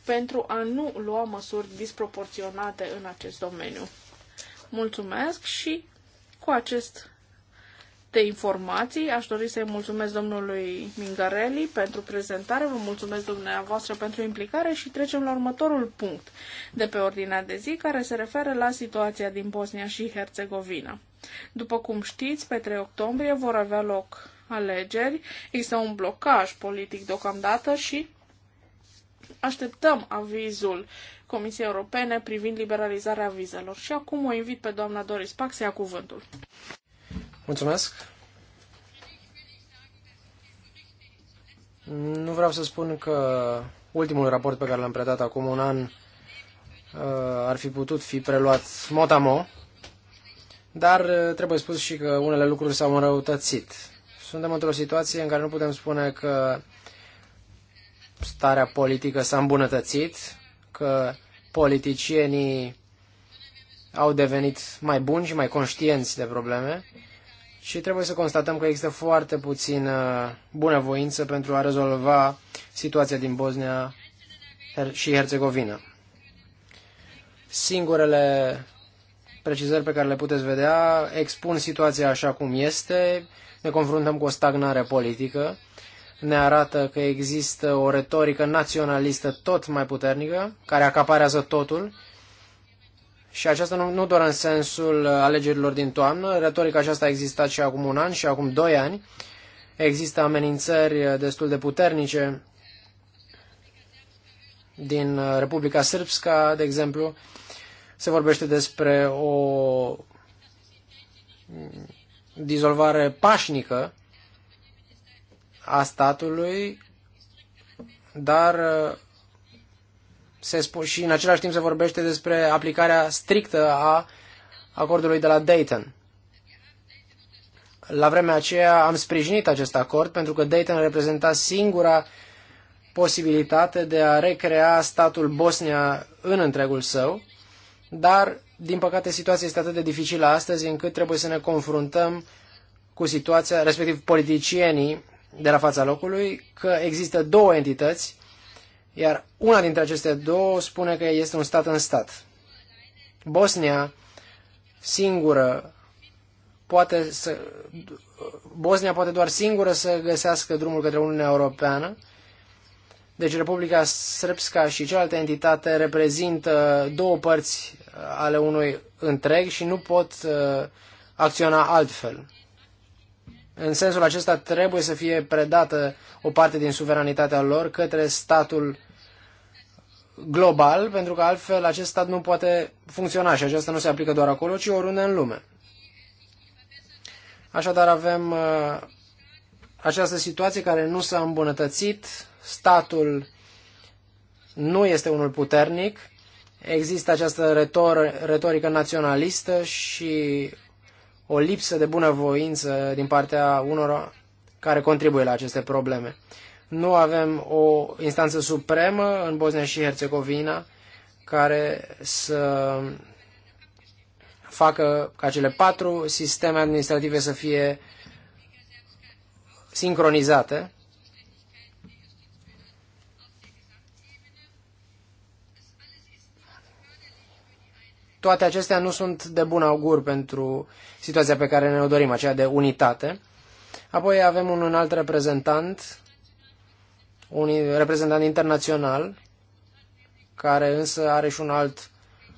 pentru a nu lua măsuri disproporționate în acest domeniu. Mulțumesc și cu acest de informații. Aș dori să-i mulțumesc domnului Mingarelli pentru prezentare, vă mulțumesc dumneavoastră pentru implicare și trecem la următorul punct de pe ordinea de zi, care se referă la situația din Bosnia și Herțegovina. După cum știți, pe 3 octombrie vor avea loc alegeri, există un blocaj politic deocamdată și așteptăm avizul Comisiei Europene privind liberalizarea vizelor. Și acum o invit pe doamna Doris Pac să ia cuvântul. Mulțumesc. Nu vreau să spun că ultimul raport pe care l-am predat acum un an uh, ar fi putut fi preluat motamo, dar uh, trebuie spus și că unele lucruri s-au înrăutățit. Suntem într-o situație în care nu putem spune că starea politică s-a îmbunătățit, că politicienii au devenit mai buni și mai conștienți de probleme, și trebuie să constatăm că există foarte puțină bunăvoință pentru a rezolva situația din Bosnia și Herțegovina. Singurele precizări pe care le puteți vedea expun situația așa cum este, ne confruntăm cu o stagnare politică, ne arată că există o retorică naționalistă tot mai puternică, care acaparează totul și aceasta nu, nu doar în sensul uh, alegerilor din toamnă, retorica aceasta a existat și acum un an și acum doi ani. Există amenințări uh, destul de puternice din uh, Republica Srpska, de exemplu. Se vorbește despre o dizolvare pașnică a statului, dar se sp- și în același timp se vorbește despre aplicarea strictă a acordului de la Dayton. La vremea aceea am sprijinit acest acord pentru că Dayton reprezenta singura posibilitate de a recrea statul Bosnia în întregul său, dar, din păcate, situația este atât de dificilă astăzi încât trebuie să ne confruntăm cu situația, respectiv politicienii de la fața locului, că există două entități iar una dintre aceste două spune că este un stat în stat. Bosnia singură poate să, Bosnia poate doar singură să găsească drumul către Uniunea Europeană. Deci Republica Srpska și cealaltă entitate reprezintă două părți uh, ale unui întreg și nu pot uh, acționa altfel. În sensul acesta trebuie să fie predată o parte din suveranitatea lor către statul global, pentru că altfel acest stat nu poate funcționa și aceasta nu se aplică doar acolo, ci oriunde în lume. Așadar avem uh, această situație care nu s-a îmbunătățit, statul nu este unul puternic, există această retor, retorică naționalistă și o lipsă de bunăvoință din partea unor care contribuie la aceste probleme nu avem o instanță supremă în Bosnia și Herțegovina care să facă ca cele patru sisteme administrative să fie sincronizate. Toate acestea nu sunt de bun augur pentru situația pe care ne-o dorim, aceea de unitate. Apoi avem un alt reprezentant un reprezentant internațional, care însă are și un alt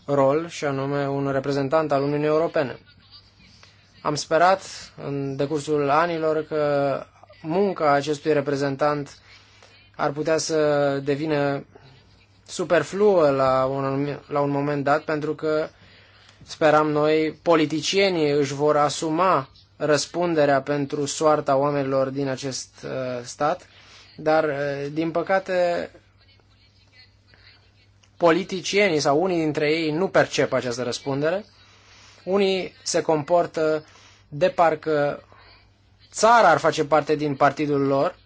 rol, și anume un reprezentant al Uniunii Europene. Am sperat în decursul anilor că munca acestui reprezentant ar putea să devină superfluă la un, la un moment dat, pentru că speram noi, politicienii își vor asuma răspunderea pentru soarta oamenilor din acest uh, stat dar, eh, din păcate, politicienii sau unii dintre ei nu percep această răspundere. Unii se comportă de parcă țara ar face parte din partidul lor,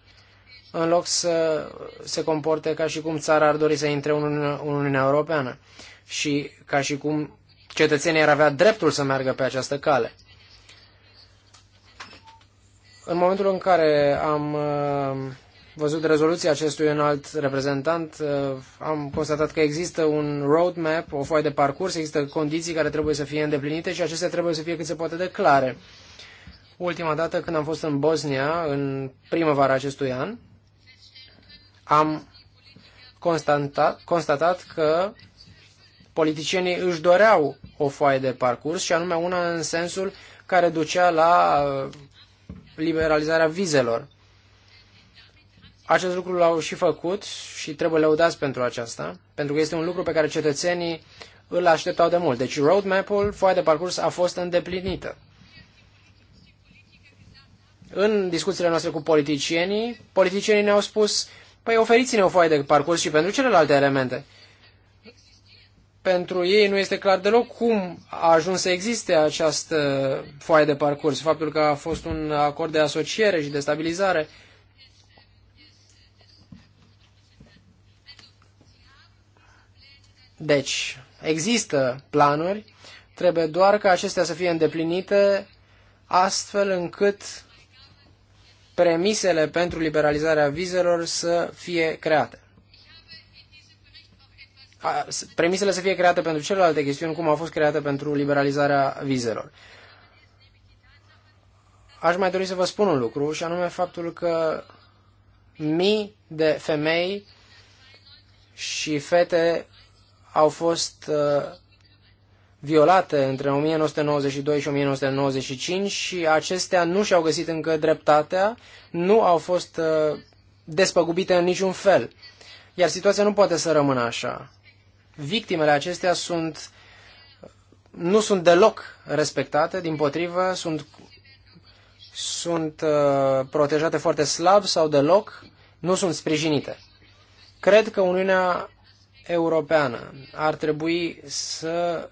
în loc să se comporte ca și cum țara ar dori să intre în Uniunea Europeană și ca și cum cetățenii ar avea dreptul să meargă pe această cale. În momentul în care am eh, văzut rezoluția acestui înalt reprezentant, uh, am constatat că există un roadmap, o foaie de parcurs, există condiții care trebuie să fie îndeplinite și acestea trebuie să fie cât se poate de clare. Ultima dată când am fost în Bosnia, în primăvara acestui an, am constatat, constatat că politicienii își doreau o foaie de parcurs și anume una în sensul care ducea la uh, liberalizarea vizelor. Acest lucru l-au și făcut și trebuie lăudați pentru aceasta, pentru că este un lucru pe care cetățenii îl așteptau de mult. Deci roadmap-ul, foaia de parcurs, a fost îndeplinită. În discuțiile noastre cu politicienii, politicienii ne-au spus, păi oferiți-ne o foaie de parcurs și pentru celelalte elemente. Pentru ei nu este clar deloc cum a ajuns să existe această foaie de parcurs, faptul că a fost un acord de asociere și de stabilizare, Deci, există planuri, trebuie doar ca acestea să fie îndeplinite astfel încât premisele pentru liberalizarea vizelor să fie create. Premisele să fie create pentru celelalte chestiuni, cum au fost create pentru liberalizarea vizelor. Aș mai dori să vă spun un lucru, și anume faptul că mii de femei și fete au fost uh, violate între 1992 și 1995 și acestea nu și-au găsit încă dreptatea, nu au fost uh, despăgubite în niciun fel. Iar situația nu poate să rămână așa. Victimele acestea sunt, nu sunt deloc respectate, din potrivă, sunt, sunt uh, protejate foarte slab sau deloc, nu sunt sprijinite. Cred că Uniunea europeană ar trebui să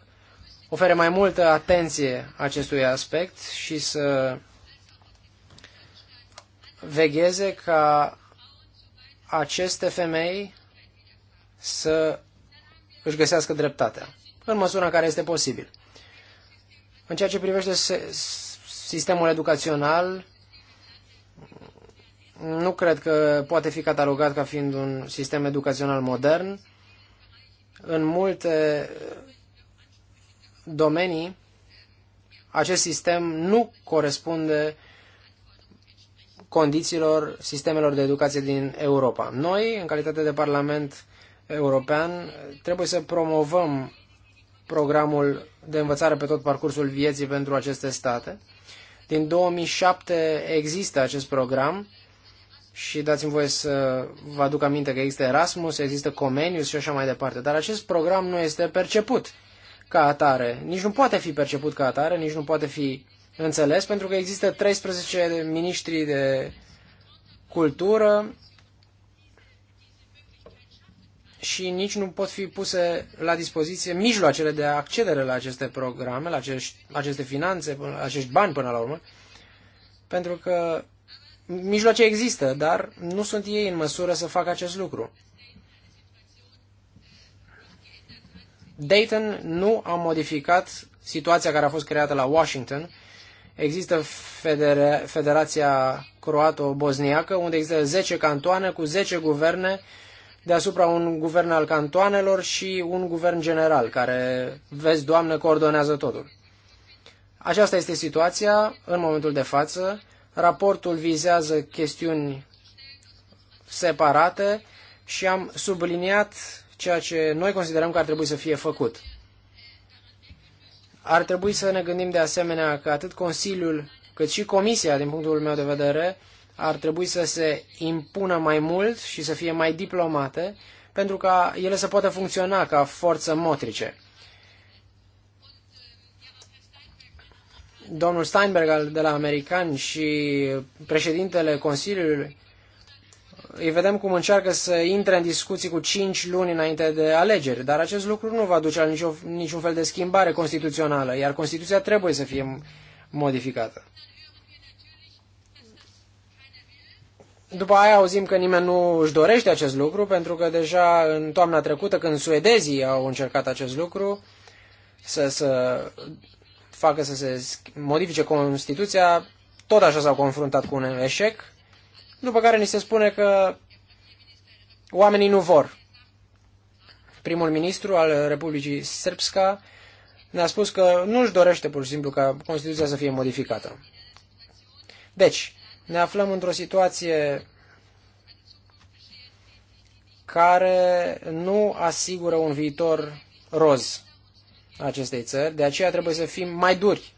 ofere mai multă atenție acestui aspect și să vegheze ca aceste femei să își găsească dreptatea, în măsura în care este posibil. În ceea ce privește sistemul educațional, nu cred că poate fi catalogat ca fiind un sistem educațional modern. În multe domenii, acest sistem nu corespunde condițiilor sistemelor de educație din Europa. Noi, în calitate de Parlament European, trebuie să promovăm programul de învățare pe tot parcursul vieții pentru aceste state. Din 2007 există acest program și dați-mi voie să vă aduc aminte că există Erasmus, există Comenius și așa mai departe, dar acest program nu este perceput ca atare, nici nu poate fi perceput ca atare, nici nu poate fi înțeles, pentru că există 13 miniștri de cultură și nici nu pot fi puse la dispoziție mijloacele de accedere la aceste programe, la acești, aceste finanțe, la acești bani până la urmă, pentru că Mijloace există, dar nu sunt ei în măsură să facă acest lucru. Dayton nu a modificat situația care a fost creată la Washington. Există federa- Federația Croato-Bosniacă, unde există 10 cantoane cu 10 guverne, deasupra un guvern al cantoanelor și un guvern general, care, vezi, Doamne, coordonează totul. Aceasta este situația în momentul de față. Raportul vizează chestiuni separate și am subliniat ceea ce noi considerăm că ar trebui să fie făcut. Ar trebui să ne gândim de asemenea că atât Consiliul cât și Comisia, din punctul meu de vedere, ar trebui să se impună mai mult și să fie mai diplomate pentru ca ele să poată funcționa ca forță motrice. domnul Steinberg de la american și președintele Consiliului, îi vedem cum încearcă să intre în discuții cu cinci luni înainte de alegeri, dar acest lucru nu va duce la nicio, niciun fel de schimbare constituțională, iar Constituția trebuie să fie modificată. După aia auzim că nimeni nu își dorește acest lucru, pentru că deja în toamna trecută, când suedezii au încercat acest lucru, să, să facă să se modifice Constituția, tot așa s-au confruntat cu un eșec, după care ni se spune că oamenii nu vor. Primul ministru al Republicii Srpska ne-a spus că nu își dorește pur și simplu ca Constituția să fie modificată. Deci, ne aflăm într-o situație care nu asigură un viitor roz acestei țări, de aceea trebuie să fim mai duri.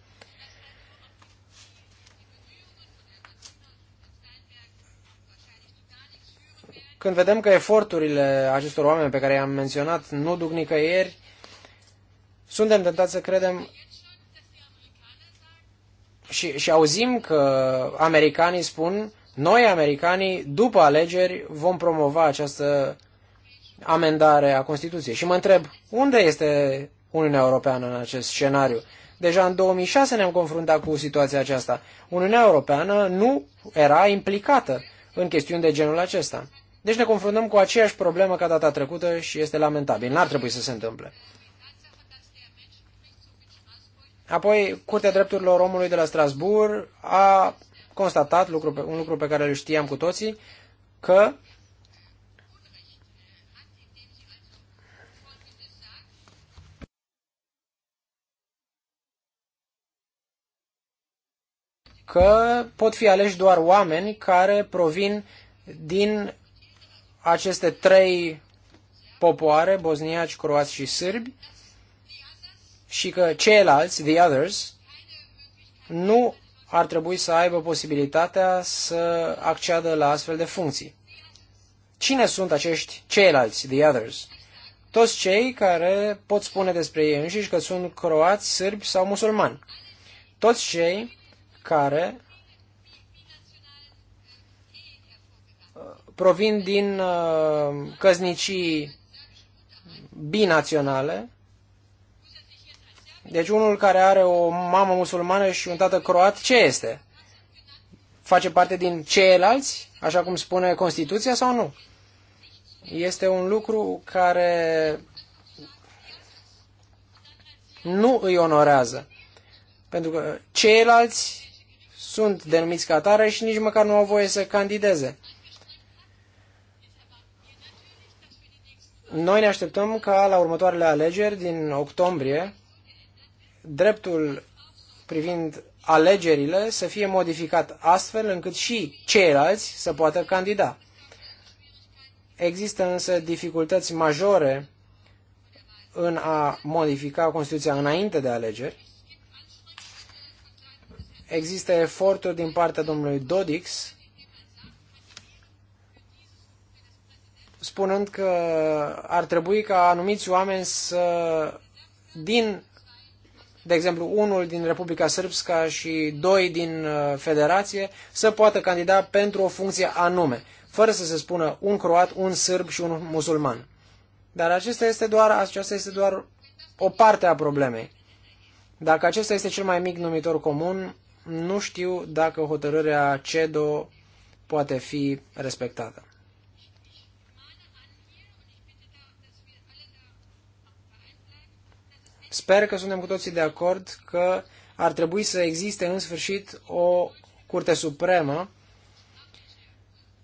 Când vedem că eforturile acestor oameni pe care i-am menționat nu duc nicăieri, suntem tentați să credem și, și auzim că americanii spun, noi americanii, după alegeri, vom promova această amendare a Constituției. Și mă întreb, unde este Uniunea Europeană în acest scenariu. Deja în 2006 ne-am confruntat cu situația aceasta. Uniunea Europeană nu era implicată în chestiuni de genul acesta. Deci ne confruntăm cu aceeași problemă ca data trecută și este lamentabil. N-ar trebui să se întâmple. Apoi, Curtea Drepturilor Omului de la Strasbourg a constatat lucru, un lucru pe care îl știam cu toții, că că pot fi aleși doar oameni care provin din aceste trei popoare, bosniaci, croați și sârbi, și că ceilalți, the others, nu ar trebui să aibă posibilitatea să acceadă la astfel de funcții. Cine sunt acești ceilalți, the others? Toți cei care pot spune despre ei înșiși că sunt croați, sârbi sau musulmani. Toți cei care uh, provin din uh, căznicii binaționale. Deci unul care are o mamă musulmană și un tată croat, ce este? Face parte din ceilalți, așa cum spune Constituția sau nu? Este un lucru care nu îi onorează. Pentru că ceilalți sunt denumiți ca atare și nici măcar nu au voie să candideze. Noi ne așteptăm ca la următoarele alegeri din octombrie dreptul privind alegerile să fie modificat astfel încât și ceilalți să poată candida. Există însă dificultăți majore în a modifica Constituția înainte de alegeri există eforturi din partea domnului Dodix, spunând că ar trebui ca anumiți oameni să, din, de exemplu, unul din Republica Sârbska și doi din uh, Federație, să poată candida pentru o funcție anume, fără să se spună un croat, un sârb și un musulman. Dar acesta este doar, aceasta este doar o parte a problemei. Dacă acesta este cel mai mic numitor comun, nu știu dacă hotărârea CEDO poate fi respectată. Sper că suntem cu toții de acord că ar trebui să existe în sfârșit o Curte Supremă.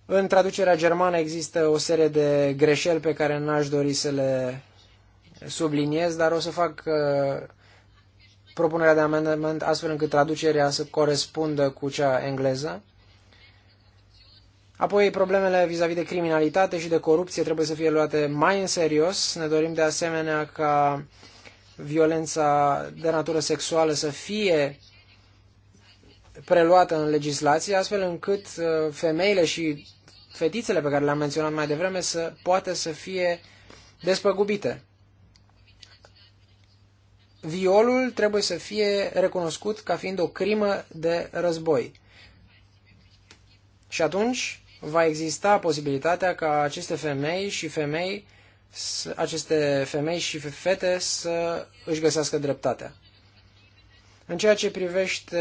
În traducerea germană există o serie de greșeli pe care n-aș dori să le subliniez, dar o să fac uh, propunerea de amendament astfel încât traducerea să corespundă cu cea engleză. Apoi, problemele vis-a-vis -vis de criminalitate și de corupție trebuie să fie luate mai în serios. Ne dorim de asemenea ca violența de natură sexuală să fie preluată în legislație, astfel încât uh, femeile și fetițele pe care le-am menționat mai devreme să poată să fie despăgubite violul trebuie să fie recunoscut ca fiind o crimă de război. Și atunci va exista posibilitatea ca aceste femei și femei aceste femei și fete să își găsească dreptatea. În ceea ce privește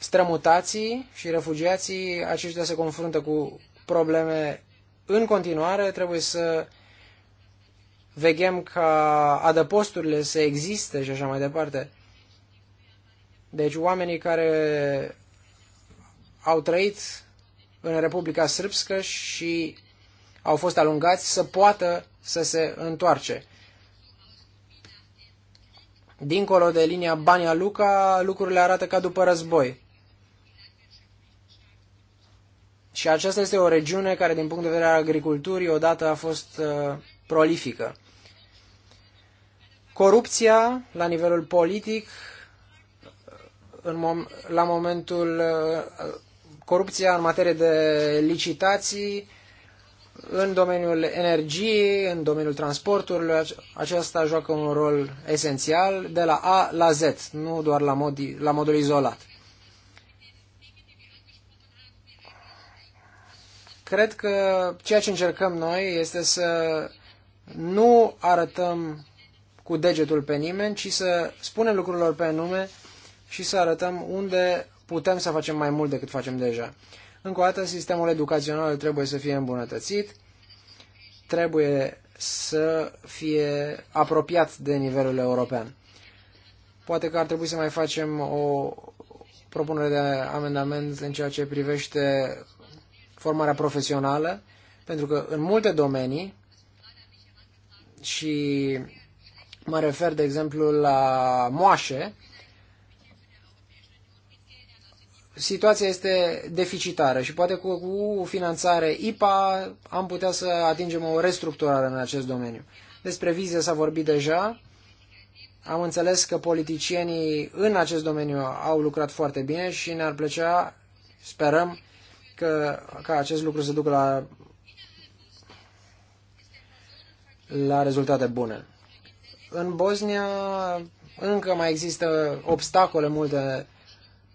strămutații și refugiații, aceștia se confruntă cu probleme în continuare, trebuie să vegem ca adăposturile să existe și așa mai departe. Deci oamenii care au trăit în Republica Srpscă și au fost alungați să poată să se întoarce. Dincolo de linia Bania Luca, lucrurile arată ca după război. Și aceasta este o regiune care, din punct de vedere al agriculturii, odată a fost uh, prolifică. Corupția la nivelul politic, în mom- la momentul uh, corupția în materie de licitații, în domeniul energiei, în domeniul transporturilor, aceasta joacă un rol esențial de la A la Z, nu doar la, mod, la modul izolat. Cred că ceea ce încercăm noi este să nu arătăm cu degetul pe nimeni, ci să spunem lucrurilor pe nume și să arătăm unde putem să facem mai mult decât facem deja. Încă o dată, sistemul educațional trebuie să fie îmbunătățit, trebuie să fie apropiat de nivelul european. Poate că ar trebui să mai facem o propunere de amendament în ceea ce privește formarea profesională, pentru că în multe domenii și Mă refer, de exemplu, la moașe. Situația este deficitară și poate cu, cu finanțare IPA am putea să atingem o restructurare în acest domeniu. Despre vize s-a vorbit deja. Am înțeles că politicienii în acest domeniu au lucrat foarte bine și ne-ar plăcea, sperăm, că, ca acest lucru să ducă la, la rezultate bune. În Bosnia încă mai există obstacole multe,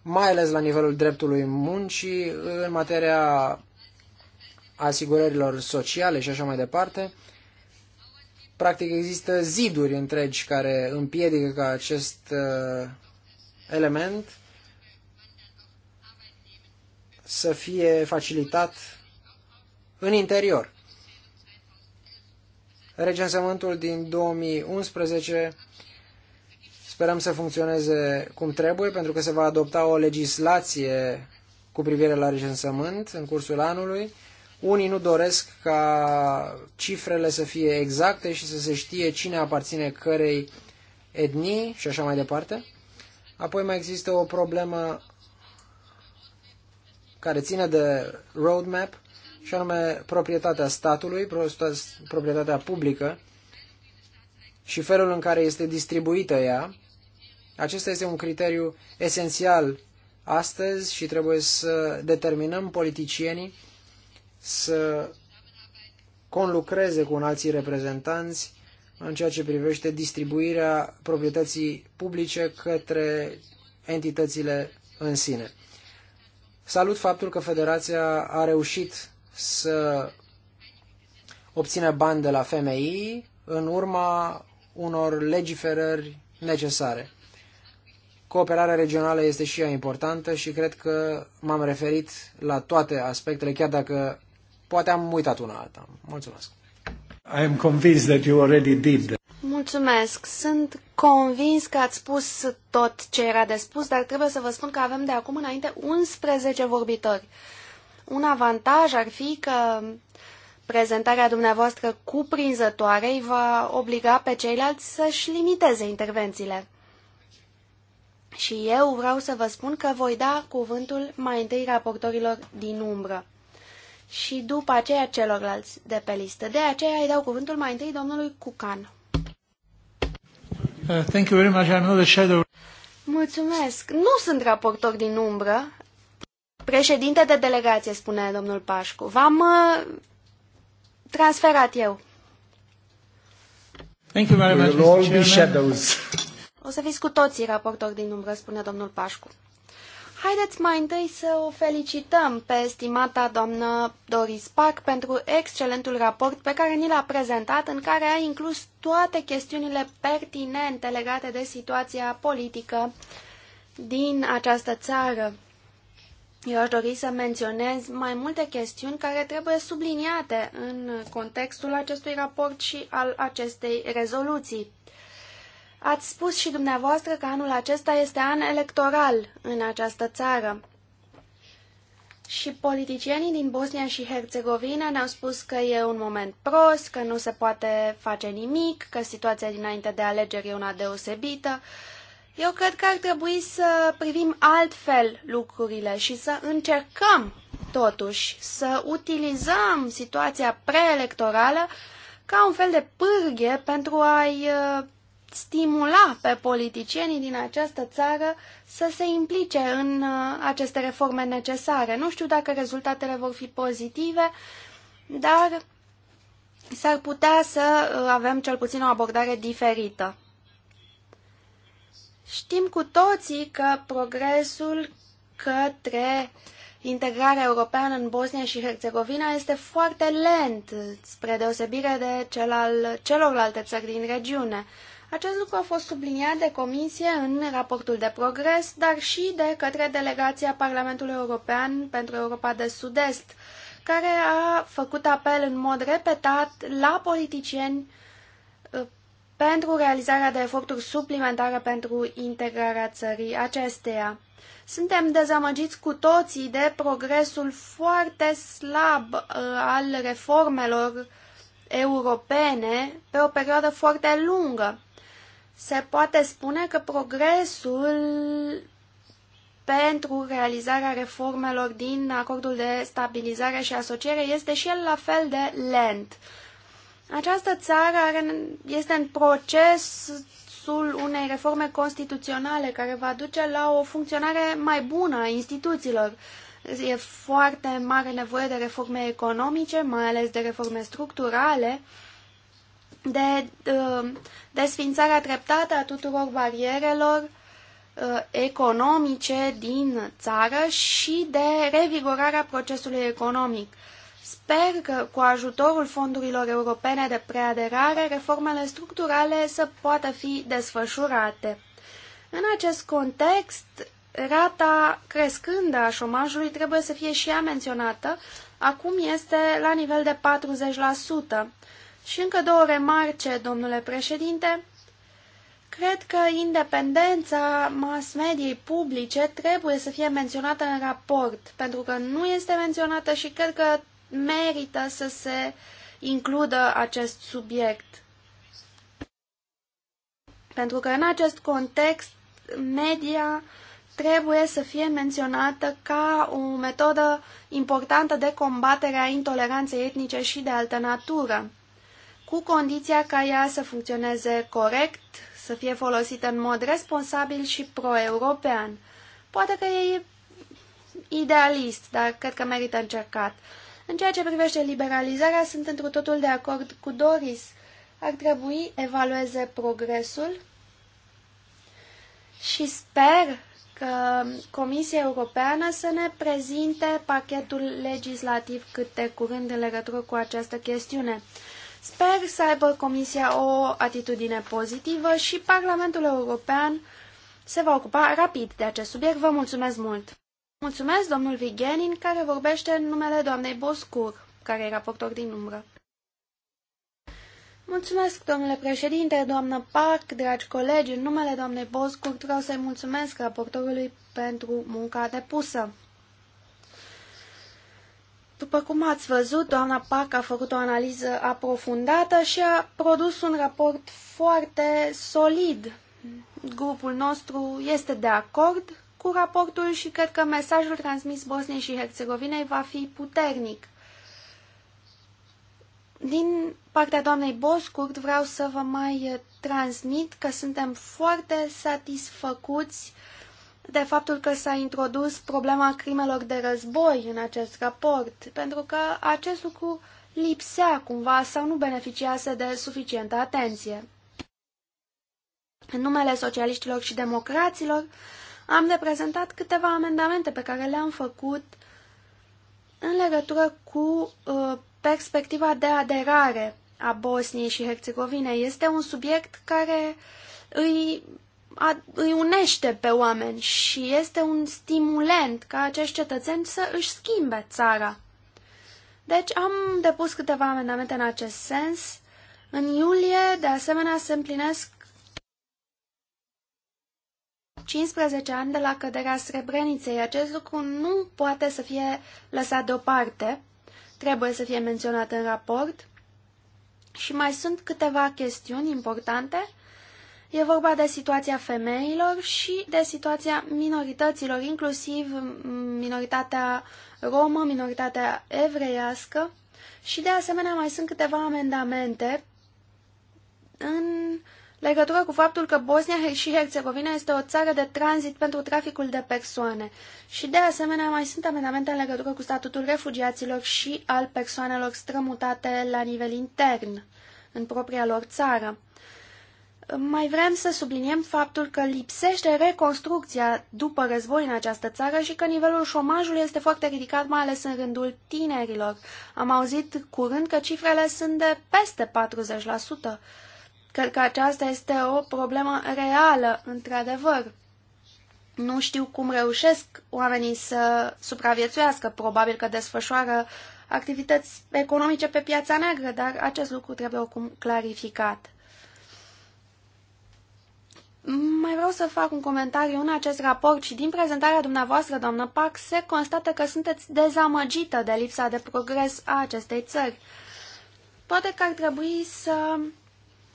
mai ales la nivelul dreptului muncii, în materia asigurărilor sociale și așa mai departe. Practic există ziduri întregi care împiedică ca acest uh, element să fie facilitat în interior. Recensământul din 2011 sperăm să funcționeze cum trebuie, pentru că se va adopta o legislație cu privire la recensământ în cursul anului. Unii nu doresc ca cifrele să fie exacte și să se știe cine aparține cărei etnii și așa mai departe. Apoi mai există o problemă care ține de roadmap și anume proprietatea statului, proprietatea publică și felul în care este distribuită ea. Acesta este un criteriu esențial astăzi și trebuie să determinăm politicienii să conlucreze cu un alții reprezentanți în ceea ce privește distribuirea proprietății publice către entitățile în sine. Salut faptul că Federația a reușit să obțină bani de la FMI în urma unor legiferări necesare. Cooperarea regională este și ea importantă și cred că m-am referit la toate aspectele, chiar dacă poate am uitat una alta. Mulțumesc. I am convinced that you already did that. Mulțumesc. Sunt convins că ați spus tot ce era de spus, dar trebuie să vă spun că avem de acum înainte 11 vorbitori. Un avantaj ar fi că prezentarea dumneavoastră cuprinzătoare îi va obliga pe ceilalți să-și limiteze intervențiile. Și eu vreau să vă spun că voi da cuvântul mai întâi raportorilor din umbră și după aceea celorlalți de pe listă. De aceea îi dau cuvântul mai întâi domnului Cucan. Uh, thank you very much. I'm not a shadow. Mulțumesc. Nu sunt raportor din umbră, Președinte de delegație, spune domnul Pașcu. V-am uh, transferat eu. Thank you very much, Mr. Shadows. O să fiți cu toții raportori din umbră, spune domnul Pașcu. Haideți mai întâi să o felicităm pe estimata doamnă Doris Pac pentru excelentul raport pe care ni l-a prezentat, în care a inclus toate chestiunile pertinente legate de situația politică din această țară. Eu aș dori să menționez mai multe chestiuni care trebuie subliniate în contextul acestui raport și al acestei rezoluții. Ați spus și dumneavoastră că anul acesta este an electoral în această țară. Și politicienii din Bosnia și Herțegovina ne-au spus că e un moment prost, că nu se poate face nimic, că situația dinainte de alegeri e una deosebită, uh, eu cred că ar trebui să privim altfel lucrurile și să încercăm, totuși, să utilizăm situația preelectorală ca un fel de pârghie pentru a-i uh, stimula pe politicienii din această țară să se implice în uh, aceste reforme necesare. Nu știu dacă rezultatele vor fi pozitive, dar s-ar putea să uh, avem cel puțin o abordare diferită. Știm cu toții că progresul către integrarea europeană în Bosnia și Herțegovina este foarte lent, spre deosebire de cel al celorlalte țări din regiune. Acest lucru a fost subliniat de Comisie în raportul de progres, dar și de către delegația Parlamentului European pentru Europa de Sud-Est, care a făcut apel în mod repetat la politicieni pentru realizarea de eforturi suplimentare pentru integrarea țării acesteia. Suntem dezamăgiți cu toții de progresul foarte slab uh, al reformelor europene pe o perioadă foarte lungă. Se poate spune că progresul pentru realizarea reformelor din acordul de stabilizare și asociere este și el la fel de lent. Uh, această țară are, este în procesul unei reforme constituționale care va duce la o funcționare mai bună a instituțiilor. E foarte mare nevoie de reforme economice, mai ales de reforme structurale, de desfințarea treptată a tuturor barierelor uh, economice din țară și de revigorarea procesului economic. Sper că, cu ajutorul fondurilor europene de preaderare, reformele structurale să poată fi desfășurate. În acest context, rata crescândă a șomajului trebuie să fie și ea menționată, acum este la nivel de 40%. Și încă două remarce, domnule președinte. Cred că independența mass mediei publice trebuie să fie menționată în raport, pentru că nu este menționată și cred că merită să se includă acest subiect. Pentru că în acest context media trebuie să fie menționată ca o metodă importantă de combatere a intoleranței etnice și de altă natură, cu condiția ca ea să funcționeze corect, să fie folosită în mod responsabil și pro-european. Poate că e idealist, dar cred că merită încercat. În ceea ce privește liberalizarea, sunt într totul de acord cu Doris. Ar trebui evalueze progresul și sper că Comisia Europeană să ne prezinte pachetul legislativ cât de curând în legătură cu această chestiune. Sper să aibă Comisia o atitudine pozitivă și Parlamentul European se va ocupa rapid de acest subiect. Vă mulțumesc mult! Mulțumesc, domnul Vigenin, care vorbește în numele doamnei Boscur, care e raportor din umbră. Mulțumesc, domnule președinte, doamnă Park, dragi colegi, în numele doamnei Boscur, vreau să-i mulțumesc raportorului pentru munca depusă. După cum ați văzut, doamna Park a făcut o analiză aprofundată și a produs un raport foarte solid. Grupul nostru este de acord cu raportul și cred că mesajul transmis Bosniei și Herțegovinei va fi puternic. Din partea doamnei Boscurt vreau să vă mai transmit că suntem foarte satisfăcuți de faptul că s-a introdus problema crimelor de război în acest raport, pentru că acest lucru lipsea cumva sau nu beneficiase de suficientă atenție. În numele socialiștilor și democraților, am prezentat câteva amendamente pe care le-am făcut în legătură cu uh, perspectiva de aderare a Bosniei și Herțegovinei. Este un subiect care îi, a, îi unește pe oameni și este un stimulent ca acești cetățeni să își schimbe țara. Deci am depus câteva amendamente în acest sens. În iulie, de asemenea, se împlinesc 15 ani de la căderea Srebreniței. Acest lucru nu poate să fie lăsat deoparte. Trebuie să fie menționat în raport. Și mai sunt câteva chestiuni importante. E vorba de situația femeilor și de situația minorităților, inclusiv minoritatea romă, minoritatea evreiască. Și de asemenea mai sunt câteva amendamente în uh, legătură cu faptul că Bosnia și Herțegovina este o țară de tranzit pentru traficul de persoane și de asemenea mai sunt amendamente în legătură cu statutul refugiaților și al persoanelor strămutate la nivel intern în propria lor țară. Mai vrem să subliniem faptul că lipsește reconstrucția după război în această țară și că nivelul șomajului este foarte ridicat, mai ales în rândul tinerilor. Am auzit curând că cifrele sunt de peste 40%. Cred că aceasta este o problemă reală, într-adevăr. Nu știu cum reușesc oamenii să supraviețuiască. Probabil că desfășoară activități economice pe piața neagră, dar acest lucru trebuie oricum clarificat. Mai vreau să fac un comentariu în acest raport și din prezentarea dumneavoastră, doamnă Pac, se constată că sunteți dezamăgită de lipsa de progres a acestei țări. Poate că ar trebui să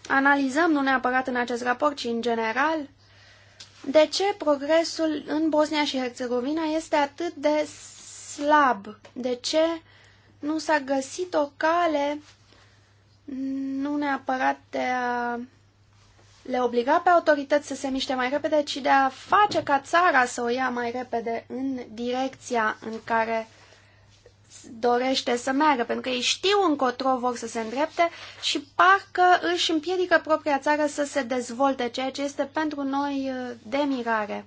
analizăm, nu neapărat în acest raport, ci în general, de ce progresul în Bosnia și Herțegovina este atât de slab, de ce nu s-a găsit o cale nu neapărat de a le obliga pe autorități să se miște mai repede, ci de a face ca țara să o ia mai repede în direcția în care dorește să meargă, pentru că ei știu încotro vor să se îndrepte și parcă își împiedică propria țară să se dezvolte, ceea ce este pentru noi uh, de mirare.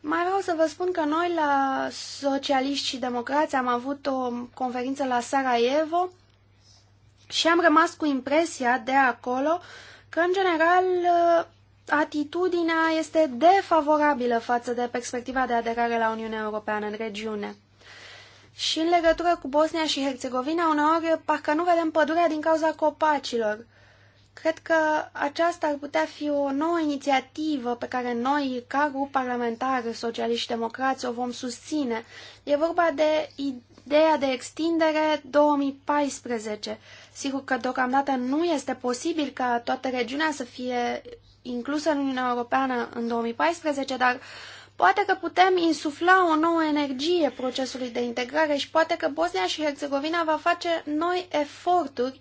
Mai vreau să vă spun că noi la Socialiști și Democrați am avut o conferință la Sarajevo și am rămas cu impresia de acolo că, în general, uh, atitudinea este defavorabilă față de perspectiva de aderare la Uniunea Europeană în regiune. Și în legătură cu Bosnia și Herțegovina, uneori parcă nu vedem pădurea din cauza copacilor. Cred că aceasta ar putea fi o nouă inițiativă pe care noi, ca grup parlamentar socialiști și democrați, o vom susține. E vorba de ideea de extindere 2014. Sigur că deocamdată nu este posibil ca toată regiunea să fie inclusă în Uniunea Europeană în 2014, dar uh, Poate că putem insufla o nouă energie procesului de integrare și poate că Bosnia și Herzegovina va face noi eforturi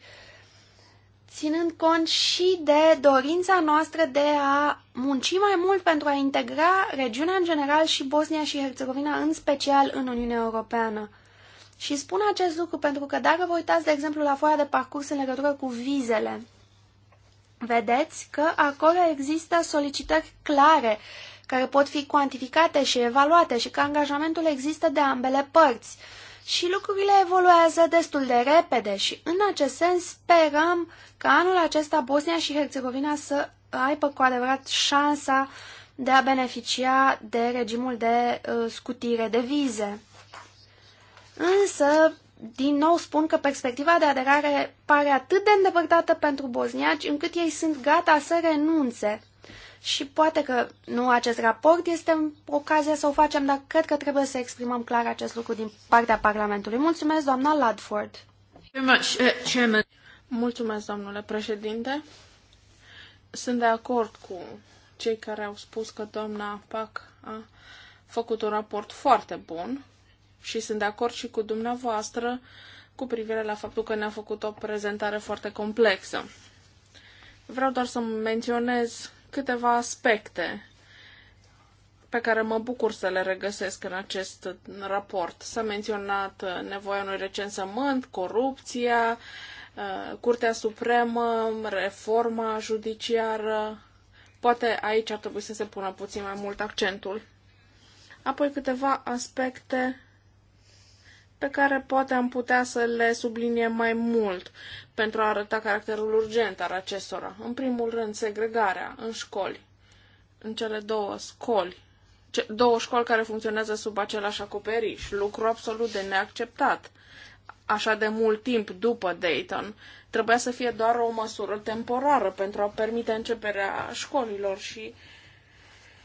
ținând cont și de dorința noastră de a munci mai mult pentru a integra regiunea în general și Bosnia și Herzegovina în special în Uniunea Europeană. Și spun acest lucru pentru că dacă vă uitați, de exemplu, la foaia de parcurs în legătură cu vizele, vedeți că acolo există solicitări clare care pot fi cuantificate și evaluate și că angajamentul există de ambele părți. Și lucrurile evoluează destul de repede și în acest sens sperăm că anul acesta Bosnia și Herțegovina să aibă cu adevărat șansa de a beneficia de regimul de uh, scutire de vize. Însă, din nou spun că perspectiva de aderare pare atât de îndepărtată pentru bosniaci încât ei sunt gata să renunțe și poate că nu acest raport este ocazia să o facem, dar cred că trebuie să exprimăm clar acest lucru din partea Parlamentului. Mulțumesc, doamna Ladford. Uh, Mulțumesc, domnule președinte. Sunt de acord cu cei care au spus că doamna PAC a făcut un raport foarte bun și sunt de acord și cu dumneavoastră cu privire la faptul că ne-a făcut o prezentare foarte complexă. Vreau doar să menționez câteva aspecte pe care mă bucur să le regăsesc în acest raport. S-a menționat uh, nevoia unui recensământ, corupția, uh, Curtea Supremă, reforma judiciară. Poate aici ar trebui să se pună puțin mai mult accentul. Apoi câteva aspecte pe care poate am putea să le subliniem mai mult pentru a arăta caracterul urgent al acestora. În primul rând, segregarea în școli, în cele două școli, ce, două școli care funcționează sub același acoperiș, lucru absolut de neacceptat. Așa de mult timp după Dayton, trebuia să fie doar o măsură temporară pentru a permite începerea școlilor și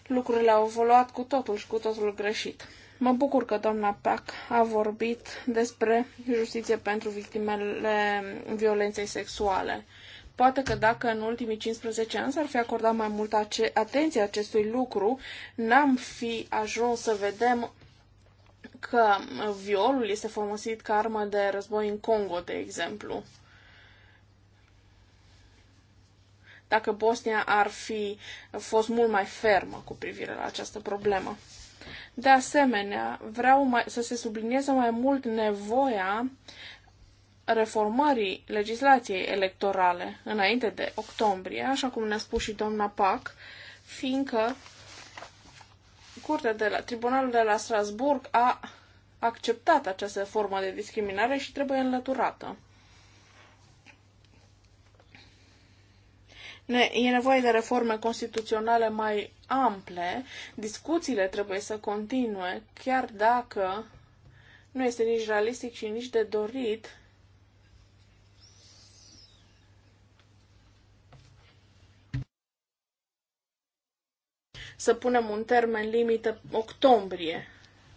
lucrurile au evoluat cu totul și cu totul greșit. Mă bucur că doamna Pac a vorbit despre justiție pentru victimele violenței sexuale. Poate că dacă în ultimii 15 ani s-ar fi acordat mai multă atenție acestui lucru, n-am fi ajuns să vedem că violul este folosit ca armă de război în Congo, de exemplu. Dacă Bosnia ar fi fost mult mai fermă cu privire la această problemă. De asemenea, vreau mai, să se sublinieze mai mult nevoia reformării legislației electorale înainte de octombrie, așa cum ne-a spus și doamna Pac, fiindcă Curtea de la Tribunalul de la Strasburg a acceptat această formă de discriminare și trebuie înlăturată. Ne, e nevoie de reforme constituționale mai ample, discuțiile trebuie să continue, chiar dacă nu este nici realistic și nici de dorit să punem un termen limită octombrie.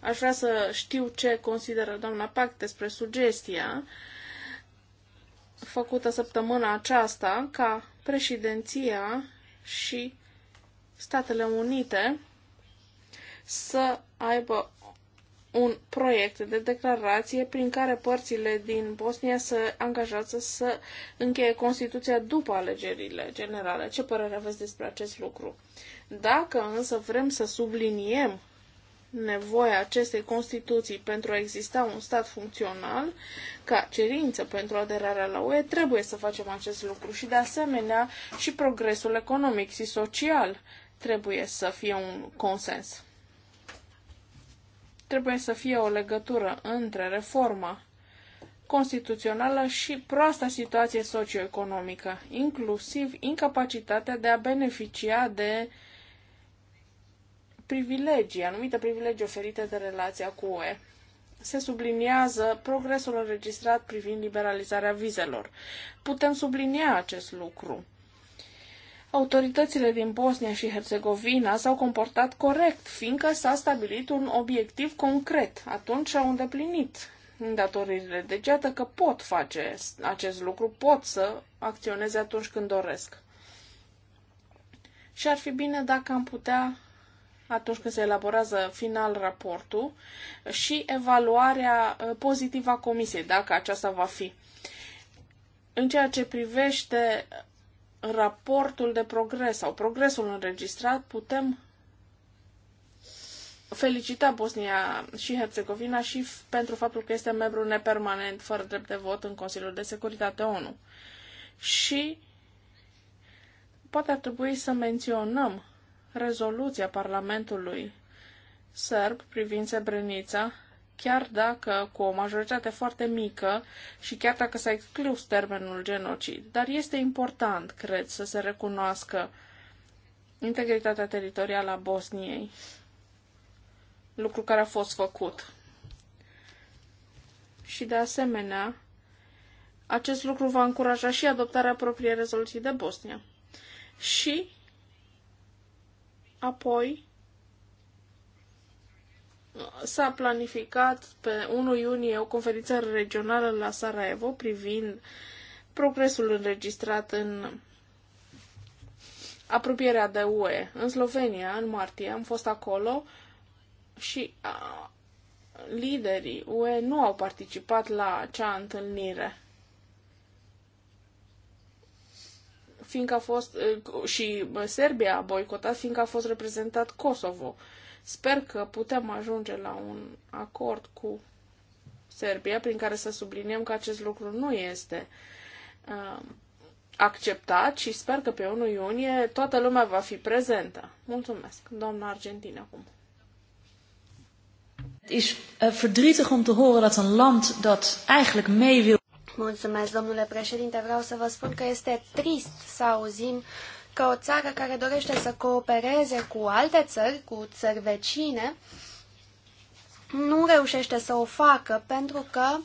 Aș vrea să știu ce consideră doamna Pac despre sugestia făcută săptămâna aceasta ca președinția și Statele Unite să aibă un proiect de declarație prin care părțile din Bosnia să angajează să încheie Constituția după alegerile generale. Ce părere aveți despre acest lucru? Dacă însă vrem să subliniem nevoia acestei Constituții pentru a exista un stat funcțional, ca cerință pentru aderarea la UE, trebuie să facem acest lucru și, de asemenea, și progresul economic și social trebuie să fie un consens. Trebuie să fie o legătură între reforma constituțională și proasta situație socioeconomică, inclusiv incapacitatea de a beneficia de uh, privilegii, anumite privilegii oferite de relația cu UE. Se subliniază progresul înregistrat privind liberalizarea vizelor. Putem sublinia acest lucru. Autoritățile din Bosnia și Herțegovina s-au comportat corect, fiindcă s-a stabilit un obiectiv concret. Atunci au îndeplinit îndatoririle. Deci iată că pot face acest lucru, pot să acționeze atunci când doresc. Și ar fi bine dacă am putea atunci când se elaborează final raportul și evaluarea uh, pozitivă a comisiei, dacă aceasta va fi. În ceea ce privește raportul de progres sau progresul înregistrat, putem felicita Bosnia și Herțegovina și pentru faptul că este membru nepermanent fără drept de vot în Consiliul de Securitate ONU. Și poate ar trebui să menționăm rezoluția Parlamentului sărb privind Srebrenica, chiar dacă cu o majoritate foarte mică și chiar dacă s-a exclus termenul genocid. Dar este important, cred, să se recunoască integritatea teritorială a Bosniei, lucru care a fost făcut. Și de asemenea, acest lucru va încuraja și adoptarea propriei rezoluții de Bosnia. Și Apoi s-a planificat pe 1 iunie o conferință regională la Sarajevo privind progresul înregistrat în apropierea de UE. În Slovenia, în martie, am fost acolo și liderii UE nu au participat la acea întâlnire. fiindcă a fost, și Serbia a boicotat, fiindcă a fost reprezentat Kosovo. Sper că putem ajunge la un acord cu Serbia prin care să subliniem că acest lucru nu este uh, acceptat și sper că pe 1 iunie toată lumea va fi prezentă. Mulțumesc, doamna Argentina, acum. Het is eh, verdrietig om te horen dat een land dat eigenlijk mee wil. Mulțumesc, domnule președinte. Vreau să vă spun că este trist să auzim că o țară care dorește să coopereze cu alte țări, cu țări vecine, nu reușește să o facă pentru că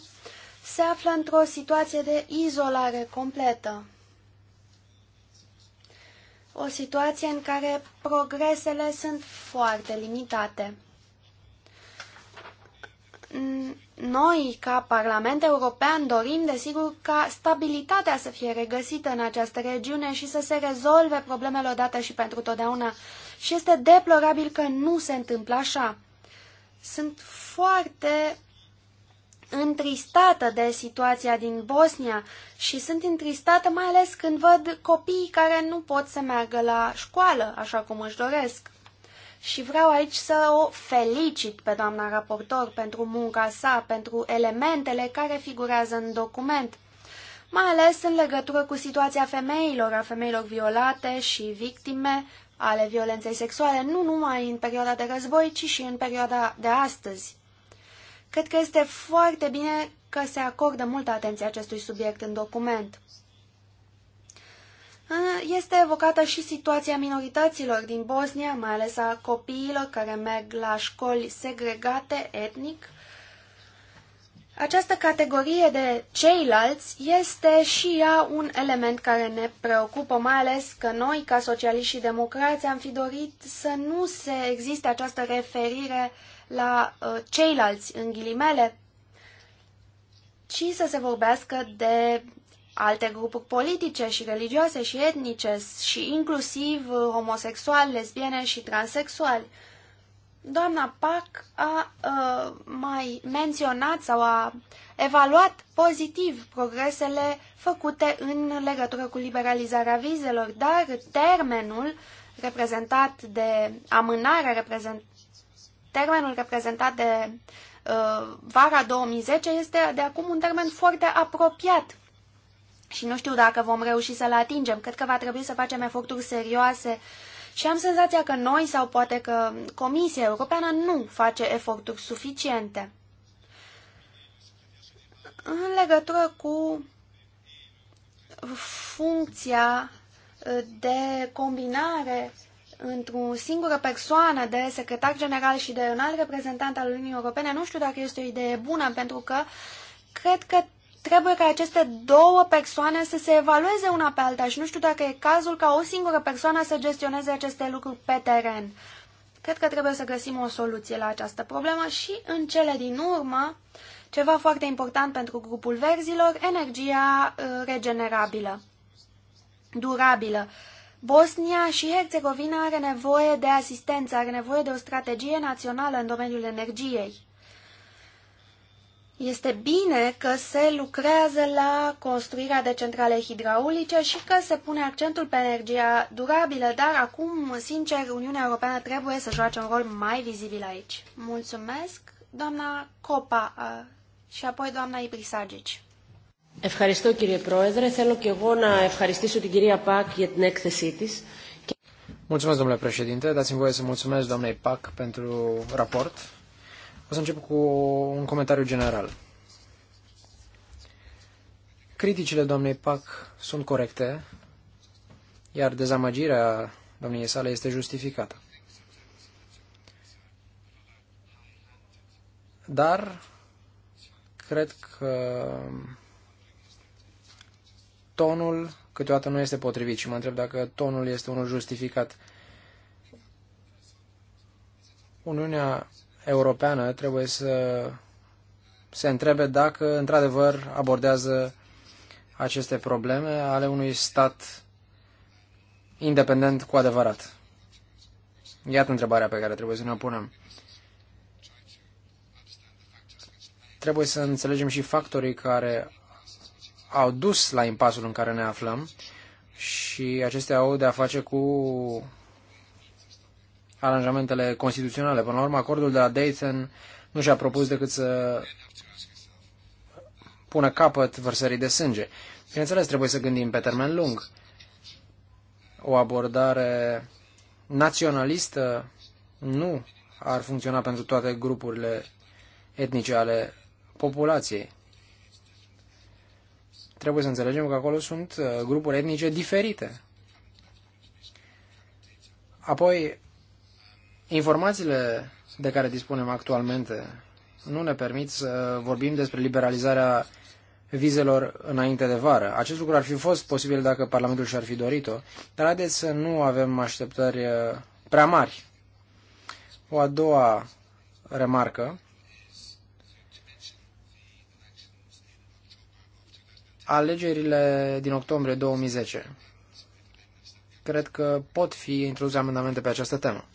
se află într-o situație de izolare completă. O situație în care progresele sunt foarte limitate noi, ca Parlament European, dorim, desigur, ca stabilitatea să fie regăsită în această regiune și să se rezolve problemele odată și pentru totdeauna. Și este deplorabil că nu se întâmplă așa. Sunt foarte întristată de situația din Bosnia și sunt întristată mai ales când văd copiii care nu pot să meargă la școală așa cum își doresc și vreau aici să o felicit pe doamna raportor pentru munca sa, pentru elementele care figurează în document, mai ales în legătură cu situația femeilor, a femeilor violate și victime ale violenței sexuale, nu numai în perioada de război, ci și în perioada de astăzi. Cred că este foarte bine că se acordă multă atenție acestui subiect în document. Este evocată și situația minorităților din Bosnia, mai ales a copiilor care merg la școli segregate etnic. Această categorie de ceilalți este și ea un element care ne preocupă, mai ales că noi, ca socialiști și democrați, am fi dorit să nu se existe această referire la uh, ceilalți, în ghilimele, ci să se vorbească de alte grupuri politice și religioase și etnice și inclusiv uh, homosexuali, lesbiene și transexuali. Doamna Pac a uh, mai menționat sau a evaluat pozitiv progresele făcute în legătură cu liberalizarea vizelor, dar termenul reprezentat de amânare, reprezent, termenul reprezentat de uh, vara 2010 este de acum un termen foarte apropiat și nu știu dacă vom reuși să-l atingem. Cred că va trebui să facem eforturi serioase și am senzația că noi sau poate că Comisia Europeană nu face eforturi suficiente. În legătură cu funcția uh, de combinare într-o singură persoană de secretar general și de un alt reprezentant al Uniunii Europene, nu știu dacă este o idee bună, pentru că cred că trebuie ca aceste două persoane să se evalueze una pe alta și nu știu dacă e cazul ca o singură persoană să gestioneze aceste lucruri pe teren. Cred că trebuie să găsim o soluție la această problemă și, în cele din urmă, ceva foarte important pentru grupul verzilor, energia uh, regenerabilă, durabilă. Bosnia și Herțegovina are nevoie de asistență, are nevoie de o strategie națională în domeniul energiei. Este bine că se lucrează la construirea de centrale hidraulice și că se pune accentul pe energia durabilă, dar acum, sincer, Uniunea Europeană trebuie să joace un rol mai vizibil aici. Mulțumesc, doamna Copa și apoi doamna Ibrisagici. Ευχαριστώ κύριε Πρόεδρε. Θέλω και εγώ να ευχαριστήσω την κυρία Πακ για την έκθεσή της. Mulțumesc, domnule președinte. Dați-mi voie să mulțumesc domnului Pac pentru raport. O să încep cu un comentariu general. Criticile doamnei Pac sunt corecte, iar dezamăgirea domniei sale este justificată. Dar cred că tonul câteodată nu este potrivit și mă întreb dacă tonul este unul justificat. Uniunea Europeană trebuie să se întrebe dacă într-adevăr abordează aceste probleme ale unui stat independent cu adevărat. Iată întrebarea pe care trebuie să ne punem. Trebuie să înțelegem și factorii care au dus la impasul în care ne aflăm și acestea au de a face cu aranjamentele constituționale. Până la urmă, acordul de la Dayton nu și-a propus decât să pună capăt vărsării de sânge. Bineînțeles, trebuie să gândim pe termen lung. O abordare naționalistă nu ar funcționa pentru toate grupurile etnice ale populației. Trebuie să înțelegem că acolo sunt uh, grupuri etnice diferite. Apoi, Informațiile de care dispunem actualmente nu ne permit să vorbim despre liberalizarea vizelor înainte de vară. Acest lucru ar fi fost posibil dacă Parlamentul și-ar fi dorit-o, dar haideți să nu avem așteptări uh, prea mari. O a doua remarcă. Alegerile din octombrie 2010. Cred că pot fi introduse amendamente pe această temă.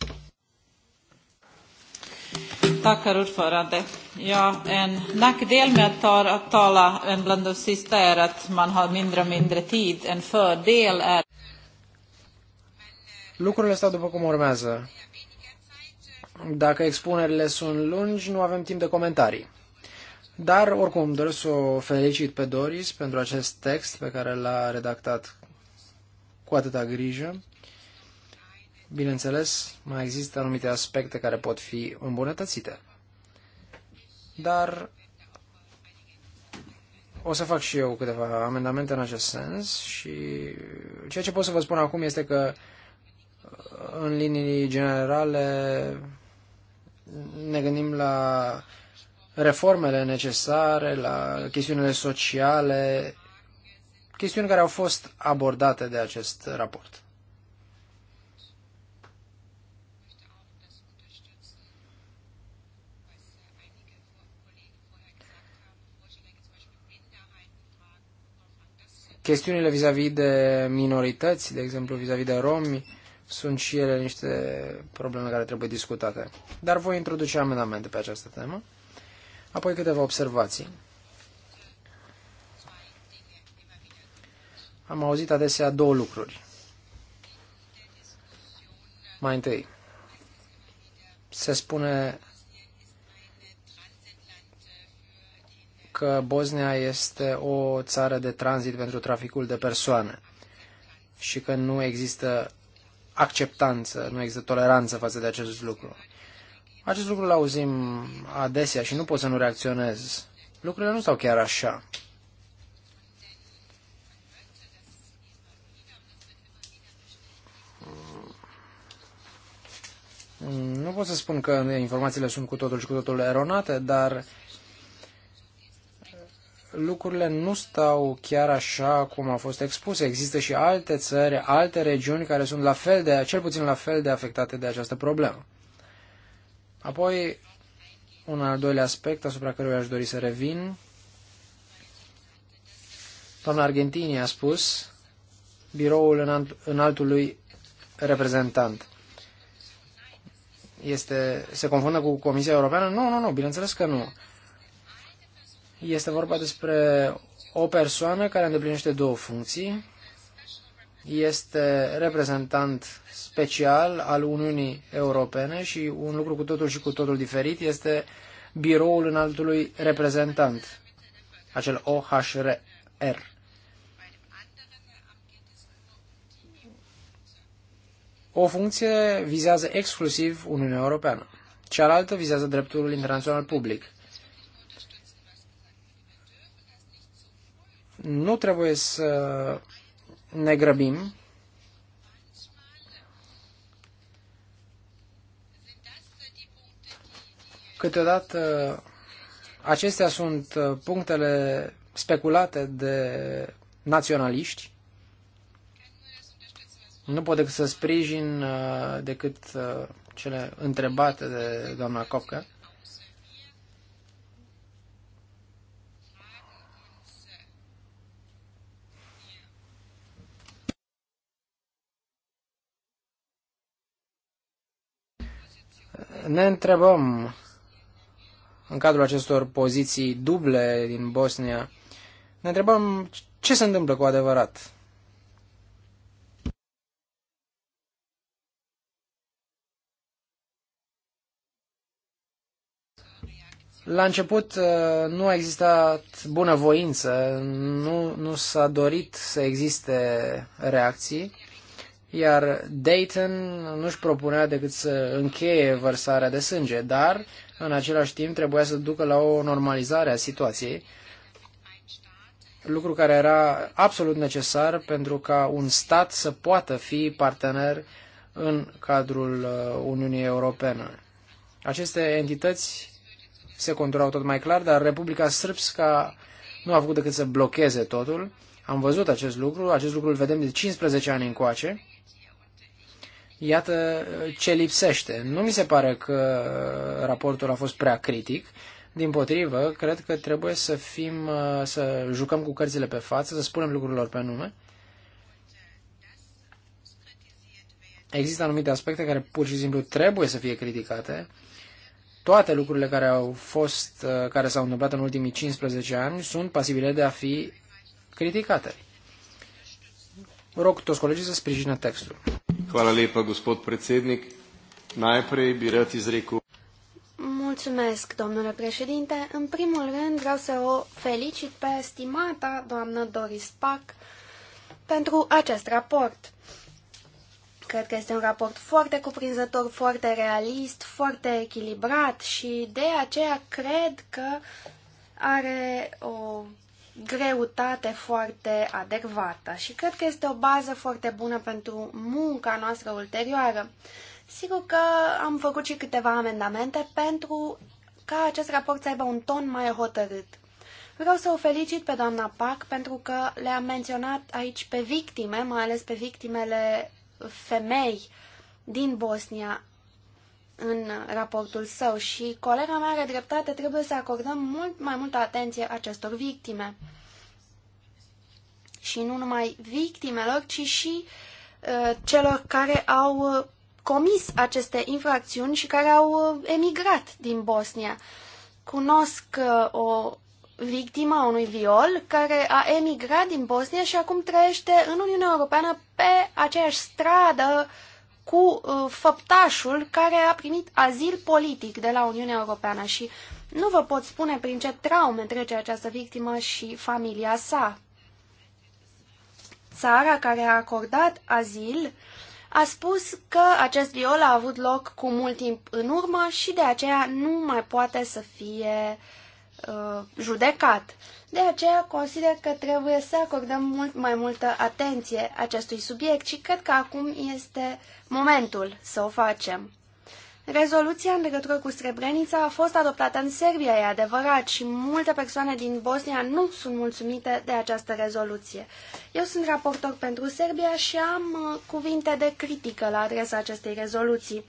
Tackar ordförande. Ja, en nackdel med att, ta, att tala en bland de sista är att man har mindre och mindre tid. En fördel är... Lucrurile stau după cum urmează. Dacă expunerile sunt lungi, nu avem timp de comentarii. Dar, oricum, doresc să o felicit pe Doris pentru acest text pe care l-a redactat cu atâta grijă. Bineînțeles, mai există anumite aspecte care pot fi îmbunătățite. Dar o să fac și eu câteva amendamente în acest sens și ceea ce pot să vă spun acum este că în linii generale ne gândim la reformele necesare, la chestiunile sociale, chestiuni care au fost abordate de acest raport. chestiunile vis-a-vis -vis de minorități, de exemplu vis-a-vis -vis de romi, sunt și ele niște probleme care trebuie discutate. Dar voi introduce amendamente pe această temă, apoi câteva observații. Am auzit adesea două lucruri. Mai întâi, se spune că Bosnia este o țară de tranzit pentru traficul de persoane și că nu există acceptanță, nu există toleranță față de acest lucru. Acest lucru îl auzim adesea și nu pot să nu reacționez. Lucrurile nu stau chiar așa. Nu pot să spun că informațiile sunt cu totul și cu totul eronate, dar lucrurile nu stau chiar așa cum au fost expuse. Există și alte țări, alte regiuni care sunt la fel de, cel puțin la fel de afectate de această problemă. Apoi, un al doilea aspect asupra căruia aș dori să revin. Doamna Argentinii a spus biroul în altului reprezentant. Este, se confundă cu Comisia Europeană? Nu, nu, nu, bineînțeles că nu. Este vorba despre o persoană care îndeplinește două funcții. Este reprezentant special al Uniunii Europene și un lucru cu totul și cu totul diferit este biroul înaltului reprezentant, acel OHR. O funcție vizează exclusiv Uniunea Europeană. Cealaltă vizează dreptul internațional public. nu trebuie să ne grăbim. Câteodată acestea sunt uh, punctele speculate de naționaliști. Nu pot decât să sprijin uh, decât uh, cele întrebate de doamna Copca. ne întrebăm în cadrul acestor poziții duble din Bosnia, ne întrebăm ce se întâmplă cu adevărat. La început uh, nu a existat bună voință, nu, nu s-a dorit să existe reacții iar Dayton nu-și propunea decât să încheie vărsarea de sânge, dar în același timp trebuia să ducă la o normalizare a situației, lucru care era absolut necesar pentru ca un stat să poată fi partener în cadrul uh, Uniunii Europene. Aceste entități se conturau tot mai clar, dar Republica Srpska nu a făcut decât să blocheze totul. Am văzut acest lucru, acest lucru îl vedem de 15 ani încoace. Iată uh, ce lipsește. Nu mi se pare că uh, raportul a fost prea critic. Din potrivă, cred că trebuie să fim, uh, să jucăm cu cărțile pe față, să spunem lucrurilor pe nume. Există anumite aspecte care pur și simplu trebuie să fie criticate. Toate lucrurile care au fost, care s-au întâmplat în ultimii 15 ani sunt pasibile de a fi criticate. Rog toți colegii să sprijină textul. Hvala lepa, gospod predsednik. Najprej bi rad izrekel... Mulțumesc, domnule președinte. În primul rând vreau să o felicit pe stimata doamnă Doris Pac pentru acest raport. Cred că este un raport foarte cuprinzător, foarte realist, foarte echilibrat și de aceea cred că are o greutate foarte adecvată și cred că este o bază foarte bună pentru munca noastră ulterioară. Sigur că am făcut și câteva amendamente pentru ca acest raport să aibă un ton mai hotărât. Vreau să o felicit pe doamna Pac pentru că le am menționat aici pe victime, mai ales pe victimele femei din Bosnia în raportul său și colega mea are dreptate, trebuie să acordăm mult mai multă atenție acestor victime. Și nu numai victimelor, ci și uh, celor care au uh, comis aceste infracțiuni și care au uh, emigrat din Bosnia. Cunosc uh, o victima unui viol care a emigrat din Bosnia și acum trăiește în Uniunea Europeană pe aceeași stradă uh, cu uh, făptașul care a primit azil politic de la Uniunea Europeană și nu vă pot spune prin ce traume trece această victimă și familia sa. Țara care a acordat azil a spus că acest viol a avut loc cu mult timp în urmă și de aceea nu mai poate să fie uh, Uh, judecat. De aceea consider că trebuie să acordăm mult mai multă atenție acestui subiect și cred că acum este momentul să o facem. Rezoluția în legătură cu Srebrenica a fost adoptată în Serbia, e adevărat, și multe persoane din Bosnia nu sunt mulțumite de această rezoluție. Eu sunt raportor pentru Serbia și am uh, cuvinte de critică la adresa acestei rezoluții.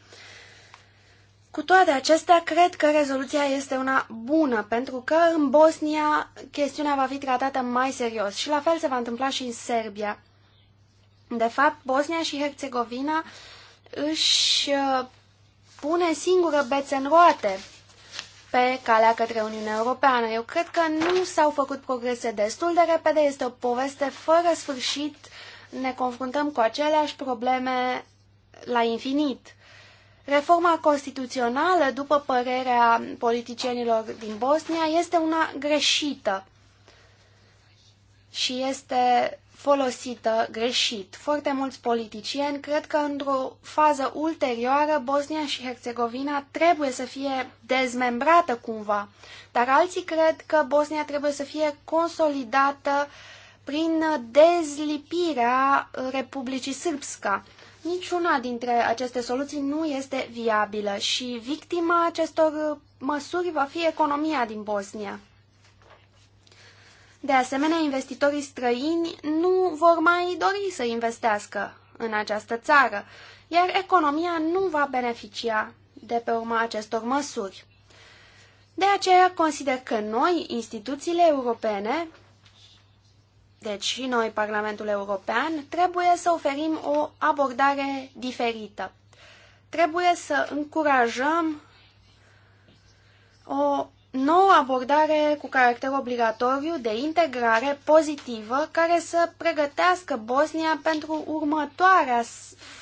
Cu toate acestea, cred că rezoluția este una bună, pentru că în Bosnia chestiunea va fi tratată mai serios și la fel se va întâmpla și în Serbia. De fapt, Bosnia și Herțegovina își uh, pune singură bețe în roate pe calea către Uniunea Europeană. Eu cred că nu s-au făcut progrese destul de repede, este o poveste fără sfârșit, ne confruntăm cu aceleași probleme la infinit. Reforma constituțională, după părerea politicienilor din Bosnia, este una greșită și este folosită greșit. Foarte mulți politicieni cred că într-o fază ulterioară Bosnia și Herțegovina trebuie să fie dezmembrată cumva, dar alții cred că Bosnia trebuie să fie consolidată prin dezlipirea Republicii Sârbska. Niciuna dintre aceste soluții nu este viabilă și victima acestor uh, măsuri va fi economia din Bosnia. De asemenea, investitorii străini nu vor mai dori să investească în această țară, iar economia nu va beneficia de pe urma acestor măsuri. De aceea consider că noi, instituțiile europene, deci și noi, Parlamentul European, trebuie să oferim o abordare diferită. Trebuie să încurajăm o nouă abordare cu caracter obligatoriu de integrare pozitivă care să pregătească Bosnia pentru următoarea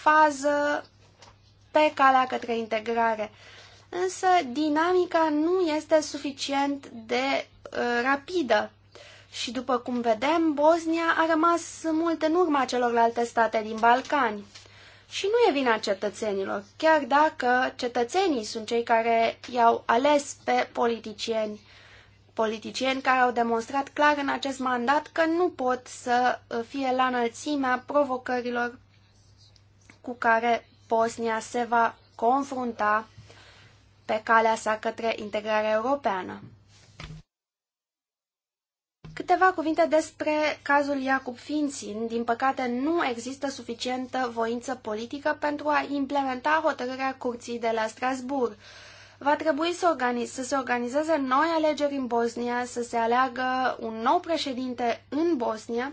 fază pe calea către integrare. Însă dinamica nu este suficient de uh, rapidă și după cum vedem, Bosnia a rămas mult în urma celorlalte state din Balcani. Și nu e vina cetățenilor, chiar dacă cetățenii sunt cei care i-au ales pe politicieni. Politicieni care au demonstrat clar în acest mandat că nu pot să fie la înălțimea provocărilor cu care Bosnia se va confrunta pe calea sa către integrarea europeană. Câteva cuvinte despre cazul Iacob Fințin. Din păcate, nu există suficientă voință politică pentru a implementa hotărârea curții de la Strasbourg. Va trebui să, organiz, să se organizeze noi alegeri în Bosnia, să se aleagă un nou președinte în Bosnia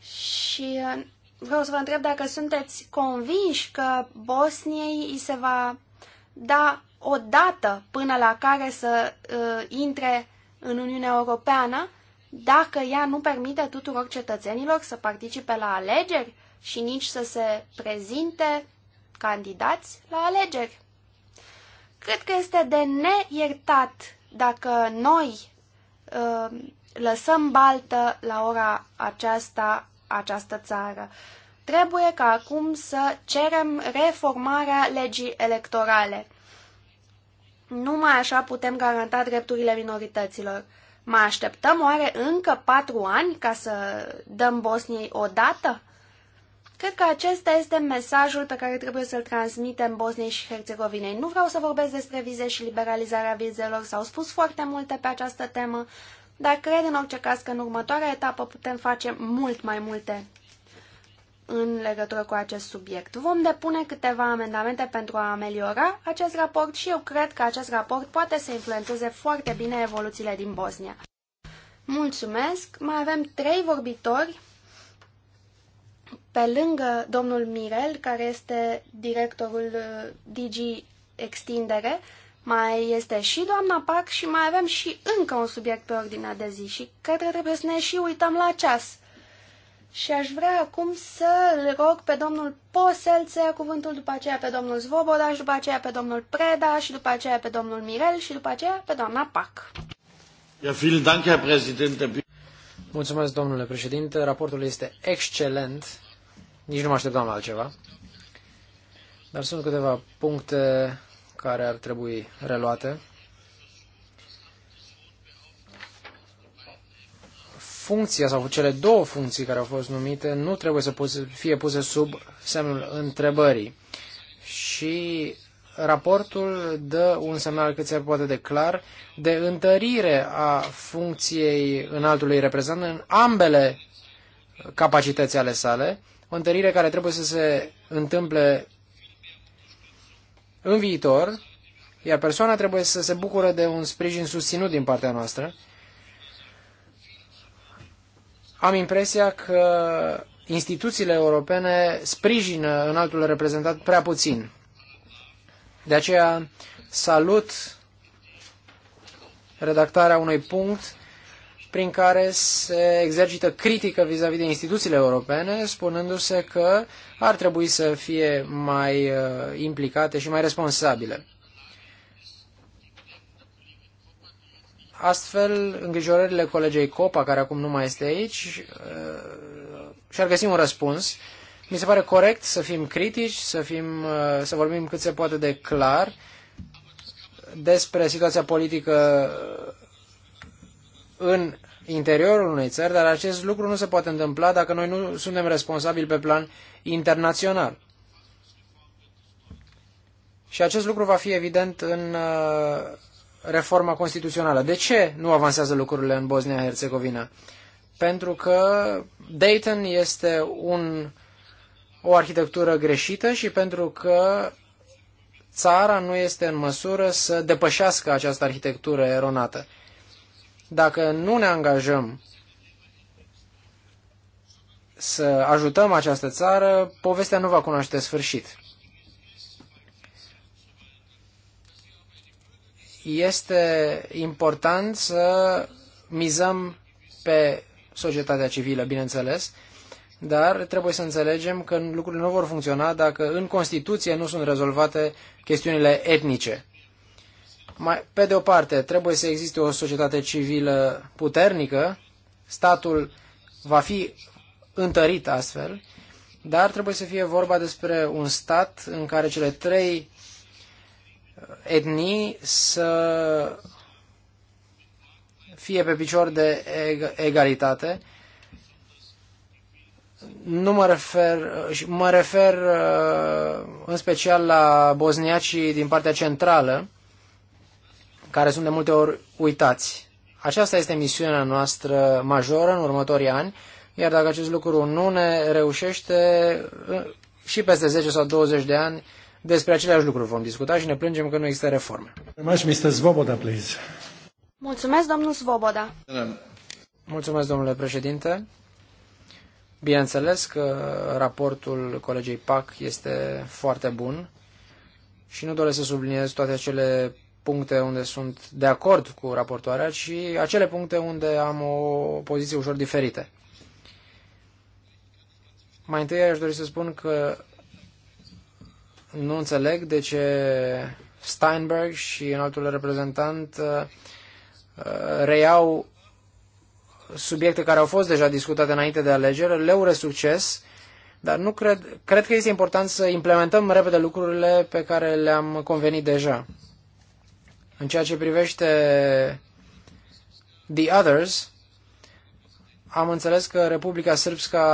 și uh, vreau să vă întreb dacă sunteți convinși că Bosniei îi se va da o dată până la care să uh, intre în Uniunea Europeană dacă ea nu permite tuturor cetățenilor să participe la alegeri și nici să se prezinte candidați la alegeri. Cred că este de neiertat dacă noi uh, lăsăm baltă la ora aceasta această țară. Trebuie ca acum să cerem reformarea legii electorale. Numai așa putem garanta drepturile minorităților. Mai așteptăm oare încă patru ani ca să dăm Bosniei o dată? Cred că acesta este mesajul pe care trebuie să-l transmitem Bosniei și Herțegovinei. Nu vreau să vorbesc despre vize și liberalizarea vizelor, s-au spus foarte multe pe această temă, dar cred în orice caz că în următoarea etapă putem face mult mai multe în legătură cu acest subiect. Vom depune câteva amendamente pentru a ameliora acest raport și eu cred că acest raport poate să influențeze foarte bine evoluțiile din Bosnia. Mulțumesc! Mai avem trei vorbitori pe lângă domnul Mirel, care este directorul uh, DG Extindere, mai este și doamna Pac și mai avem și încă un subiect pe ordinea de zi și cred că trebuie să ne și uităm la ceas. Și aș vrea acum să-l rog pe domnul Posel să ia cuvântul, după aceea pe domnul Zvoboda și după aceea pe domnul Preda și după aceea pe domnul Mirel și după aceea pe doamna Pac. Ja, vielen Dank, Herr Präsident. Mulțumesc, domnule președinte. Raportul este excelent. Nici nu mă așteptam la altceva. Dar sunt câteva puncte care ar trebui reluate. funcția sau cele două funcții care au fost numite nu trebuie să fie puse sub semnul întrebării. Și raportul dă un semnal cât se poate de clar de întărire a funcției înaltului reprezentant în ambele capacități ale sale, o întărire care trebuie să se întâmple în viitor, iar persoana trebuie să se bucure de un sprijin susținut din partea noastră am impresia că instituțiile europene sprijină în altul reprezentat prea puțin. De aceea salut redactarea unui punct prin care se exercită critică vis-a-vis -vis de instituțiile europene, spunându-se că ar trebui să fie mai uh, implicate și mai responsabile. Astfel, îngrijorările colegei Copa, care acum nu mai este aici, uh, și-ar găsi un răspuns. Mi se pare corect să fim critici, să, fim, uh, să vorbim cât se poate de clar despre situația politică în interiorul unei țări, dar acest lucru nu se poate întâmpla dacă noi nu suntem responsabili pe plan internațional. Și acest lucru va fi evident în uh, reforma constituțională. De ce nu avansează lucrurile în Bosnia-Herzegovina? Pentru că Dayton este un, o arhitectură greșită și pentru că țara nu este în măsură să depășească această arhitectură eronată. Dacă nu ne angajăm să ajutăm această țară, povestea nu va cunoaște sfârșit. este important să mizăm pe societatea civilă, bineînțeles, dar trebuie să înțelegem că lucrurile nu vor funcționa dacă în Constituție nu sunt rezolvate chestiunile etnice. Mai, pe de o parte, trebuie să existe o societate civilă puternică, statul va fi întărit astfel, dar trebuie să fie vorba despre un stat în care cele trei etnii să fie pe picior de egalitate. Nu mă refer, mă refer uh, în special la bosniacii din partea centrală, care sunt de multe ori uitați. Aceasta este misiunea noastră majoră în următorii ani, iar dacă acest lucru nu ne reușește, uh, și peste 10 sau 20 de ani despre aceleași lucruri vom discuta și ne plângem că nu există reforme. Mulțumesc, Svoboda, please. Mulțumesc, domnul Svoboda. Mulțumesc, domnule președinte. Bineînțeles că raportul colegei PAC este foarte bun și nu doresc să subliniez toate acele puncte unde sunt de acord cu raportoarea, ci acele puncte unde am o poziție ușor diferită. Mai întâi aș dori să spun că nu înțeleg de ce Steinberg și un altul reprezentant uh, uh, reiau subiecte care au fost deja discutate înainte de alegeri, le urez succes, dar nu cred, cred că este important să implementăm repede lucrurile pe care le-am convenit deja. În ceea ce privește The Others, am înțeles că Republica Srpska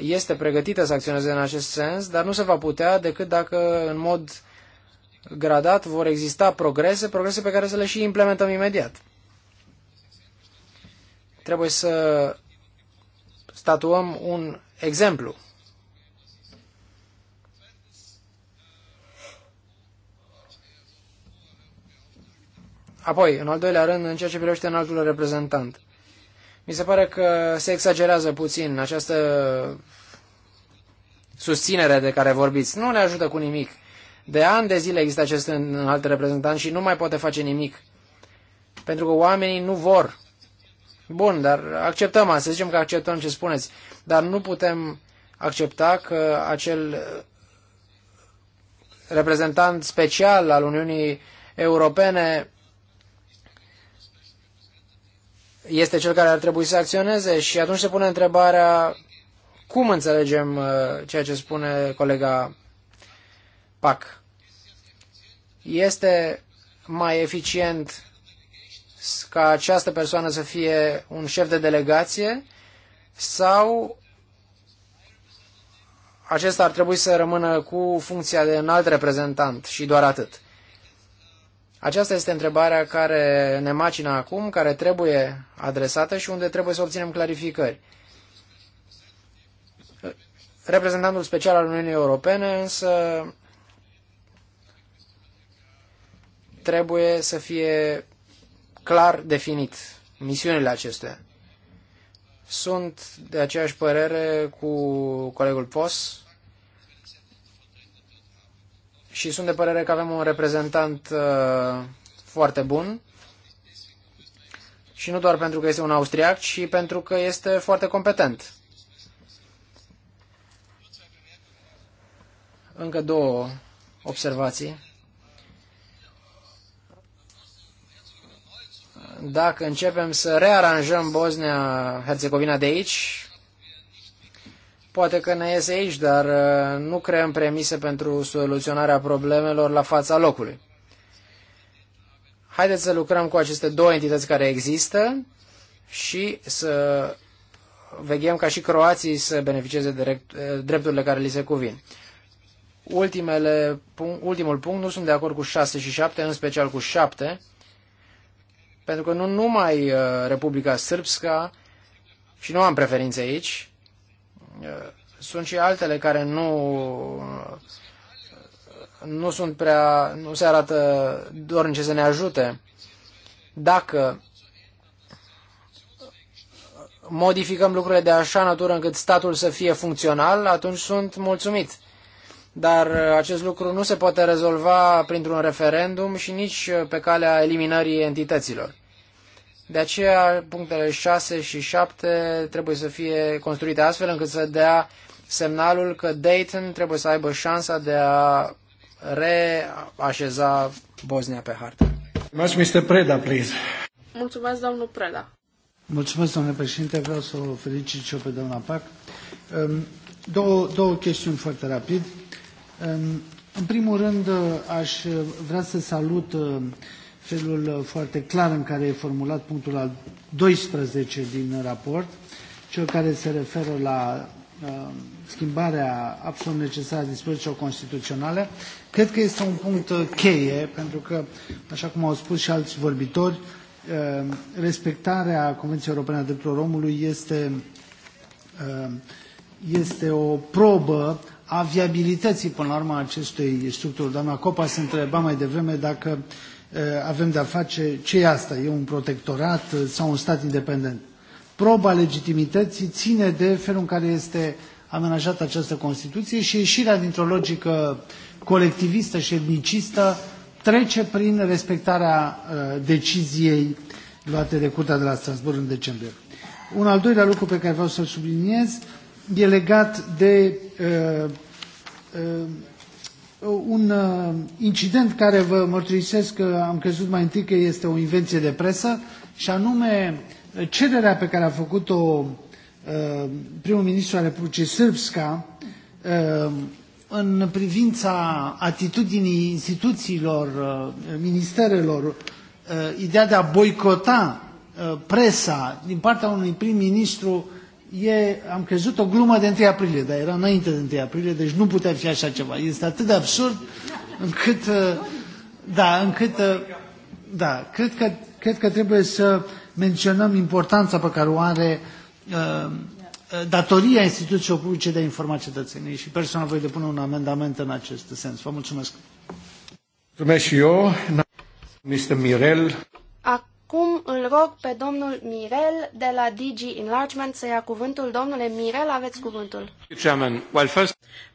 este pregătită să acționeze în acest sens, dar nu se va putea decât dacă în mod gradat vor exista progrese, progrese pe care să le și implementăm imediat. Trebuie să statuăm un exemplu. Apoi, în al doilea rând, în ceea ce privește înaltul reprezentant. Mi se pare că se exagerează puțin această susținere de care vorbiți. Nu ne ajută cu nimic. De ani de zile există acest alt reprezentant și nu mai poate face nimic. Pentru că oamenii nu vor. Bun, dar acceptăm asta, Să zicem că acceptăm ce spuneți, dar nu putem accepta că acel reprezentant special al Uniunii Europene este cel care ar trebui să acționeze și atunci se pune întrebarea cum înțelegem uh, ceea ce spune colega PAC. Este mai eficient ca această persoană să fie un șef de delegație sau acesta ar trebui să rămână cu funcția de înalt reprezentant și doar atât. Aceasta este întrebarea care ne macină acum, care trebuie adresată și unde trebuie să obținem clarificări. Reprezentantul special al Uniunii Europene însă trebuie să fie clar definit misiunile acestea. Sunt de aceeași părere cu colegul POS și sunt de părere că avem un reprezentant uh, foarte bun și nu doar pentru că este un austriac, ci pentru că este foarte competent. Încă două observații. Dacă începem să rearanjăm Bosnia-Herzegovina de aici, Poate că ne iese aici, dar uh, nu creăm premise pentru soluționarea problemelor la fața locului. Haideți să lucrăm cu aceste două entități care există și să veghem ca și croații să beneficieze de uh, drepturile care li se cuvin. Ultimele, ultimul punct, nu sunt de acord cu 6 și 7, în special cu 7, pentru că nu numai uh, Republica Sârbska, și nu am preferințe aici, Eh, sunt și altele care nu, nu sunt prea, nu se arată doar ce să ne ajute. Dacă modificăm lucrurile de așa natură încât statul să fie funcțional, atunci sunt mulțumit. Dar eh, acest lucru nu se poate rezolva printr-un referendum și nici eh, pe calea eliminării entităților. De aceea, punctele 6 și 7 trebuie să fie construite astfel încât să dea semnalul că Dayton trebuie să aibă șansa de a reașeza Bosnia pe hartă. Mulțumesc, Mr. Preda, please. Mulțumesc, domnul Preda. Mulțumesc, domnule președinte. Vreau să o felicit și eu pe doamna PAC. Ehm, două, două chestiuni foarte rapid. Ehm, în primul rând, eh, aș vrea să salut eh, felul uh, foarte clar în care e formulat punctul al 12 din raport, cel care se referă la uh, schimbarea absolut necesară a dispozițiilor constituționale. Cred că este un punct uh, cheie, pentru că, așa cum au spus și alți vorbitori, respectarea Convenției Europene a Drepturilor Omului este, este o probă a viabilității, până la urmă, acestei structuri. Doamna Copa se întreba mai devreme dacă Eh, avem de-a face, ce e asta? E un protectorat eh, sau un stat independent? Proba legitimității ține de felul în care este amenajată această Constituție și ieșirea dintr-o logică colectivistă și etnicistă trece prin respectarea eh, deciziei luate de Curtea de la Strasbourg în decembrie. Un al doilea lucru pe care vreau să-l subliniez e legat de uh, uh, Uh, un uh, incident care vă mărturisesc că am crezut mai întâi că este o invenție de presă, și anume uh, cererea pe care a făcut-o primul ministru al Republicii Sârbska în privința atitudinii instituțiilor, ministerelor, ideea de a boicota presa din partea unui prim-ministru E, am crezut, o glumă de 1 aprilie, dar era înainte de 1 aprilie, deci nu putea fi așa ceva. Este atât de absurd încât, uh, da, încât, uh, da, cred că, cred că trebuie să menționăm importanța pe care o are uh, uh datoria instituțiilor publice de a informa cetățenii și personal voi depune un amendament în acest sens. Vă mulțumesc. Mulțumesc și eu. Mr. Mirel. Acum îl rog pe domnul Mirel de la DG Enlargement să ia cuvântul. Domnule Mirel, aveți cuvântul.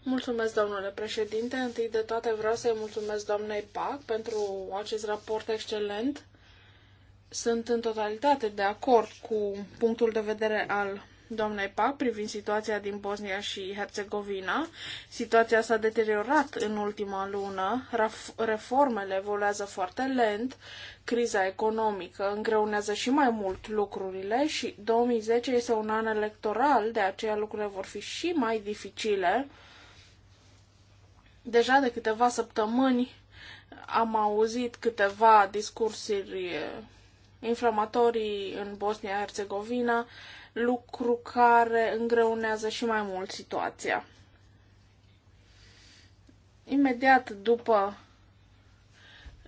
Mulțumesc, domnule președinte. Întâi de toate vreau să-i mulțumesc doamnei PAC pentru acest raport excelent. Sunt în totalitate de acord cu punctul de vedere al doamnei PA privind situația din Bosnia și Herțegovina. Situația s-a deteriorat în ultima lună, reformele evoluează foarte lent, criza economică îngreunează și mai mult lucrurile și 2010 este un an electoral, de aceea lucrurile vor fi și mai dificile. Deja de câteva săptămâni am auzit câteva discursuri eh, inflamatorii în Bosnia-Herzegovina lucru care îngreunează și mai mult situația. Imediat după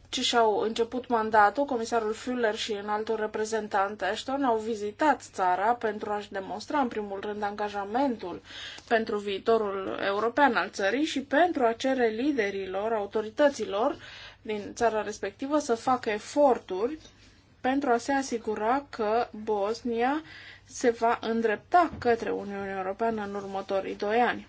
ce și-au început mandatul, comisarul Fuller și în altul reprezentant Ashton au vizitat țara pentru a-și demonstra, în primul rând, angajamentul pentru viitorul european al țării și pentru a cere liderilor, autorităților din țara respectivă să facă eforturi pentru a se asigura că Bosnia se va îndrepta către Uniunea Europeană în următorii doi ani.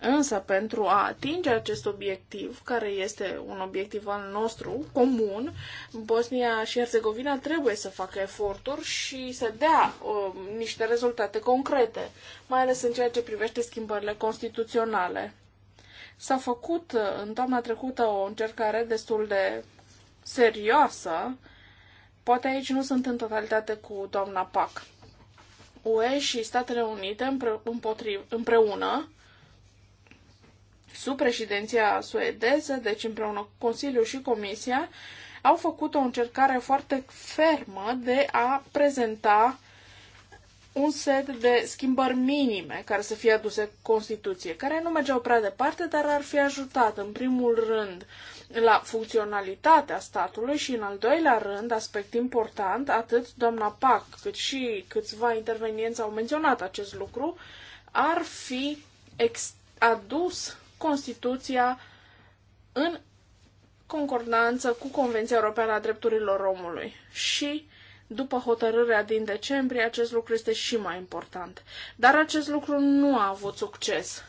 Însă, pentru a atinge acest obiectiv, care este un obiectiv al nostru comun, Bosnia și Herzegovina trebuie să facă eforturi și să dea uh, niște rezultate concrete, mai ales în ceea ce privește schimbările constituționale. S-a făcut în toamna trecută o încercare destul de serioasă Poate aici nu sunt în totalitate cu doamna Pac. UE și Statele Unite împreună, sub președinția suedeză, deci împreună cu Consiliul și Comisia, au făcut o încercare foarte fermă de a prezenta un set de schimbări minime care să fie aduse Constituție, care nu mergeau prea departe, dar ar fi ajutat, în primul rând, la funcționalitatea statului și, în al doilea rând, aspect important, atât doamna PAC cât și câțiva intervenienți au menționat acest lucru, ar fi adus Constituția în concordanță cu Convenția Europeană a Drepturilor Omului. Și, după hotărârea din decembrie, acest lucru este și mai important. Dar acest lucru nu a avut succes.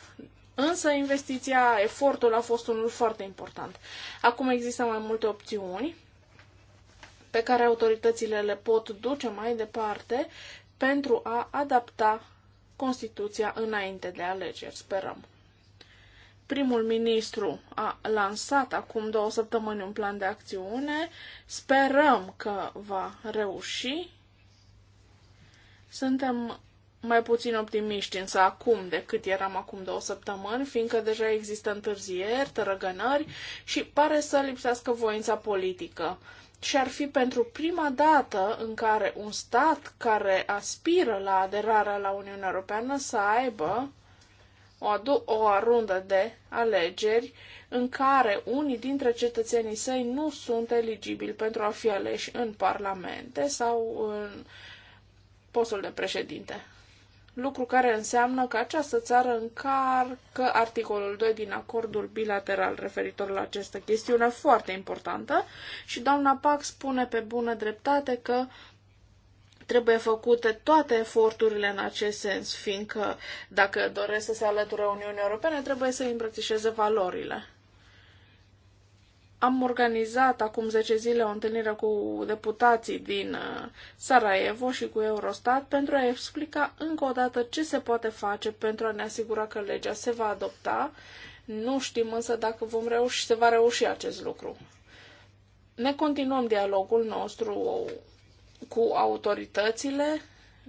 Însă investiția, efortul a fost unul foarte important. Acum există mai multe opțiuni pe care autoritățile le pot duce mai departe pentru a adapta Constituția înainte de alegeri, sperăm. Primul ministru a lansat acum două săptămâni un plan de acțiune. Sperăm că va reuși. Suntem mai puțin optimiști însă acum decât eram acum două săptămâni, fiindcă deja există întârzieri, tărăgănări și pare să lipsească voința politică. Și ar fi pentru prima dată în care un stat care aspiră la aderarea la Uniunea Europeană să aibă o, adu- o rundă de alegeri în care unii dintre cetățenii săi nu sunt eligibili pentru a fi aleși în parlamente sau în postul de președinte lucru care înseamnă că această țară încarcă articolul 2 din acordul bilateral referitor la această chestiune foarte importantă și doamna Pax spune pe bună dreptate că trebuie făcute toate eforturile în acest sens, fiindcă dacă doresc să se alăture Uniunii Europene, trebuie să îmbrățișeze valorile. Am organizat acum 10 zile o întâlnire cu deputații din uh, Sarajevo și cu Eurostat pentru a explica încă o dată ce se poate face pentru a ne asigura că legea se va adopta. Nu știm însă dacă vom reuși, se va reuși acest lucru. Ne continuăm dialogul nostru cu autoritățile.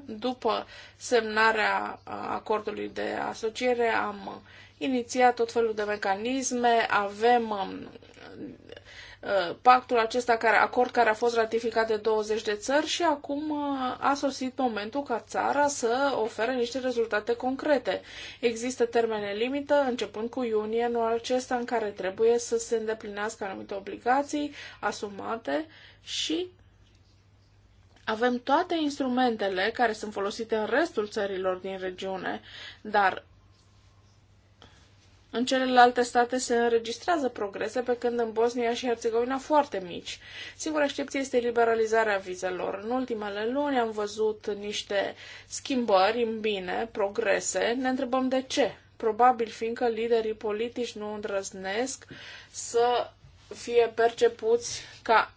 După semnarea acordului de asociere am uh, iniția tot felul de mecanisme, avem um, uh, pactul acesta, care, acord care a fost ratificat de 20 de țări și acum uh, a sosit momentul ca țara să ofere niște rezultate concrete. Există termene limită, începând cu iunie nu acesta, în care trebuie să se îndeplinească anumite obligații asumate și avem toate instrumentele care sunt folosite în restul țărilor din regiune, dar în celelalte state se înregistrează progrese, pe când în Bosnia și Herțegovina foarte mici. Singura excepție este liberalizarea vizelor. În ultimele luni am văzut niște schimbări în bine, progrese. Ne întrebăm de ce. Probabil fiindcă liderii politici nu îndrăznesc să fie percepuți ca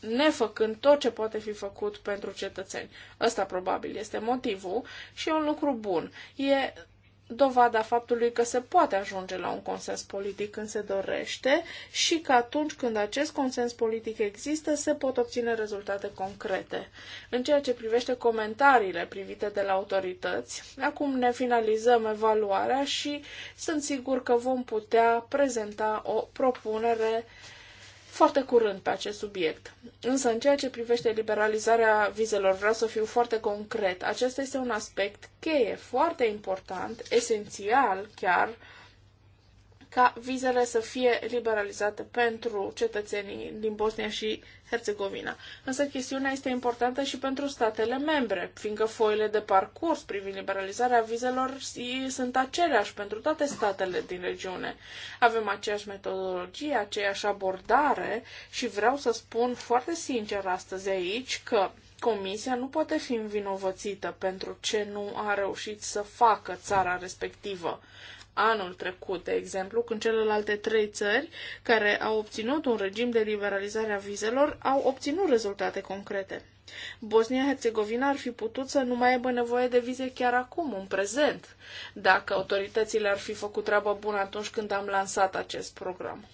nefăcând tot ce poate fi făcut pentru cetățeni. Ăsta probabil este motivul și e un lucru bun. E dovada faptului că se poate ajunge la un consens politic când se dorește și că atunci când acest consens politic există, se pot obține rezultate concrete. În ceea ce privește comentariile privite de la autorități, acum ne finalizăm evaluarea și sunt sigur că vom putea prezenta o propunere foarte curând pe acest subiect. Însă, în ceea ce privește liberalizarea vizelor, vreau să fiu foarte concret. Acesta este un aspect cheie, foarte important, esențial chiar, ca vizele să fie liberalizate pentru cetățenii din Bosnia și Herțegovina. Însă chestiunea este importantă și pentru statele membre, fiindcă foile de parcurs privind liberalizarea vizelor sunt aceleași pentru toate statele din regiune. Avem aceeași metodologie, aceeași abordare și vreau să spun foarte sincer astăzi aici că Comisia nu poate fi învinovățită pentru ce nu a reușit să facă țara respectivă anul trecut, de exemplu, când celelalte trei țări care au obținut un regim de liberalizare a vizelor au obținut rezultate concrete. Bosnia-Herzegovina ar fi putut să nu mai aibă nevoie de vize chiar acum, în prezent, dacă autoritățile ar fi făcut treaba bună atunci când am lansat acest program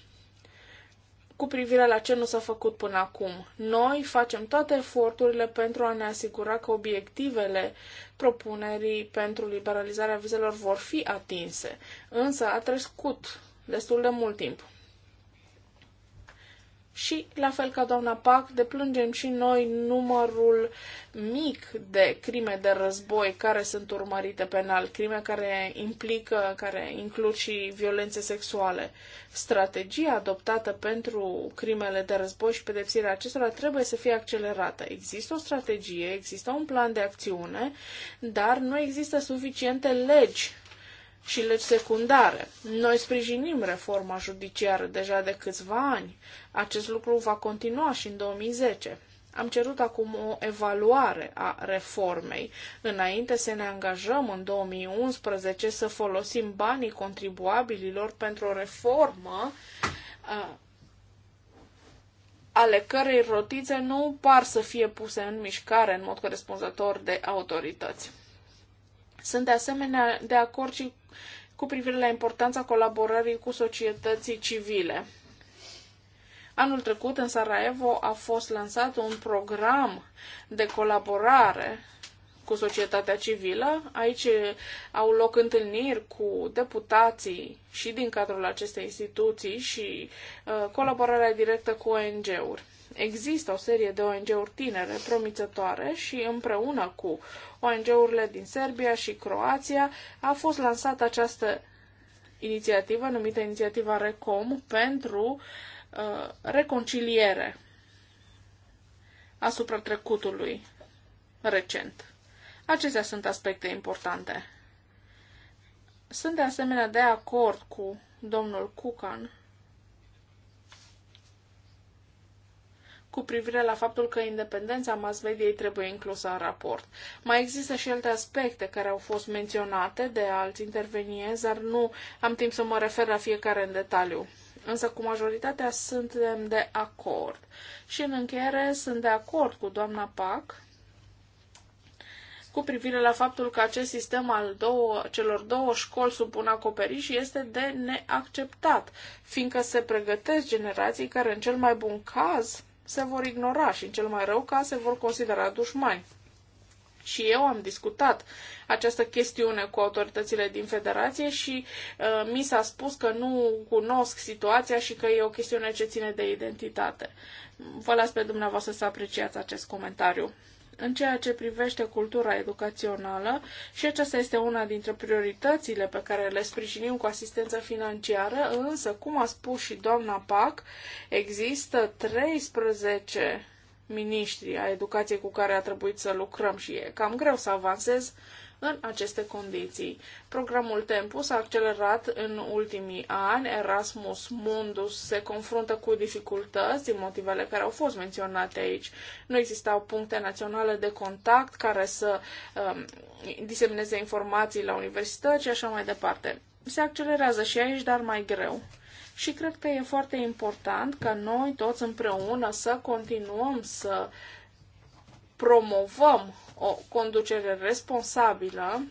cu privire la ce nu s-a făcut până acum. Noi facem toate eforturile pentru a ne asigura că obiectivele propunerii pentru liberalizarea vizelor vor fi atinse, însă a trecut destul de mult timp și, la fel ca doamna Pac, deplângem și noi numărul mic de crime de război care sunt urmărite penal, crime care implică, care includ și violențe sexuale. Strategia adoptată pentru crimele de război și pedepsirea acestora trebuie să fie accelerată. Există o strategie, există un plan de acțiune, dar nu există suficiente legi și legi secundare. Noi sprijinim reforma judiciară deja de câțiva ani. Acest lucru va continua și în 2010. Am cerut acum o evaluare a reformei, înainte să ne angajăm în 2011 să folosim banii contribuabililor pentru o reformă a, ale cărei rotițe nu par să fie puse în mișcare în mod corespunzător de autorități. Sunt de asemenea de acord și cu privire la importanța colaborării cu societății civile. Anul trecut, în Sarajevo, a fost lansat un program de colaborare cu societatea civilă. Aici au loc întâlniri cu deputații și din cadrul acestei instituții și uh, colaborarea directă cu ONG-uri. Există o serie de ONG-uri tinere promițătoare și împreună cu ONG-urile din Serbia și Croația a fost lansată această inițiativă numită inițiativa RECOM pentru uh, reconciliere asupra trecutului recent. Acestea sunt aspecte importante. Sunt de asemenea de acord cu domnul Cucan cu privire la faptul că independența mass mediei trebuie inclusă în raport. Mai există și alte aspecte care au fost menționate de alți intervenienți, dar nu am timp să mă refer la fiecare în detaliu. Însă cu majoritatea suntem de acord. Și în încheiere sunt de acord cu doamna Pac cu privire la faptul că acest sistem al două, celor două școli sub un acoperiș este de neacceptat, fiindcă se pregătesc generații care, în cel mai bun caz, se vor ignora și, în cel mai rău caz, se vor considera dușmani. Și eu am discutat această chestiune cu autoritățile din federație și uh, mi s-a spus că nu cunosc situația și că e o chestiune ce ține de identitate. Vă las pe dumneavoastră să apreciați acest comentariu în ceea ce privește cultura educațională și aceasta este una dintre prioritățile pe care le sprijinim cu asistență financiară, însă, cum a spus și doamna PAC, există 13 miniștri a educației cu care a trebuit să lucrăm și e cam greu să avansez în aceste condiții. Programul Tempus a accelerat în ultimii ani, Erasmus Mundus se confruntă cu dificultăți din motivele care au fost menționate aici. Nu existau puncte naționale de contact care să um, disemineze informații la universități și așa mai departe. Se accelerează și aici, dar mai greu și cred că e foarte important ca noi toți împreună să continuăm să promovăm o conducere responsabilă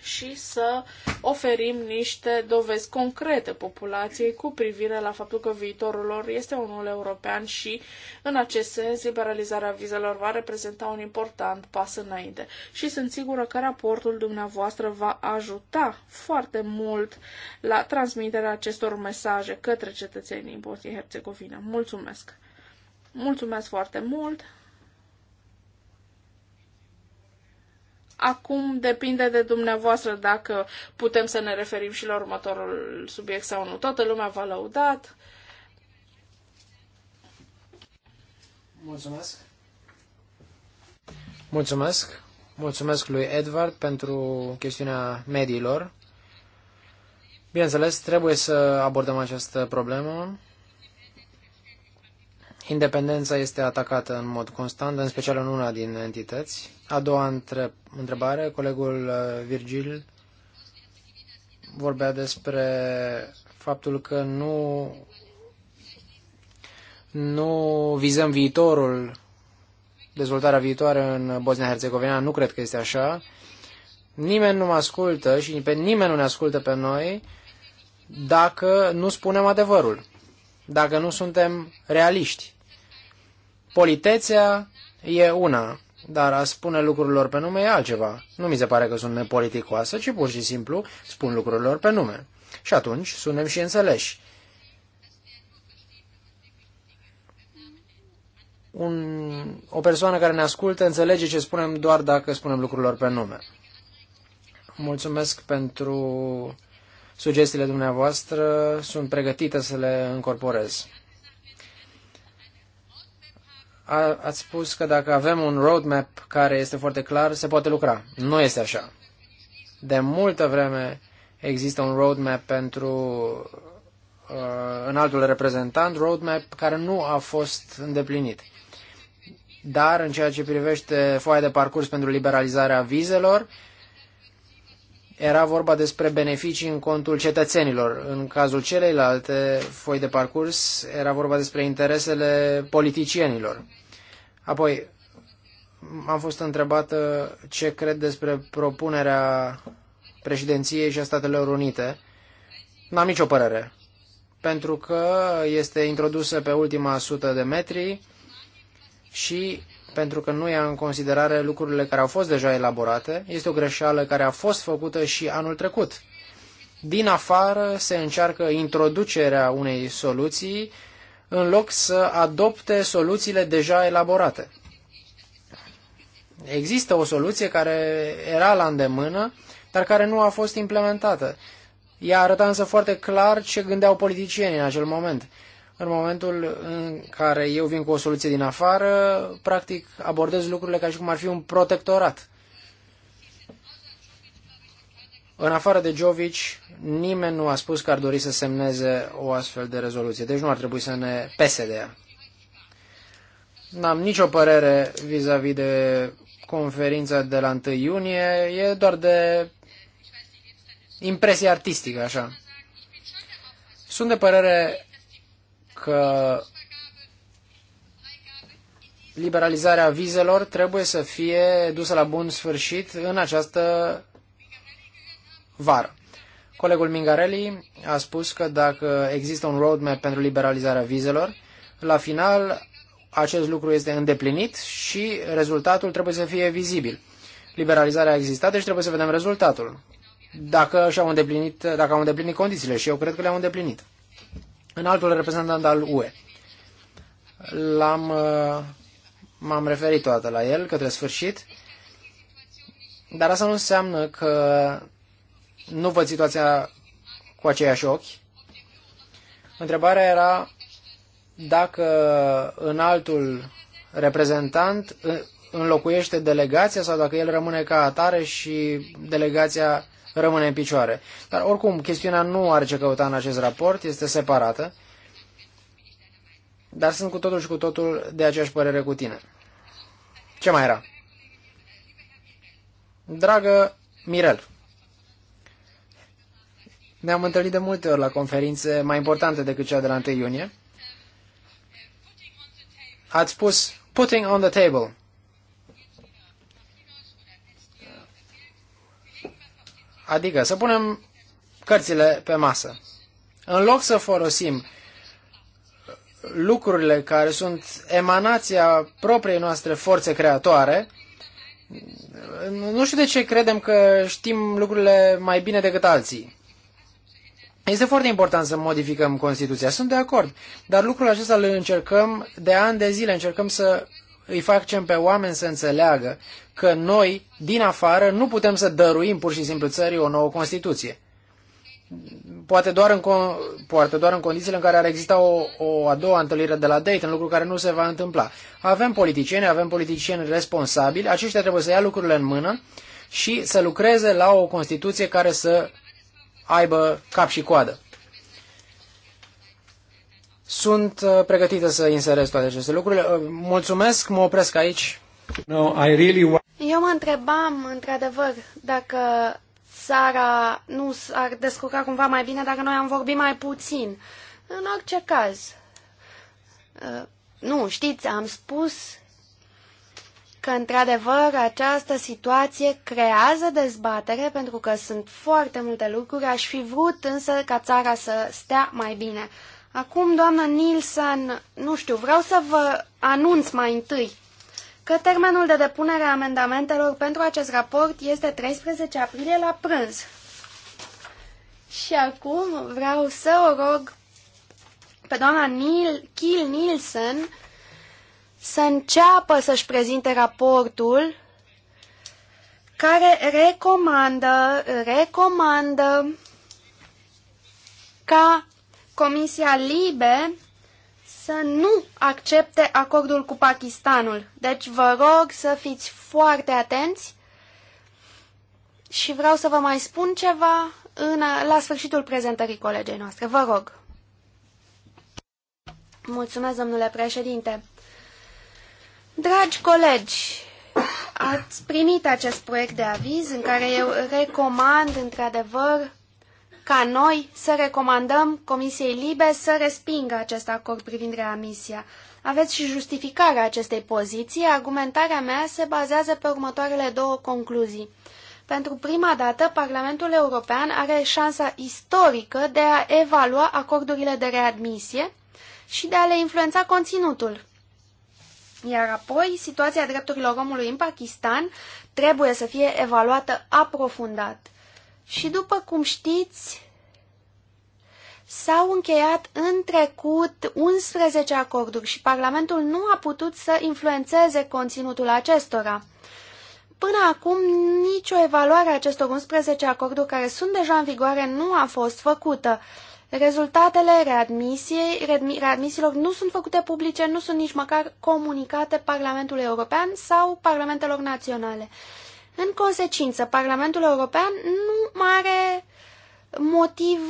și să oferim niște dovezi concrete populației cu privire la faptul că viitorul lor este unul european și, în acest sens, liberalizarea vizelor va reprezenta un important pas înainte. Și sunt sigură că raportul dumneavoastră va ajuta foarte mult la transmiterea acestor mesaje către cetățenii Bosniei-Herzegovina. Mulțumesc! Mulțumesc foarte mult! Acum depinde de dumneavoastră dacă putem să ne referim și la următorul subiect sau nu. Toată lumea v-a lăudat. Mulțumesc. Mulțumesc. Mulțumesc lui Edward pentru chestiunea mediilor. Bineînțeles, trebuie să abordăm această problemă. Independența este atacată în mod constant, în special în una din entități. A doua întrebare, colegul uh, Virgil vorbea despre faptul că nu, nu vizăm viitorul, dezvoltarea viitoare în Bosnia-Herzegovina. Nu cred că este așa. Nimeni nu mă ascultă și pe nimeni nu ne ascultă pe noi dacă nu spunem adevărul, dacă nu suntem realiști. Politețea e una, dar a spune lucrurilor pe nume e altceva. Nu mi se pare că sunt nepoliticoasă, ci pur și simplu spun lucrurilor pe nume. Și atunci suntem și înțeleși. Un, o persoană care ne ascultă înțelege ce spunem doar dacă spunem lucrurilor pe nume. Mulțumesc pentru sugestiile dumneavoastră, sunt pregătită să le încorporez a, ați spus că dacă avem un roadmap care este foarte clar, se poate lucra. Nu este așa. De multă vreme există un roadmap pentru uh, altul reprezentant, roadmap care nu a fost îndeplinit. Dar în ceea ce privește foaia de parcurs pentru liberalizarea vizelor, era vorba despre beneficii în contul cetățenilor. În cazul celeilalte foi de parcurs era vorba despre interesele politicienilor. Apoi, am fost întrebată ce cred despre propunerea președinției și a Statelor Unite. N-am nicio părere, pentru că este introdusă pe ultima sută de metri și pentru că nu ia în considerare lucrurile care au fost deja elaborate. Este o greșeală care a fost făcută și anul trecut. Din afară se încearcă introducerea unei soluții în loc să adopte soluțiile deja elaborate. Există o soluție care era la îndemână, dar care nu a fost implementată. Ea arăta însă foarte clar ce gândeau politicienii în acel moment. În momentul în care eu vin cu o soluție din afară, practic abordez lucrurile ca și cum ar fi un protectorat. În afară de Jovic, nimeni nu a spus că ar dori să semneze o astfel de rezoluție, deci nu ar trebui să ne pese de ea. N-am nicio părere vis-a-vis -vis de conferința de la 1 iunie, e doar de impresie artistică, așa. Sunt de părere că liberalizarea vizelor trebuie să fie dusă la bun sfârșit în această vară. Colegul Mingarelli a spus că dacă există un roadmap pentru liberalizarea vizelor, la final acest lucru este îndeplinit și rezultatul trebuie să fie vizibil. Liberalizarea a existat, deci trebuie să vedem rezultatul. Dacă, și-au îndeplinit, dacă au îndeplinit condițiile și eu cred că le-au îndeplinit. În altul reprezentant al UE. L-am, uh, m-am referit toată la el către sfârșit, dar asta nu înseamnă că nu văd situația cu aceiași ochi. Întrebarea era dacă în altul reprezentant înlocuiește delegația sau dacă el rămâne ca atare și delegația rămâne în picioare. Dar oricum, chestiunea nu are ce căuta în acest raport, este separată. Dar sunt cu totul și cu totul de aceeași părere cu tine. Ce mai era? Dragă Mirel, ne-am întâlnit de multe ori la conferințe mai importante decât cea de la 1 iunie. Ați spus putting on the table. Adică să punem cărțile pe masă. În loc să folosim lucrurile care sunt emanația propriei noastre forțe creatoare, nu știu de ce credem că știm lucrurile mai bine decât alții. Este foarte important să modificăm Constituția, sunt de acord, dar lucrul acesta îl încercăm de ani de zile, încercăm să îi facem pe oameni să înțeleagă că noi, din afară, nu putem să dăruim pur și simplu țării o nouă Constituție. Poate doar în, con- poate doar în condițiile în care ar exista o, o a doua întâlnire de la Dayton, lucru care nu se va întâmpla. Avem politicieni, avem politicieni responsabili, aceștia trebuie să ia lucrurile în mână și să lucreze la o Constituție care să aibă cap și coadă. Sunt uh, pregătită să inserez toate aceste lucruri. Uh, mulțumesc, mă opresc aici. No, I really want... Eu mă întrebam, într-adevăr, dacă țara nu s-ar descurca cumva mai bine dacă noi am vorbit mai puțin. În orice caz, uh, nu, știți, am spus că, într-adevăr, această situație creează dezbatere, pentru că sunt foarte multe lucruri. Aș fi vrut însă ca țara să stea mai bine. Acum, doamnă Nilsson, nu știu, vreau să vă anunț mai întâi că termenul de depunere a amendamentelor pentru acest raport este 13 aprilie la prânz. Și acum vreau să o rog pe doamna Neil, Kiel Nielsen să înceapă să-și prezinte raportul care recomandă, recomandă ca Comisia Libe să nu accepte acordul cu Pakistanul. Deci vă rog să fiți foarte atenți și vreau să vă mai spun ceva în, la sfârșitul prezentării colegei noastre. Vă rog. Mulțumesc, domnule președinte. Dragi colegi, ați primit acest proiect de aviz în care eu recomand, într-adevăr, ca noi să recomandăm Comisiei Libe să respingă acest acord privind readmisia. Aveți și justificarea acestei poziții. Argumentarea mea se bazează pe următoarele două concluzii. Pentru prima dată, Parlamentul European are șansa istorică de a evalua acordurile de readmisie și de a le influența conținutul. Iar apoi, situația drepturilor omului în Pakistan trebuie să fie evaluată aprofundat. Și după cum știți, s-au încheiat în trecut 11 acorduri și Parlamentul nu a putut să influențeze conținutul acestora. Până acum, nicio evaluare a acestor 11 acorduri care sunt deja în vigoare nu a fost făcută. Rezultatele readmisiei, readmisiilor nu sunt făcute publice, nu sunt nici măcar comunicate Parlamentului European sau Parlamentelor Naționale. În consecință, Parlamentul European nu mai are motiv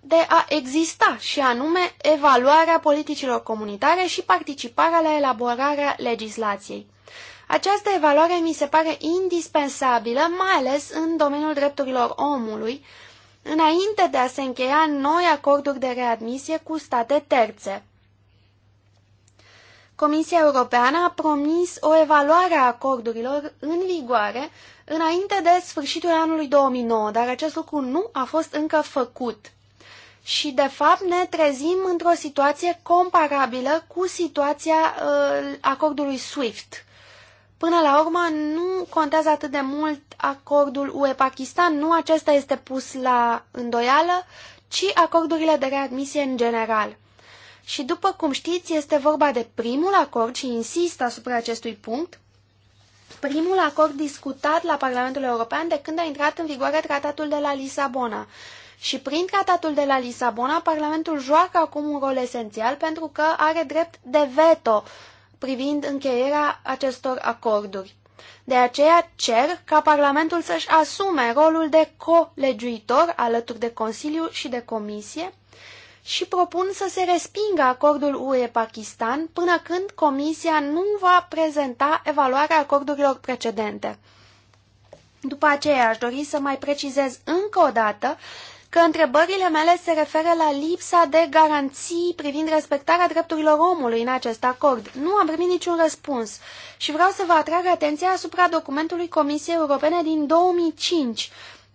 de a exista, și anume evaluarea politicilor comunitare și participarea la elaborarea legislației. Această evaluare mi se pare indispensabilă, mai ales în domeniul drepturilor omului, înainte de a se încheia noi acorduri de readmisie cu state terțe. Comisia Europeană a promis o evaluare a acordurilor în vigoare înainte de sfârșitul anului 2009, dar acest lucru nu a fost încă făcut. Și, de fapt, ne trezim într-o situație comparabilă cu situația uh, acordului SWIFT. Până la urmă, nu contează atât de mult acordul UE-Pakistan, nu acesta este pus la îndoială, ci acordurile de readmisie în general. Și după cum știți, este vorba de primul acord și insist asupra acestui punct, primul acord discutat la Parlamentul European de când a intrat în vigoare tratatul de la Lisabona. Și prin tratatul de la Lisabona, Parlamentul joacă acum un rol esențial pentru că are drept de veto privind încheierea acestor acorduri. De aceea cer ca Parlamentul să-și asume rolul de colegiuitor alături de Consiliu și de Comisie și propun să se respingă acordul UE-Pakistan până când Comisia nu va prezenta evaluarea acordurilor precedente. După aceea aș dori să mai precizez încă o dată că întrebările mele se referă la lipsa de garanții privind respectarea drepturilor omului în acest acord. Nu am primit niciun răspuns și vreau să vă atrag atenția asupra documentului Comisiei Europene din 2005,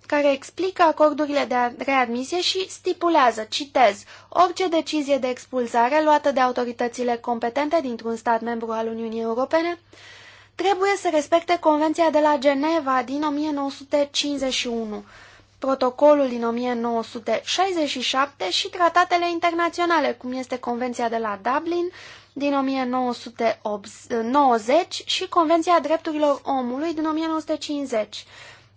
care explică acordurile de readmisie și stipulează, citez, orice decizie de expulzare luată de autoritățile competente dintr-un stat membru al Uniunii Europene trebuie să respecte Convenția de la Geneva din 1951 protocolul din 1967 și tratatele internaționale, cum este Convenția de la Dublin din 1990 și Convenția Drepturilor Omului din 1950.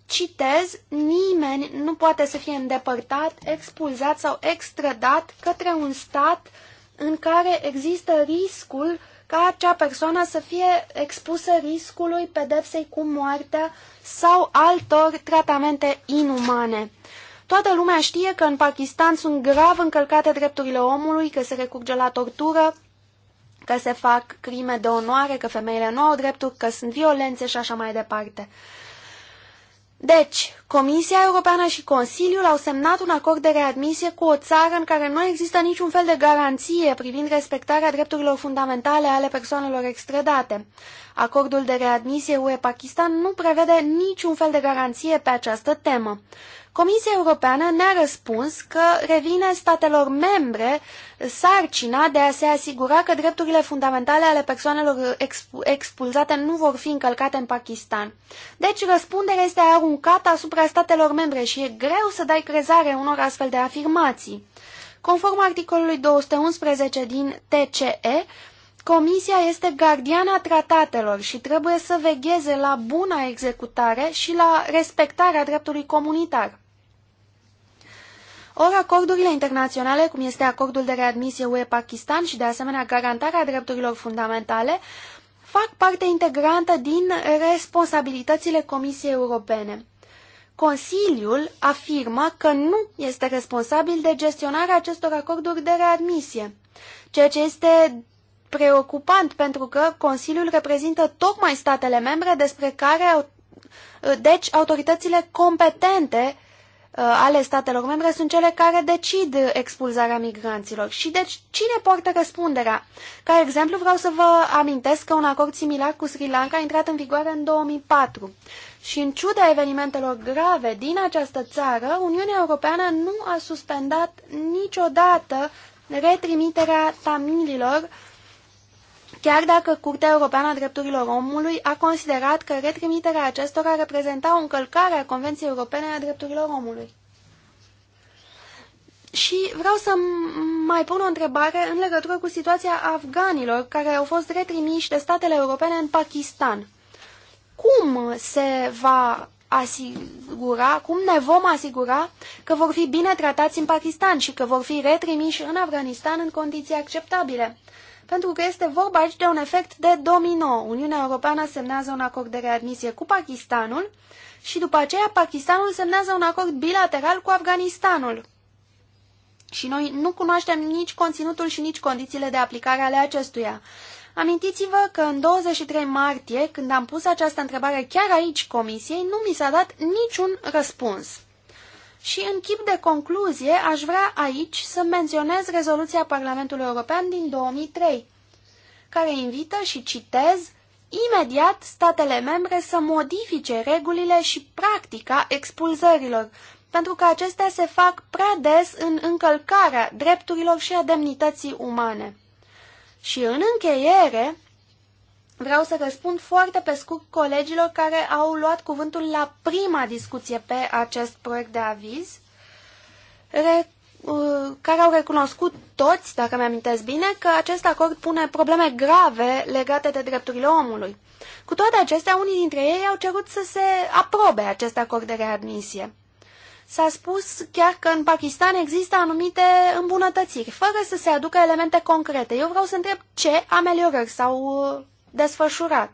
Citez, nimeni nu poate să fie îndepărtat, expulzat sau extradat către un stat în care există riscul uh, ca acea persoană să fie expusă riscului pedepsei cu moartea sau altor tratamente inumane. Toată lumea știe că în Pakistan sunt grav încălcate drepturile omului, că se recurge la tortură, că se fac crime de onoare, că femeile nu au drepturi, că sunt violențe și așa mai departe. Deci, Comisia Europeană și Consiliul au semnat un acord de readmisie cu o țară în care nu există niciun fel de garanție privind respectarea drepturilor fundamentale ale persoanelor extradate. Acordul de readmisie UE-Pakistan nu prevede niciun fel de garanție pe această temă. Comisia Europeană ne-a răspuns că revine statelor membre sarcina de a se asigura că drepturile fundamentale ale persoanelor expulzate nu vor fi încălcate în Pakistan. Deci răspunderea este aruncată asupra statelor membre și e greu să dai crezare unor astfel de afirmații. Conform articolului 211 din TCE, Comisia este gardiana tratatelor și trebuie să vegheze la buna executare și la respectarea dreptului comunitar ori acordurile internaționale, cum este acordul de readmisie UE-Pakistan și de asemenea garantarea drepturilor fundamentale, fac parte integrantă din responsabilitățile Comisiei Europene. Consiliul afirmă că nu este responsabil de gestionarea acestor acorduri de readmisie, ceea ce este preocupant pentru că Consiliul reprezintă tocmai statele membre despre care, deci, autoritățile competente Uh, ale statelor membre sunt cele care decid expulzarea migranților. Și deci cine poartă răspunderea? Ca exemplu vreau să vă amintesc că un acord similar cu Sri Lanka a intrat în vigoare în 2004. Și în ciuda evenimentelor grave din această țară, Uniunea Europeană nu a suspendat niciodată retrimiterea tamililor chiar dacă Curtea Europeană a Drepturilor Omului a considerat că retrimiterea acestora reprezenta o încălcare a Convenției Europene a Drepturilor Omului. Și vreau să mai pun o întrebare în legătură cu situația afganilor care au fost retrimiși de statele europene în Pakistan. Cum se va asigura, cum ne vom asigura că vor fi bine tratați în Pakistan și că vor fi retrimiși în Afganistan în condiții acceptabile? pentru că este vorba aici de un efect de domino. Uniunea Europeană semnează un acord de readmisie cu Pakistanul și după aceea Pakistanul semnează un acord bilateral cu Afganistanul. Și noi nu cunoaștem nici conținutul și nici condițiile de aplicare ale acestuia. Amintiți-vă că în 23 martie, când am pus această întrebare chiar aici comisiei, nu mi s-a dat niciun răspuns. Și în chip de concluzie, aș vrea aici să menționez rezoluția Parlamentului European din 2003, care invită și citez imediat statele membre să modifice regulile și practica expulzărilor, pentru că acestea se fac prea des în încălcarea drepturilor și a demnității umane. Și în încheiere, Vreau să răspund foarte pe scurt colegilor care au luat cuvântul la prima discuție pe acest proiect de aviz, uh, care au recunoscut toți, dacă mi-amintesc bine, că acest acord pune probleme grave legate de drepturile omului. Cu toate acestea, unii dintre ei au cerut să se aprobe acest acord de readmisie. S-a spus chiar că în Pakistan există anumite îmbunătățiri, fără să se aducă elemente concrete. Eu vreau să întreb ce ameliorări s-au uh, desfășurat.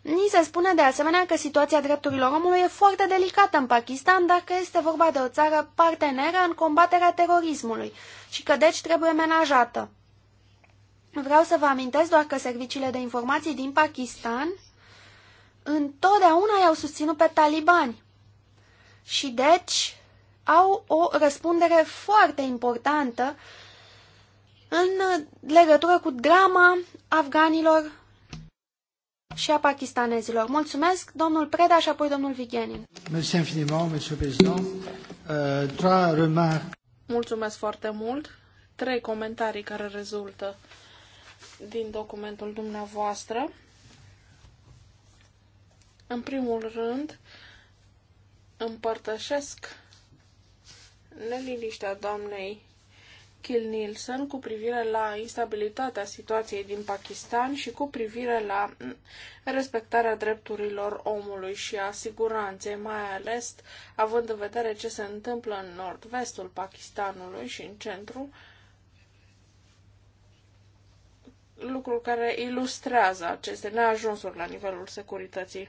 Ni se spune de asemenea că situația drepturilor omului e foarte delicată în Pakistan dacă este vorba de o țară parteneră în combaterea terorismului și că deci trebuie menajată. Vreau să vă amintesc doar că serviciile de informații din Pakistan întotdeauna i-au susținut pe talibani și deci au o răspundere foarte importantă în legătură cu drama afganilor și a pakistanezilor. Mulțumesc, domnul Preda și apoi domnul Vigenin. Euh, Mulțumesc foarte mult. Trei comentarii care rezultă din documentul dumneavoastră. În primul rând, împărtășesc neliniștea doamnei Kil Nielsen cu privire la instabilitatea situației din Pakistan și cu privire la respectarea drepturilor omului și a siguranței, mai ales având în vedere ce se întâmplă în nord-vestul Pakistanului și în centru, lucru care ilustrează aceste neajunsuri la nivelul securității.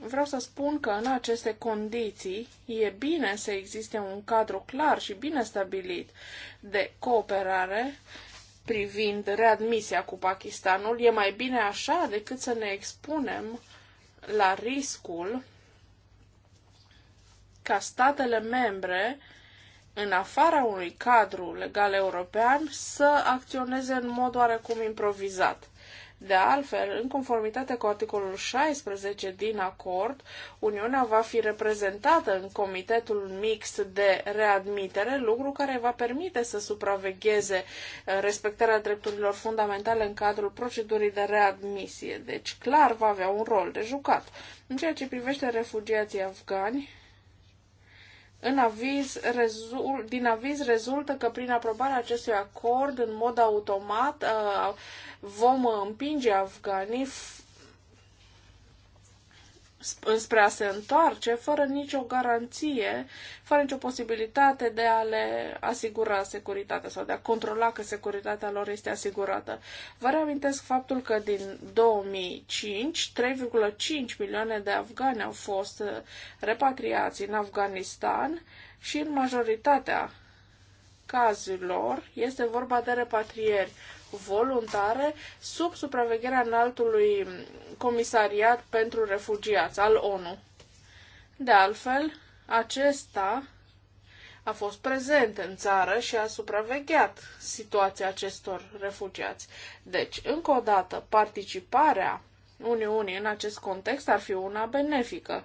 Vreau să spun că în aceste condiții e bine să existe un cadru clar și bine stabilit de cooperare privind readmisia cu Pakistanul. E mai bine așa decât să ne expunem la riscul ca statele membre în afara unui cadru legal european să acționeze în mod oarecum improvizat. De altfel, în conformitate cu articolul 16 din acord, Uniunea va fi reprezentată în Comitetul Mix de Readmitere, lucru care va permite să supravegheze uh, respectarea drepturilor fundamentale în cadrul procedurii de readmisie. Deci, clar, va avea un rol de jucat. În ceea ce privește refugiații afgani, în aviz, rezul, din aviz rezultă că prin aprobarea acestui acord, în mod automat, uh, vom împinge afganii înspre a se întoarce fără nicio garanție, fără nicio posibilitate de a le asigura securitatea sau de a controla că securitatea lor este asigurată. Vă reamintesc faptul că din 2005 3,5 milioane de afgani au fost uh, repatriați în Afganistan și în majoritatea cazurilor este vorba de repatrieri voluntare sub supravegherea înaltului comisariat pentru refugiați al ONU. De altfel, acesta a fost prezent în țară și a supravegheat situația acestor refugiați. Deci, încă o dată, participarea Uniunii în acest context ar fi una benefică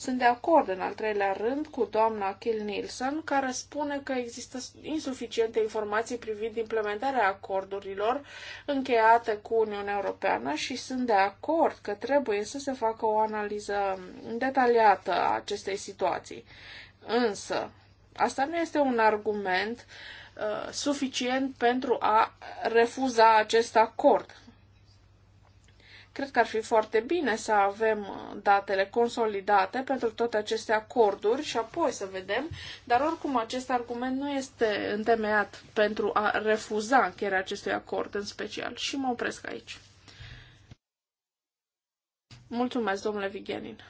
sunt de acord, în al treilea rând, cu doamna Kill Nielsen, care spune că există insuficiente informații privind implementarea acordurilor încheiate cu Uniunea Europeană și sunt de acord că trebuie să se facă o analiză detaliată a acestei situații. Însă, asta nu este un argument uh, suficient pentru a refuza acest acord. Cred că ar fi foarte bine să avem uh, datele consolidate pentru toate aceste acorduri și apoi să vedem, dar oricum acest argument nu este întemeiat pentru a refuza încheierea acestui acord în special și mă opresc aici. Mulțumesc, domnule Vigenin.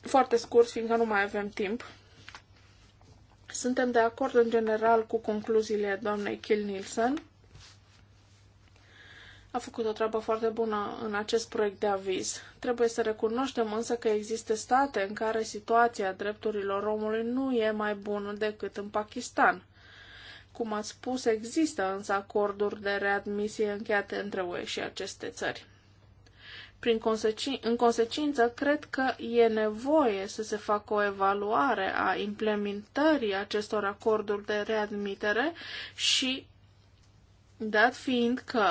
Foarte scurt, fiindcă nu mai avem timp. Suntem de acord în general cu concluziile doamnei Kill Nielsen a făcut o treabă foarte bună în acest proiect de aviz. Trebuie să recunoaștem însă că există state în care situația drepturilor omului nu e mai bună decât în Pakistan. Cum ați spus, există însă acorduri de readmisie încheiate între UE și aceste țări. Prin consecin- în consecință, cred că e nevoie să se facă o evaluare a implementării acestor acorduri de readmitere și, dat fiind că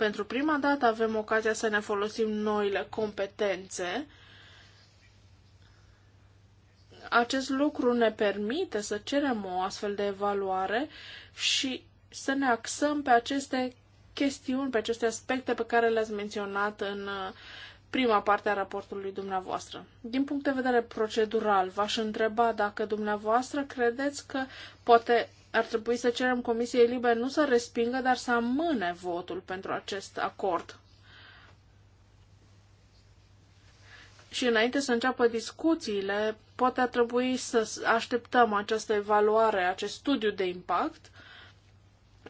pentru prima dată avem ocazia să ne folosim noile competențe. Acest lucru ne permite să cerem o astfel de evaluare și să ne axăm pe aceste chestiuni, pe aceste aspecte pe care le-ați menționat în uh, prima parte a raportului dumneavoastră. Din punct de vedere procedural, v-aș întreba dacă dumneavoastră credeți că poate ar trebui să cerem Comisiei Libe nu să respingă, dar să amâne votul pentru acest acord. Și înainte să înceapă discuțiile, poate ar trebui să așteptăm această evaluare, acest studiu de impact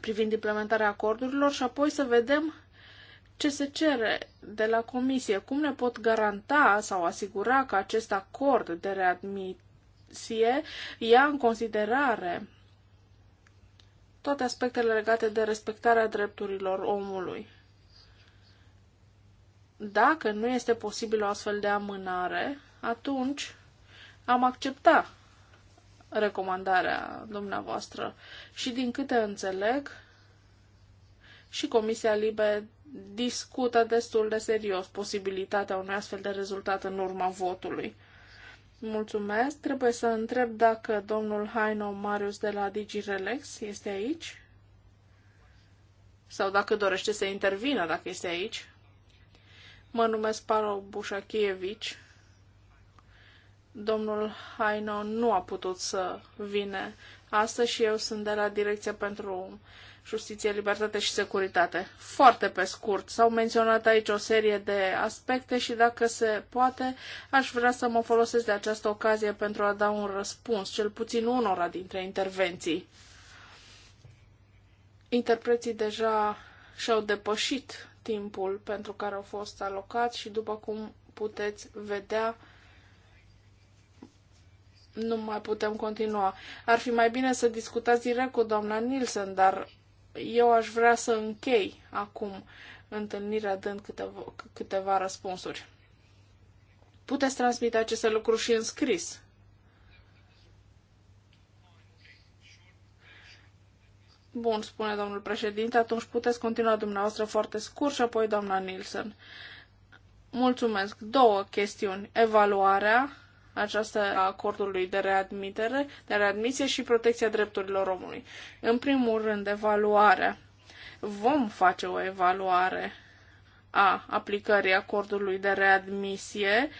privind implementarea acordurilor și apoi să vedem ce se cere de la Comisie, cum ne pot garanta sau asigura că acest acord de readmisie ia în considerare toate aspectele legate de respectarea drepturilor omului. Dacă nu este posibil o astfel de amânare, atunci am accepta recomandarea dumneavoastră. Și din câte înțeleg, și Comisia Libe discută destul de serios posibilitatea unui astfel de rezultat în urma votului. Mulțumesc. Trebuie să întreb dacă domnul Haino Marius de la DigiRelex este aici sau dacă dorește să intervină dacă este aici. Mă numesc Paro Bușachievici. Domnul Haino nu a putut să vină astăzi și eu sunt de la Direcția pentru justiție, libertate și securitate. Foarte pe scurt, s-au menționat aici o serie de aspecte și dacă se poate, aș vrea să mă folosesc de această ocazie pentru a da un răspuns, cel puțin unora dintre intervenții. Interpreții deja și-au depășit timpul pentru care au fost alocați și după cum puteți vedea, nu mai putem continua. Ar fi mai bine să discutați direct cu doamna Nielsen, dar eu aș vrea să închei acum întâlnirea dând câteva, câteva răspunsuri. Puteți transmite aceste lucruri și în scris. Bun, spune domnul președinte, atunci puteți continua dumneavoastră foarte scurt și apoi doamna Nielsen. Mulțumesc. Două chestiuni. Evaluarea această a acordului de readmitere, de readmisie și protecția drepturilor omului. În primul rând, evaluarea. Vom face o evaluare a aplicării acordului de readmisie.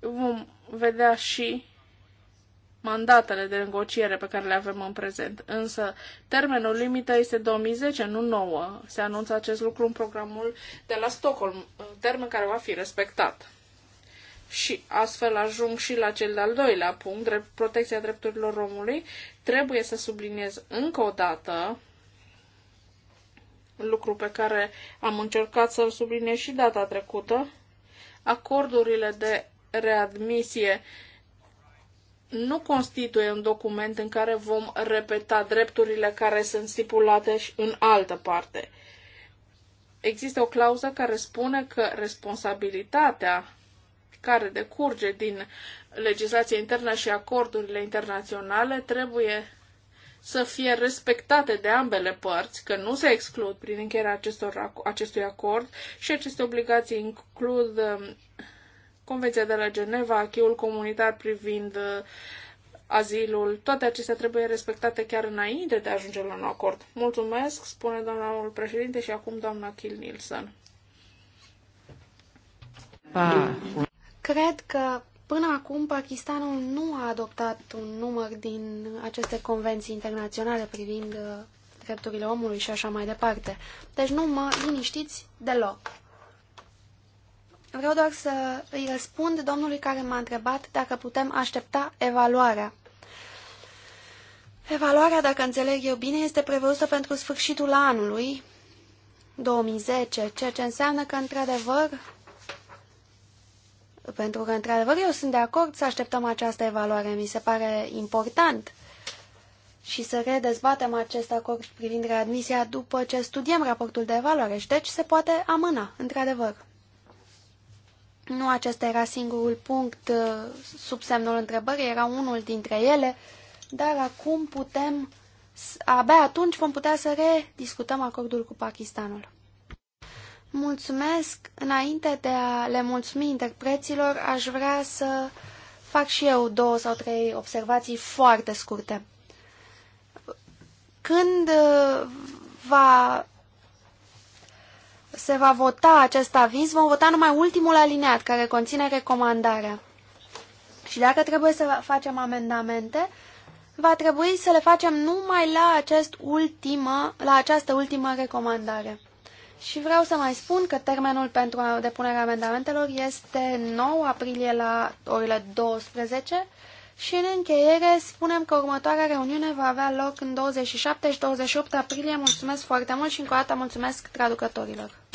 Vom vedea și mandatele de negociere pe care le avem în prezent. Însă, termenul limită este 2010, nu 9. Se anunță acest lucru în programul de la Stockholm, termen care va fi respectat și astfel ajung și la cel de-al doilea punct, drept, protecția drepturilor omului, trebuie să subliniez încă o dată lucru pe care am încercat să-l subliniez și data trecută, acordurile de readmisie nu constituie un document în care vom repeta drepturile care sunt stipulate și în altă parte. Există o clauză care spune că responsabilitatea care decurge din legislația internă și acordurile internaționale trebuie să fie respectate de ambele părți, că nu se exclud prin încheierea acestor, acestui acord și aceste obligații includ um, Convenția de la Geneva, Acheul comunitar privind uh, azilul, toate acestea trebuie respectate chiar înainte de a ajunge la un acord. Mulțumesc, spune domnul președinte și acum doamna Kill Nielsen. Pa. Cred că până acum Pakistanul nu a adoptat un număr din aceste convenții internaționale privind uh, drepturile omului și așa mai departe. Deci nu mă liniștiți deloc. Vreau doar să îi răspund domnului care m-a întrebat dacă putem aștepta evaluarea. Evaluarea, dacă înțeleg eu bine, este prevăzută pentru sfârșitul anului 2010, ceea ce înseamnă că, într-adevăr, pentru că, într-adevăr, eu sunt de acord să așteptăm această evaluare. Mi se pare important și să redezbatem acest acord privind readmisia după ce studiem raportul de evaluare și deci se poate amâna, într-adevăr. Nu acesta era singurul punct uh, sub semnul întrebării, era unul dintre ele, dar acum putem, abia atunci vom putea să rediscutăm acordul cu Pakistanul. Mulțumesc! Înainte de a le mulțumi interpreților, aș vrea să fac și eu două sau trei observații foarte scurte. Când uh, va, se va vota acest aviz, vom vota numai ultimul alineat care conține recomandarea. Și dacă trebuie să facem amendamente, va trebui să le facem numai la, acest ultimă, la această ultimă recomandare. Și vreau să mai spun că termenul pentru depunerea amendamentelor este 9 aprilie la orele 12 și în încheiere spunem că următoarea reuniune va avea loc în 27 și 28 aprilie. Mulțumesc foarte mult și încă o dată mulțumesc traducătorilor.